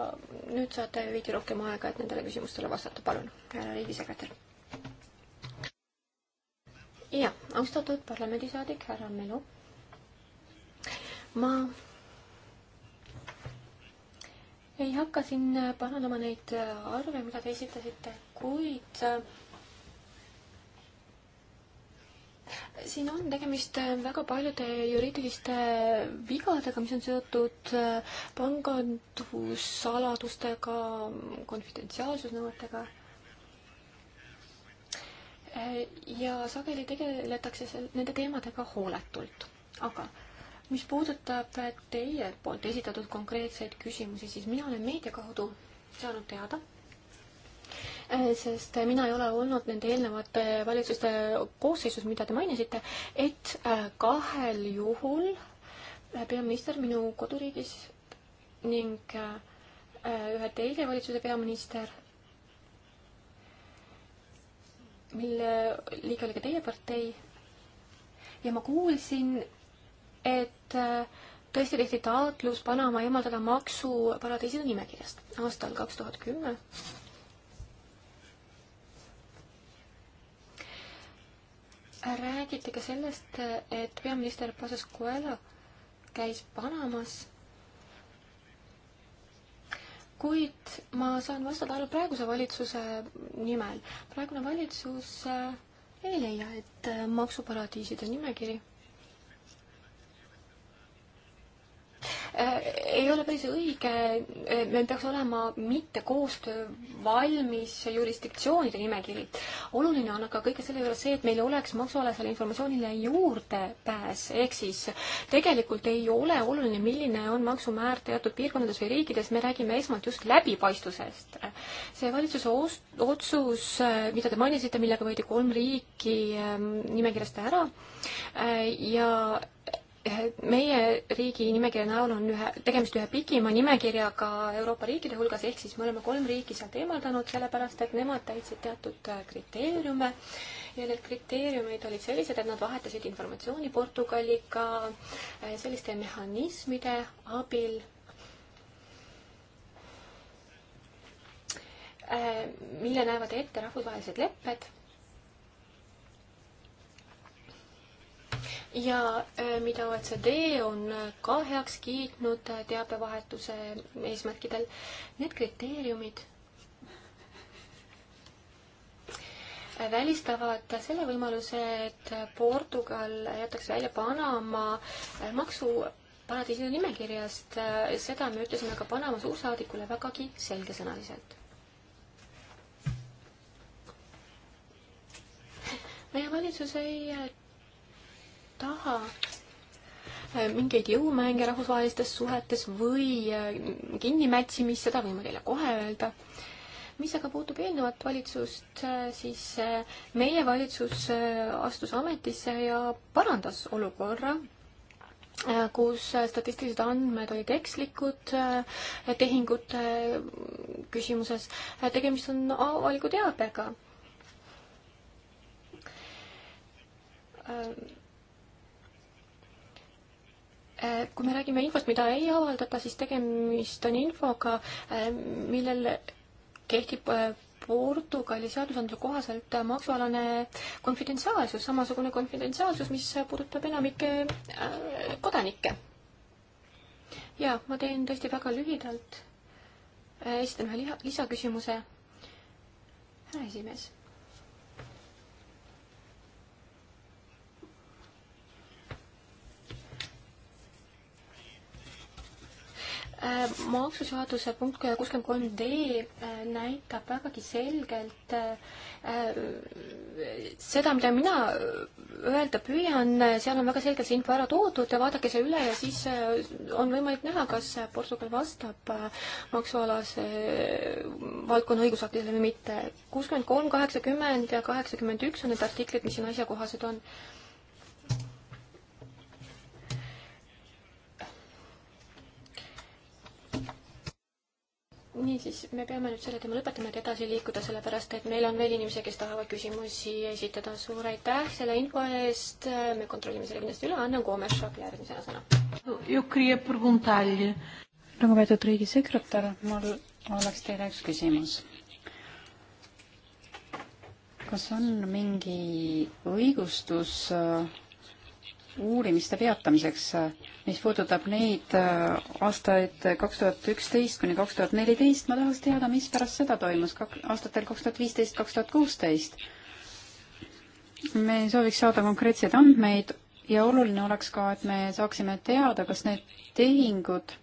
nüüd saate veidi rohkem aega, et nendele küsimustele vastata, palun, härra riigisekretär. ja austatud parlamendisaadik härra Melu. ma ei hakka siin parandama neid äh, arve, mida te esitasite, kuid äh, siin on tegemist äh, väga paljude juriidiliste vigadega, mis on seotud pangandussaladustega, konfidentsiaalsusnõuetega. ja sageli tegeletakse nende teemadega hooletult, aga mis puudutab teie poolt esitatud konkreetseid küsimusi, siis mina olen meedia kaudu saanud teada, eh, sest mina ei ole olnud nende eelnevate valitsuste koosseisus, mida te mainisite, et eh, kahel juhul eh, peaminister minu koduriigis ning ühe teise valitsuse peaminister, mille liige oli ka teie partei, ja ma kuulsin et äh, tõesti tehti taotlus Panama eemaldada maksuparadiiside nimekirjast aastal kaks tuhat kümme. räägiti ka sellest, et peaminister Pazos Coelho käis Panamas kuid ma saan vastata ainult praeguse valitsuse nimel. praegune valitsus äh, ei leia, et äh, maksuparadiiside nimekiri Äh, ei ole päris õige, äh, meil peaks olema mitte koostöö valmis jurisdiktsioonide nimekiri. oluline on aga kõige selle juures see, et meil oleks maksualasele informatsioonile juurdepääs, ehk siis tegelikult ei ole oluline, milline on maksumäär teatud piirkondades või riikides, me räägime esmalt just läbipaistvusest. see valitsuse otsus, äh, mida te mainisite, millega võeti kolm riiki ähm, nimekirjast ära ja meie riigi nimekirja näol on ühe, tegemist ühe pikima nimekirjaga Euroopa riikide hulgas, ehk siis me oleme kolm riiki sealt eemaldanud, sellepärast et nemad täitsid teatud äh, kriteeriume ja need kriteeriumid olid sellised, et nad vahetasid informatsiooni Portugaliga äh, selliste mehhanismide abil, äh, mille näevad ette rahvusvahelised lepped ja äh, mida OECD on ka heaks kiitnud äh, teabevahetuse eesmärkidel. Need kriteeriumid äh, välistavad selle võimaluse, et Portugal jäetakse välja Panama maksuparadiiside nimekirjast. seda me ütlesime ka Panama suursaadikule vägagi selgesõnaliselt. meie valitsus ei taha äh, mingeid jõumänge rahvusvahelistes suhetes või äh, kinnimätsimist, seda võin ma teile kohe öelda. mis aga puutub eelnevat valitsust, äh, siis meie valitsus astus ametisse ja parandas olukorra kus statistilised andmed olid ekslikud tehingute küsimuses. tegemist on avaliku teabega Äh, kui me räägime infost, mida ei avaldata, siis tegemist on infoga, äh, millel kehtib äh, Portugali seadusandluse kohaselt maksualane konfidentsiaalsus, samasugune konfidentsiaalsus, mis puudutab enamikke kodanikke. ja ma teen tõesti väga lühidalt. esitan ühe lisaküsimuse. härra esimees Äh, maksuseaduse punkt kuuskümmend kolm D äh, näitab vägagi selgelt äh, seda, mida mina öelda püüan, seal on väga selgelt see info ära toodud, vaadake see üle ja siis on võimalik näha, kas Portugal vastab maksualase valdkonna õigusaktidele või mitte. kuuskümmend kolm, kaheksakümmend ja kaheksakümmend üks on need artiklid, mis siin asjakohased on niisiis, me peame nüüd selle teema lõpetama, et edasi liikuda, sellepärast et meil on veel inimesi, kes tahavad küsimusi esitada. suur aitäh selle info eest, me kontrollime selle kindlasti üle, Anne Koomes saab järgmisena sõna. lugupeetud riigisekretär, mul oleks teile üks küsimus. kas on mingi õigustus äh, uurimiste peatamiseks, mis puudutab neid äh, aastaid kaks tuhat üksteist kuni kaks tuhat neliteist, ma tahaks teada, mis pärast seda toimus kak-, aastatel kaks tuhat viisteist, kaks tuhat kuusteist. me sooviks saada konkreetseid andmeid ja oluline oleks ka, et me saaksime teada, kas need tehingud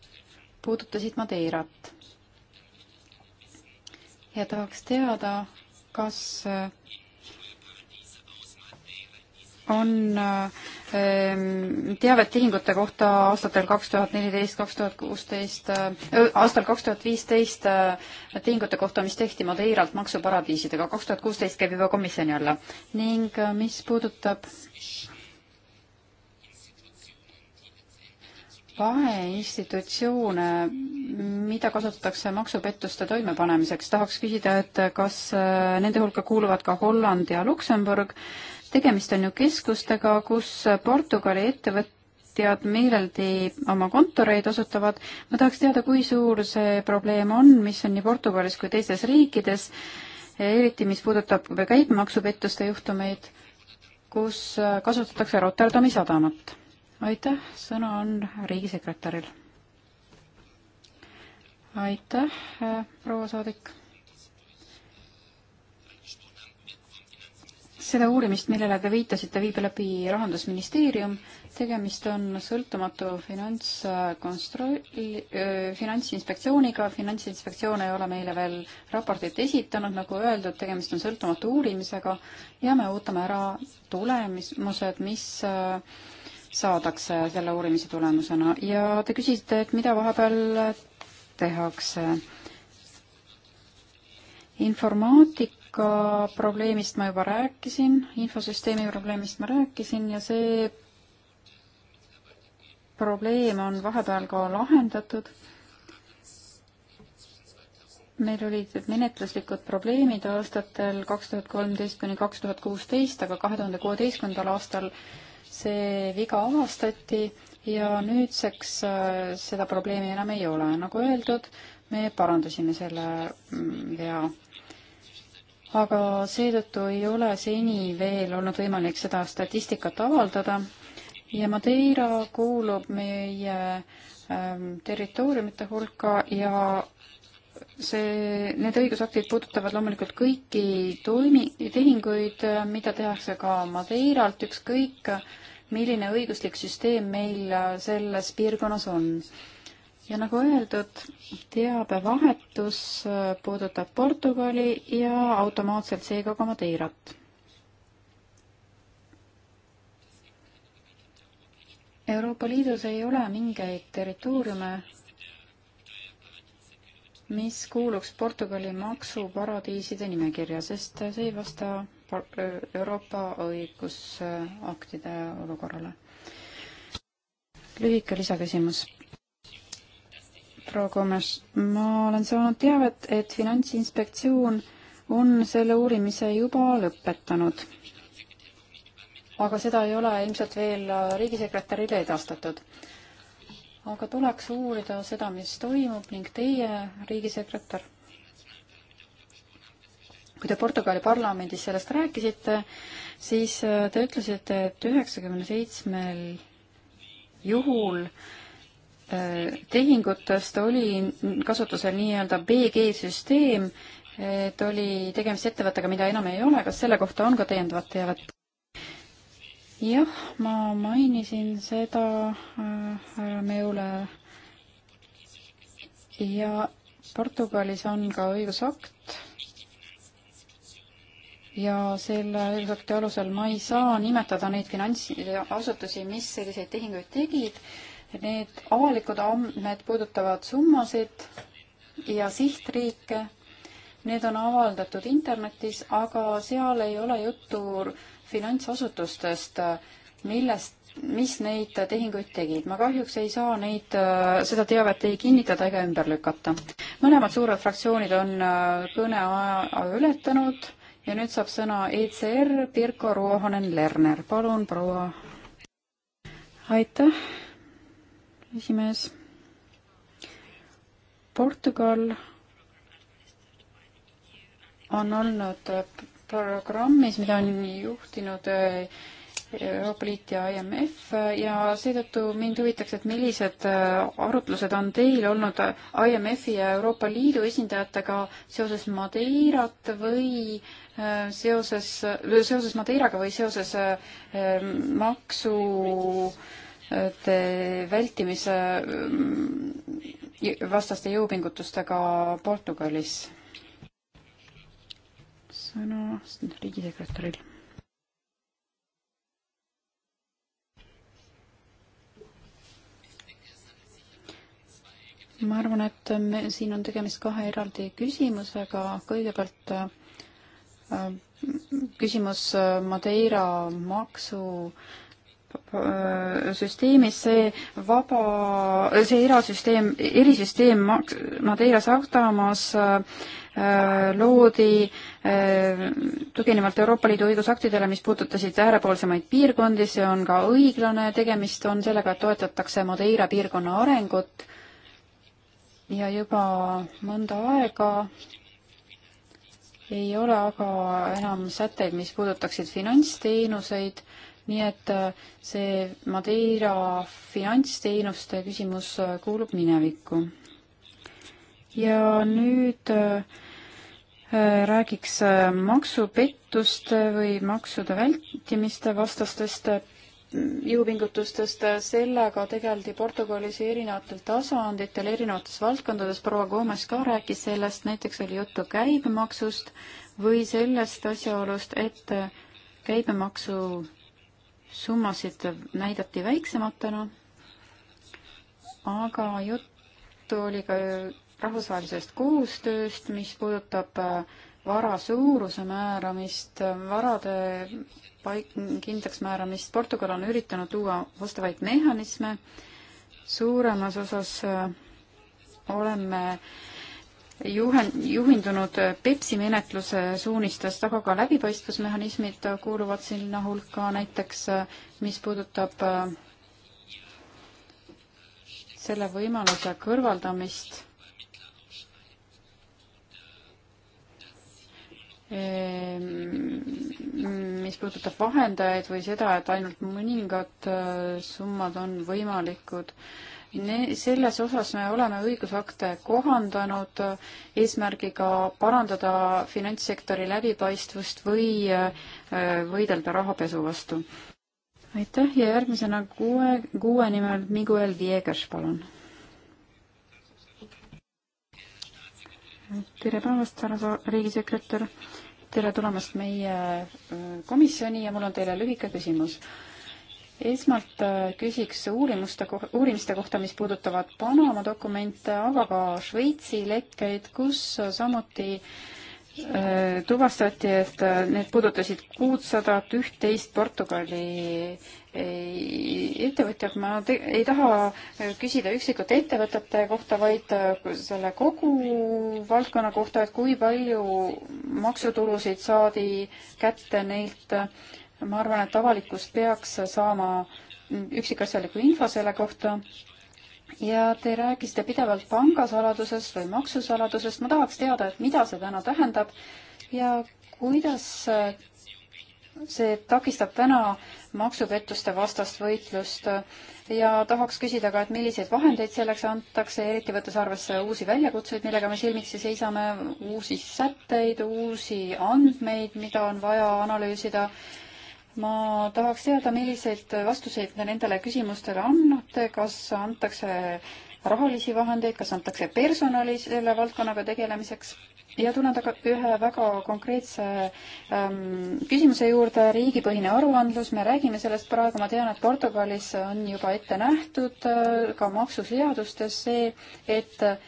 puudutasid Madeirat. ja tahaks teada, kas äh, on ähm, teavet tehingute kohta aastatel kaks tuhat neliteist, kaks tuhat kuusteist, äh, aastal kaks tuhat viisteist äh, tehingute kohta, mis tehti Madeiralt maksuparadiisidega, kaks tuhat kuusteist käib juba komisjoni alla. ning äh, mis puudutab vaheinstitutsioone, mida kasutatakse maksupettuste toimepanemiseks, tahaks küsida, et kas nende hulka kuuluvad ka Holland ja Luksemburg tegemist on ju keskustega, kus Portugali ettevõtjad meeleldi oma kontoreid osutavad. ma tahaks teada, kui suur see probleem on, mis on nii Portugalis kui teistes riikides, eriti mis puudutab käibemaksupettuste juhtumeid, kus kasutatakse Rotterdami sadamat. aitäh, sõna on riigisekretäril. aitäh, proua saadik seda uurimist, millele te viitasite, viib läbi Rahandusministeerium. tegemist on sõltumatu finantskonstrolli, finantsinspektsiooniga. finantsinspektsioon ei ole meile veel raportit esitanud, nagu öeldud, tegemist on sõltumatu uurimisega ja me ootame ära tulemused, mis saadakse selle uurimise tulemusena. ja te küsisite, et mida vahepeal tehakse. informaatik ka probleemist ma juba rääkisin, infosüsteemi probleemist ma rääkisin ja see probleem on vahepeal ka lahendatud. meil olid menetluslikud probleemid aastatel kaks tuhat kolmteist kuni kaks tuhat kuusteist, aga kahe tuhande kuueteistkümnendal aastal see viga avastati ja nüüdseks äh, seda probleemi enam ei ole. nagu öeldud, me parandasime selle mm, vea aga seetõttu ei ole seni veel olnud võimalik seda statistikat avaldada ja Madeira kuulub meie ähm, territooriumite hulka ja see, need õigusaktid puudutavad loomulikult kõiki toimi-, tehinguid, mida tehakse ka Madeiralt, ükskõik milline õiguslik süsteem meil selles piirkonnas on ja nagu öeldud, teabevahetus äh, puudutab Portugali ja automaatselt seega ka Madeirat. Euroopa Liidus ei ole mingeid territooriume, mis kuuluks Portugali maksuparadiiside nimekirja, sest see ei vasta Euroopa õigusaktide äh, olukorrale. lühike lisaküsimus proua Komes, ma olen saanud teavet, et Finantsinspektsioon on selle uurimise juba lõpetanud. aga seda ei ole ilmselt veel riigisekretärile edastatud. aga tuleks uurida seda, mis toimub ning teie, riigisekretär, kui te Portugali parlamendis sellest rääkisite, siis te ütlesite, et üheksakümne seitsmel juhul tehingutest oli kasutusel nii-öelda BG-süsteem, et oli tegemist ettevõttega, mida enam ei ole, kas selle kohta on ka täiendavat teavet? jah, ma mainisin seda äh, härra Meule ja Portugalis on ka õigusakt ja selle õigusakti alusel ma ei saa nimetada neid finantsasutusi, mis selliseid tehinguid tegid äh,, Need avalikud andmed puudutavad summasid ja sihtriike. Need on avaldatud internetis, aga seal ei ole juttu finantsasutustest, millest, mis neid tehinguid tegid. ma kahjuks ei saa neid, seda teavet ei kinnitada ega ümber lükata. mõlemad suured fraktsioonid on äh, kõneaja ületanud ja nüüd saab sõna ECR Pirko Ruohonen Lerner. palun, proua. aitäh, esimees. Portugal on olnud programmis, mida on juhtinud Euroopa Liit ja IMF ja seetõttu mind huvitaks, et millised arutlused on teil olnud IMF-i ja Euroopa Liidu esindajatega seoses Madeirat või äh, seoses, seoses Madeiraga või seoses äh, maksu vältimise mm, vastaste jõupingutustega Portugalis. sõna riigisekretäril. ma arvan, et me, siin on tegemist kahe eraldi küsimusega, kõigepealt äh, küsimus Madeira maksu äh, süsteemis see vaba, see erasüsteem, erisüsteem Madeira sadamas äh, loodi äh, tuginevalt Euroopa Liidu õigusaktidele, mis puudutasid äärepoolsemaid piirkondi, see on ka õiglane, tegemist on sellega, et toetatakse Madeira piirkonna arengut ja juba mõnda aega ei ole aga enam sätteid, mis puudutaksid finantsteenuseid nii et äh, see Madeira finantsteenuste küsimus äh, kuulub minevikku. ja nüüd äh, räägiks maksupettuste või maksude vältimiste vastastest jõupingutustest, sellega tegeldi Portugalis erinevatel tasanditel, erinevates valdkondades, proua Gomes ka rääkis sellest, näiteks oli juttu käibemaksust või sellest asjaolust, et käibemaksu summasid näidati väiksematena, aga juttu oli ka rahvusvahelisest koostööst, mis puudutab äh, vara suuruse määramist, varade paik-, kindlaksmääramist. Portugal on üritanud luua vastavaid mehhanisme, suuremas osas äh, oleme juhen-, juhindunud Pepsi menetluse suunistest, aga ka läbipaistvusmehhanismid kuuluvad sinna hulka, näiteks äh, mis puudutab äh, selle võimaluse kõrvaldamist, ehm, mis puudutab vahendajaid või seda, et ainult mõningad äh, summad on võimalikud äh, selles osas me oleme õigusakte kohandanud eesmärgiga parandada finantssektori läbipaistvust või äh, võidelda rahapesu vastu. aitäh ja järgmisena kuue, kuue nimel Miguel Viegas, palun. tere päevast, härra riigisekretär tere tulemast meie äh, komisjoni ja mul on teile lühike küsimus esmalt äh, küsiks uurimuste, uurimiste kohta, mis puudutavad Panama dokumente, aga ka Šveitsi lekkeid, kus samuti äh, tuvastati, et äh, need puudutasid kuutsadat üht-teist Portugali ettevõtjat. ma te, ei taha küsida üksikute ettevõtete kohta, vaid selle kogu valdkonna kohta, et kui palju maksutulusid saadi kätte neilt ma arvan, et avalikkus peaks saama üksikasjaliku info selle kohta ja te rääkisite pidevalt pangasaladusest või maksusaladusest, ma tahaks teada, et mida see täna tähendab ja kuidas see takistab täna maksupettuste vastast võitlust ja tahaks küsida ka, et milliseid vahendeid selleks antakse, eriti võttes arvesse uusi väljakutseid, millega me silmitsi seisame, uusi sätteid, uusi andmeid, mida on vaja analüüsida ma tahaks teada, milliseid vastuseid te nendele küsimustele annate, kas antakse rahalisi vahendeid, kas antakse personali selle valdkonnaga tegelemiseks ja tulen taga ühe väga konkreetse ähm, küsimuse juurde, riigipõhine aruandlus, me räägime sellest praegu, ma tean, et Portugalis on juba ette nähtud äh, ka maksuseadustes see, et äh,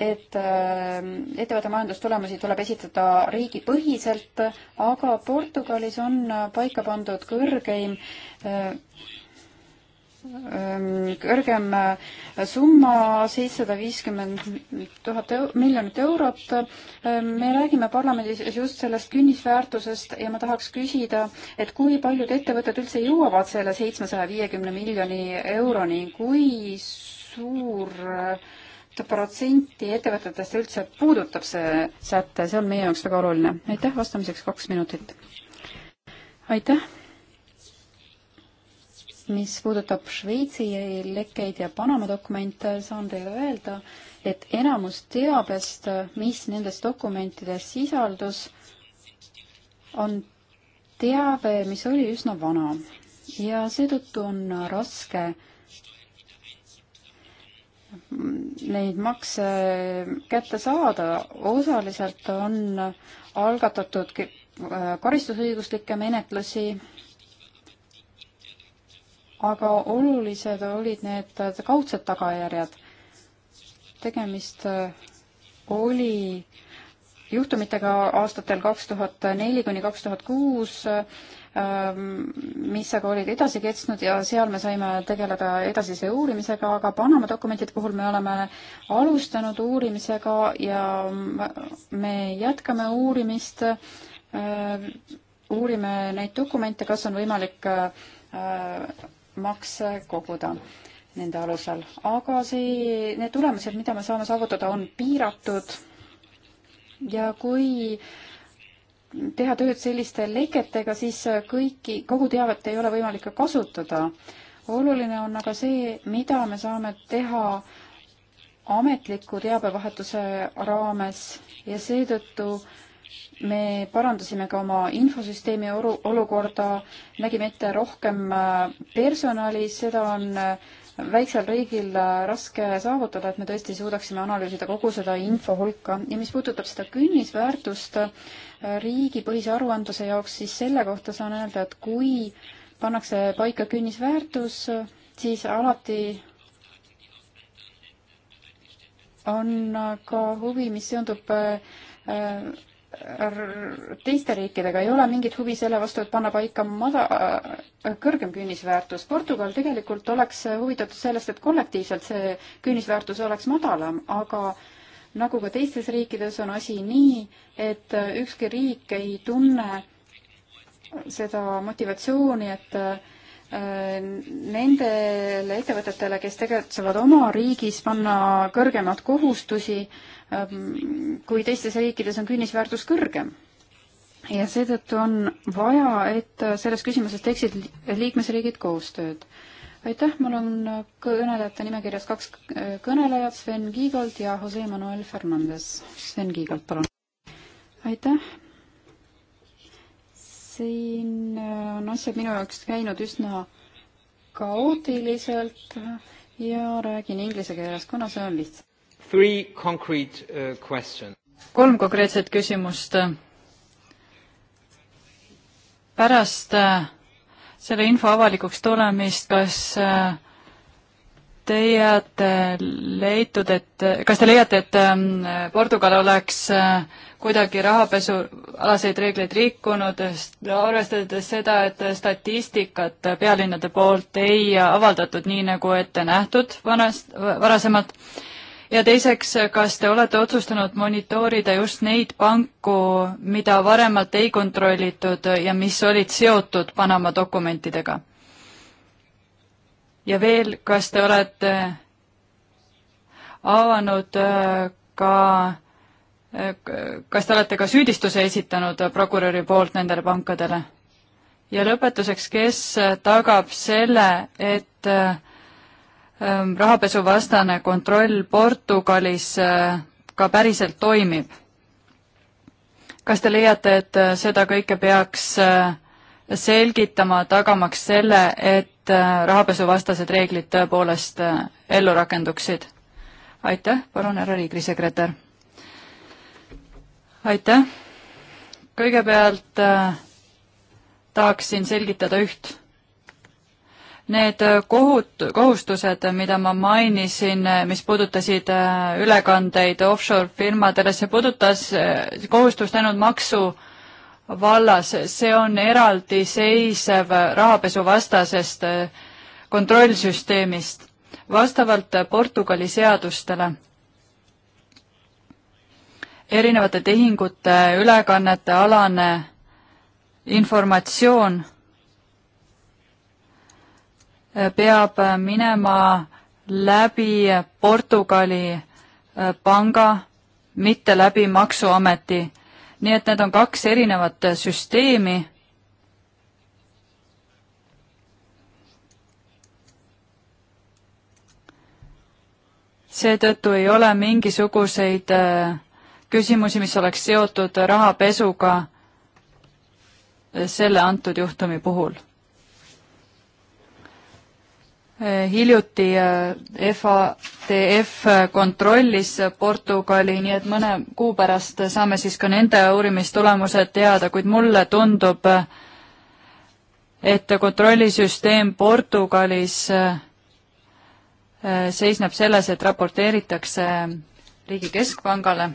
et ähm, ettevõtte majandustulemusi tuleb esitada riigipõhiselt, aga Portugalis on paika pandud kõrgeim ähm, kõrgem summa, seitsesada viiskümmend tuhat miljonit eurot. Ähm, me räägime parlamendis just sellest künnisväärtusest ja ma tahaks küsida, et kui paljud ettevõtted üldse jõuavad selle seitsmesaja viiekümne miljoni euroni, kui suur äh, protsenti ettevõtetest üldse puudutab see säte, see on meie jaoks väga oluline. aitäh, vastamiseks kaks minutit. aitäh. mis puudutab Šveitsi lekkeid ja Panama dokumente, saan teile öelda, et enamus teabest, mis nendes dokumentides sisaldus, on teave, mis oli üsna vana ja seetõttu on raske neid makse kätte saada. osaliselt on algatatud äh, karistusõiguslikke menetlusi, aga olulised olid need kaudsed tagajärjed. tegemist äh, oli juhtumitega aastatel kaks tuhat neli kuni kaks tuhat kuus äh, Ehm, mis aga olid edasi kestnud ja seal me saime tegeleda edasise uurimisega, aga Panama dokumentide puhul me oleme alustanud uurimisega ja me jätkame uurimist, ehm, uurime neid dokumente, kas on võimalik äh, makse koguda nende alusel, aga see, need tulemused, mida me saame saavutada, on piiratud ja kui äh, teha tööd selliste leketega, siis äh, kõiki, kogu teavet ei ole võimalik ka kasutada. oluline on aga see, mida me saame teha ametliku teabevahetuse raames ja seetõttu me parandasime ka oma infosüsteemi oru, olukorda, nägime ette rohkem äh, personali, seda on äh, väiksel riigil raske saavutada, et me tõesti suudaksime analüüsida kogu seda infohulka ja mis puudutab seda künnisväärtust, riigipõhise aruandluse jaoks, siis selle kohta saan öelda, et kui pannakse paika künnisväärtus, siis alati on ka huvi, mis seondub äh, teiste riikidega, ei ole mingit huvi selle vastu, et panna paika mada-, äh, kõrgem künnisväärtus. Portugal tegelikult oleks huvitatud sellest, et kollektiivselt see künnisväärtus oleks madalam, aga äh, nagu ka teistes riikides on asi nii, et ükski riik ei tunne seda motivatsiooni, et äh, nendele ettevõtetele, kes tegutsevad oma riigis, panna kõrgemad kohustusi, ähm, kui teistes riikides on künnisväärtus kõrgem ja seetõttu on vaja, et selles küsimuses teeksid liikmesriigid koostööd aitäh, mul on kõnelejate nimekirjas kaks äh, kõnelejat, Sven Kiigold ja Jose Manuel Fernandez. Sven Kiigold, palun. aitäh. siin äh, on asjad minu jaoks käinud üsna kaootiliselt ja räägin inglise keeles, kuna see on lihtsam. Three concrete uh, questions. kolm konkreetset küsimust. pärast uh, selle info avalikuks tulemist, kas äh, teie leitud, et, kas te leiate, et ähm, Portugal oleks äh, kuidagi rahapesualaseid reegleid rikkunud, arvestades seda, et statistikat pealinnade poolt ei avaldatud nii, nagu ette nähtud vanast, varasemalt? ja teiseks, kas te olete otsustanud monitoorida just neid panku, mida varemalt ei kontrollitud ja mis olid seotud Panama dokumentidega? ja veel, kas te olete avanud äh, ka, äh, kas te olete ka süüdistuse esitanud prokuröri poolt nendele pankadele? ja lõpetuseks, kes tagab selle, et äh, Ehm, rahapesuvastane kontroll Portugalis eh, ka päriselt toimib. kas te leiate, et eh, seda kõike peaks eh, selgitama, tagamaks selle, et rahapesuvastased reeglid tõepoolest ellu rakenduksid? aitäh, palun, härra riigisekretär. aitäh. kõigepealt tahaksin selgitada üht Need äh, kohut-, kohustused, mida ma mainisin, äh, mis puudutasid äh, ülekandeid offshore firmadele, see puudutas kohustust ainult maksu vallas, see on eraldiseisev rahapesuvastasest kontrollsüsteemist vastavalt Portugali seadustele. erinevate tehingute ülekannete alane informatsioon peab äh, minema läbi Portugali äh, panga, mitte läbi Maksuameti. nii et need on kaks erinevat äh, süsteemi. seetõttu ei ole mingisuguseid küsimusi, mis oleks seotud rahapesuga selle antud juhtumi puhul Eh, hiljuti FATF eh, eh, kontrollis Portugali, nii et mõne kuu pärast saame siis ka nende uurimistulemused teada, kuid mulle tundub, et kontrollisüsteem Portugalis seisneb selles, et raporteeritakse riigi keskpangale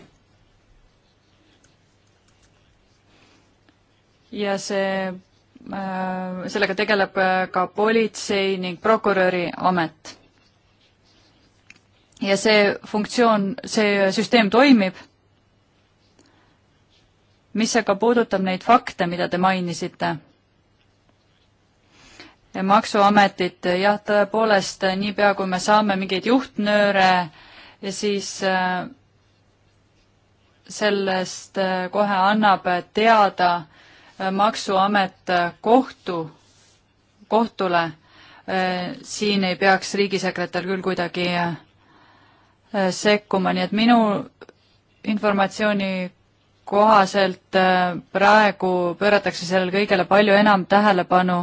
ja see Äh, sellega tegeleb äh, ka politsei ning prokuröri amet. ja see funktsioon, see süsteem toimib. mis aga puudutab neid fakte, mida te mainisite Ja maksuametit, jah, tõepoolest, niipea kui me saame mingeid juhtnööre, siis äh, sellest kohe annab teada maksuamet kohtu, kohtule, äh, siin ei peaks riigisekretär küll kuidagi äh, sekkuma, nii et minu informatsiooni kohaselt äh, praegu pööratakse sellele kõigele palju enam tähelepanu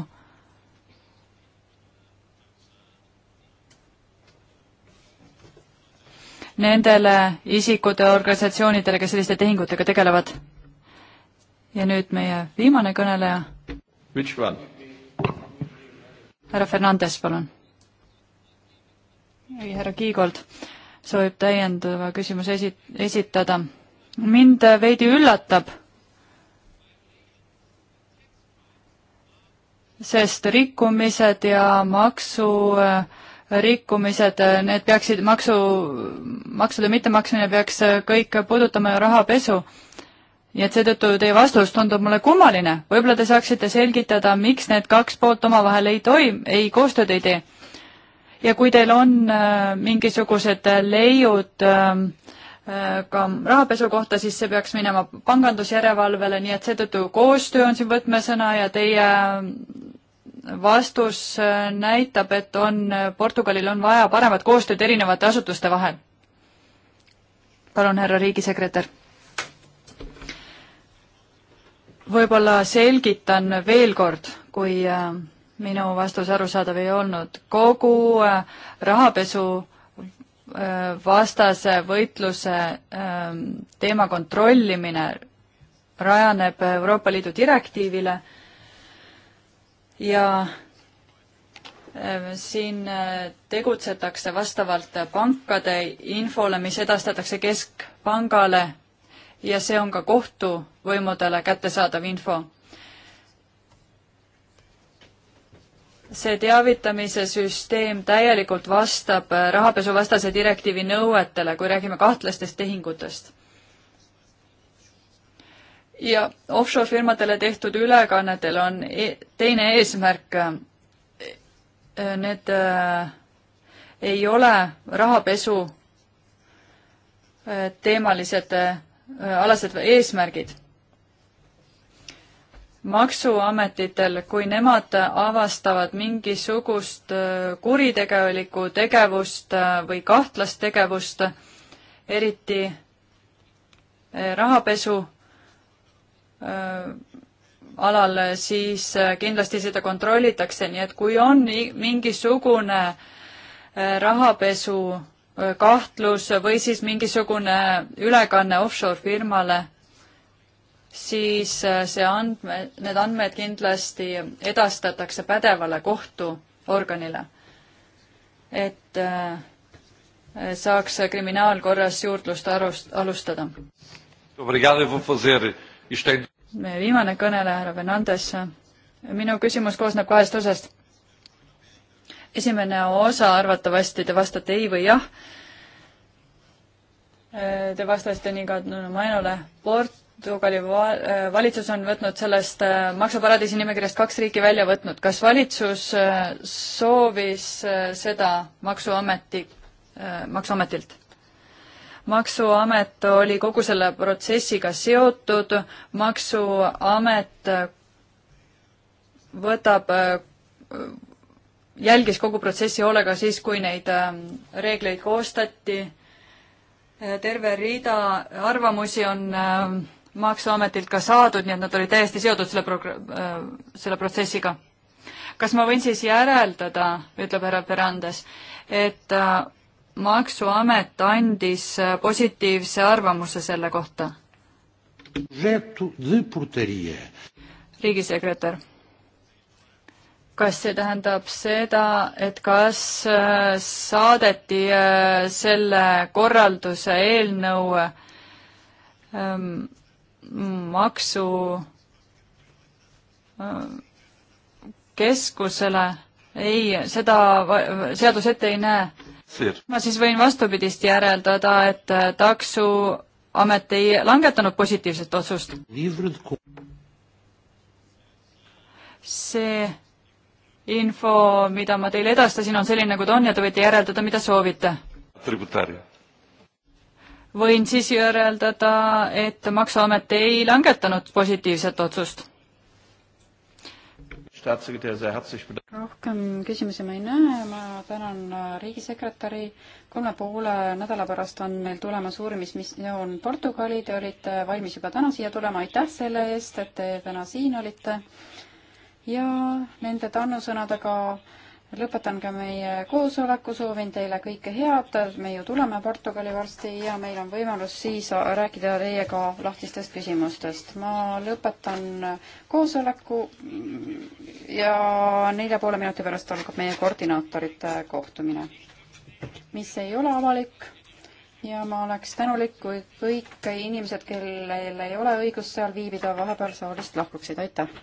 nendele isikute ja organisatsioonidele, kes selliste tehingutega tegelevad ja nüüd meie viimane kõneleja. härra Fernandes, palun. ei, härra Kiigold soovib täiendava küsimuse esi-, esitada. mind veidi üllatab, sest rikkumised ja maksu äh, rikkumised, äh, need peaksid maksu, maksude mittemaksmine peaks äh, kõik puudutama ju rahapesu nii et seetõttu teie vastus tundub mulle kummaline. võib-olla te saaksite selgitada, miks need kaks poolt omavahel ei toim-, ei, koostööd ei tee. ja kui teil on äh, mingisugused leiud ähm, äh, ka rahapesu kohta, siis see peaks minema pangandusjärelevalvele, nii et seetõttu koostöö on siin võtmesõna ja teie äh, vastus äh, näitab, et on, äh, Portugalil on vaja paremat koostööd erinevate asutuste vahel. palun, härra riigisekretär võib-olla selgitan veel kord, kui äh, minu vastus arusaadav ei olnud, kogu äh, rahapesu äh, vastase võitluse ähm, teema kontrollimine rajaneb Euroopa Liidu direktiivile ja siin tegutsetakse vastavalt pankade infole, mis edastatakse keskpangale ja see on ka kohtuvõimudele kättesaadav info. see teavitamise süsteem täielikult vastab rahapesuvastase direktiivi nõuetele, kui räägime kahtlastest tehingutest. ja offshore firmadele tehtud ülekannetel on e teine eesmärk. Need äh, ei ole rahapesu äh, teemalised äh, Äh, alased eesmärgid maksuametitel, kui nemad avastavad mingisugust äh, kuritegelikku tegevust äh, või kahtlast tegevust, eriti rahapesu alal, siis kindlasti seda kontrollitakse, nii et kui on mingisugune rahapesu kahtlus või siis mingisugune ülekanne offshore firmale, siis äh, see andme, need andmed kindlasti edastatakse pädevale kohtuorganile. et äh, saaks kriminaalkorras juurdlust arust-, alustada. viimane kõneleja, härra Fernandes. minu küsimus koosneb kahest osast esimene osa arvatavasti te vastate ei või jah. Te vastasite nii ka Mainole. Portugali valitsus on võtnud sellest äh, maksuparadiisi nimekirjast kaks riiki välja võtnud. kas valitsus äh, soovis äh, seda maksuameti, maksuametilt? maksuamet oli kogu selle protsessiga seotud, maksuamet võtab jälgis kogu protsessi hoolega siis, kui neid äh, reegleid koostati. Äh, terve rida arvamusi on äh, Maksuametilt ka saadud, nii et nad olid täiesti seotud selle progr-, selle protsessiga. kas ma võin siis järeldada, ütleb härra Perandes, et Maksuamet andis positiivse arvamuse selle kohta? riigisekretär kas see tähendab seda, et kas äh, saadeti äh, selle korralduse eelnõu ähm, maksu äh, keskusele? ei, seda seadus ette ei näe. ma siis võin vastupidist järeldada, et taksoamet ei langetanud positiivset otsust. see info, mida ma teile edastasin, on selline, nagu ta on ja te võite järeldada, mida soovite. võin siis järeldada, et Maksuamet ei langetanud positiivset otsust. rohkem küsimusi ma ei näe, ma tänan äh, riigisekretäri. kolme poole nädala pärast on meil tulemas uurimismissioon Portugali, te olite valmis juba täna siia tulema, aitäh selle eest, et te täna siin olite ja nende tänusõnadega lõpetan ka meie koosoleku, soovin teile kõike head, me ju tuleme Portugali varsti ja meil on võimalus siis rääkida teiega lahtistest küsimustest. ma lõpetan koosoleku ja nelja poole minuti pärast algab meie koordinaatorite kohtumine, mis ei ole avalik ja ma oleks tänulik, kui kõik inimesed, kellel ei ole õigust seal viibida, vahepeal saalist lahkuksid, aitäh!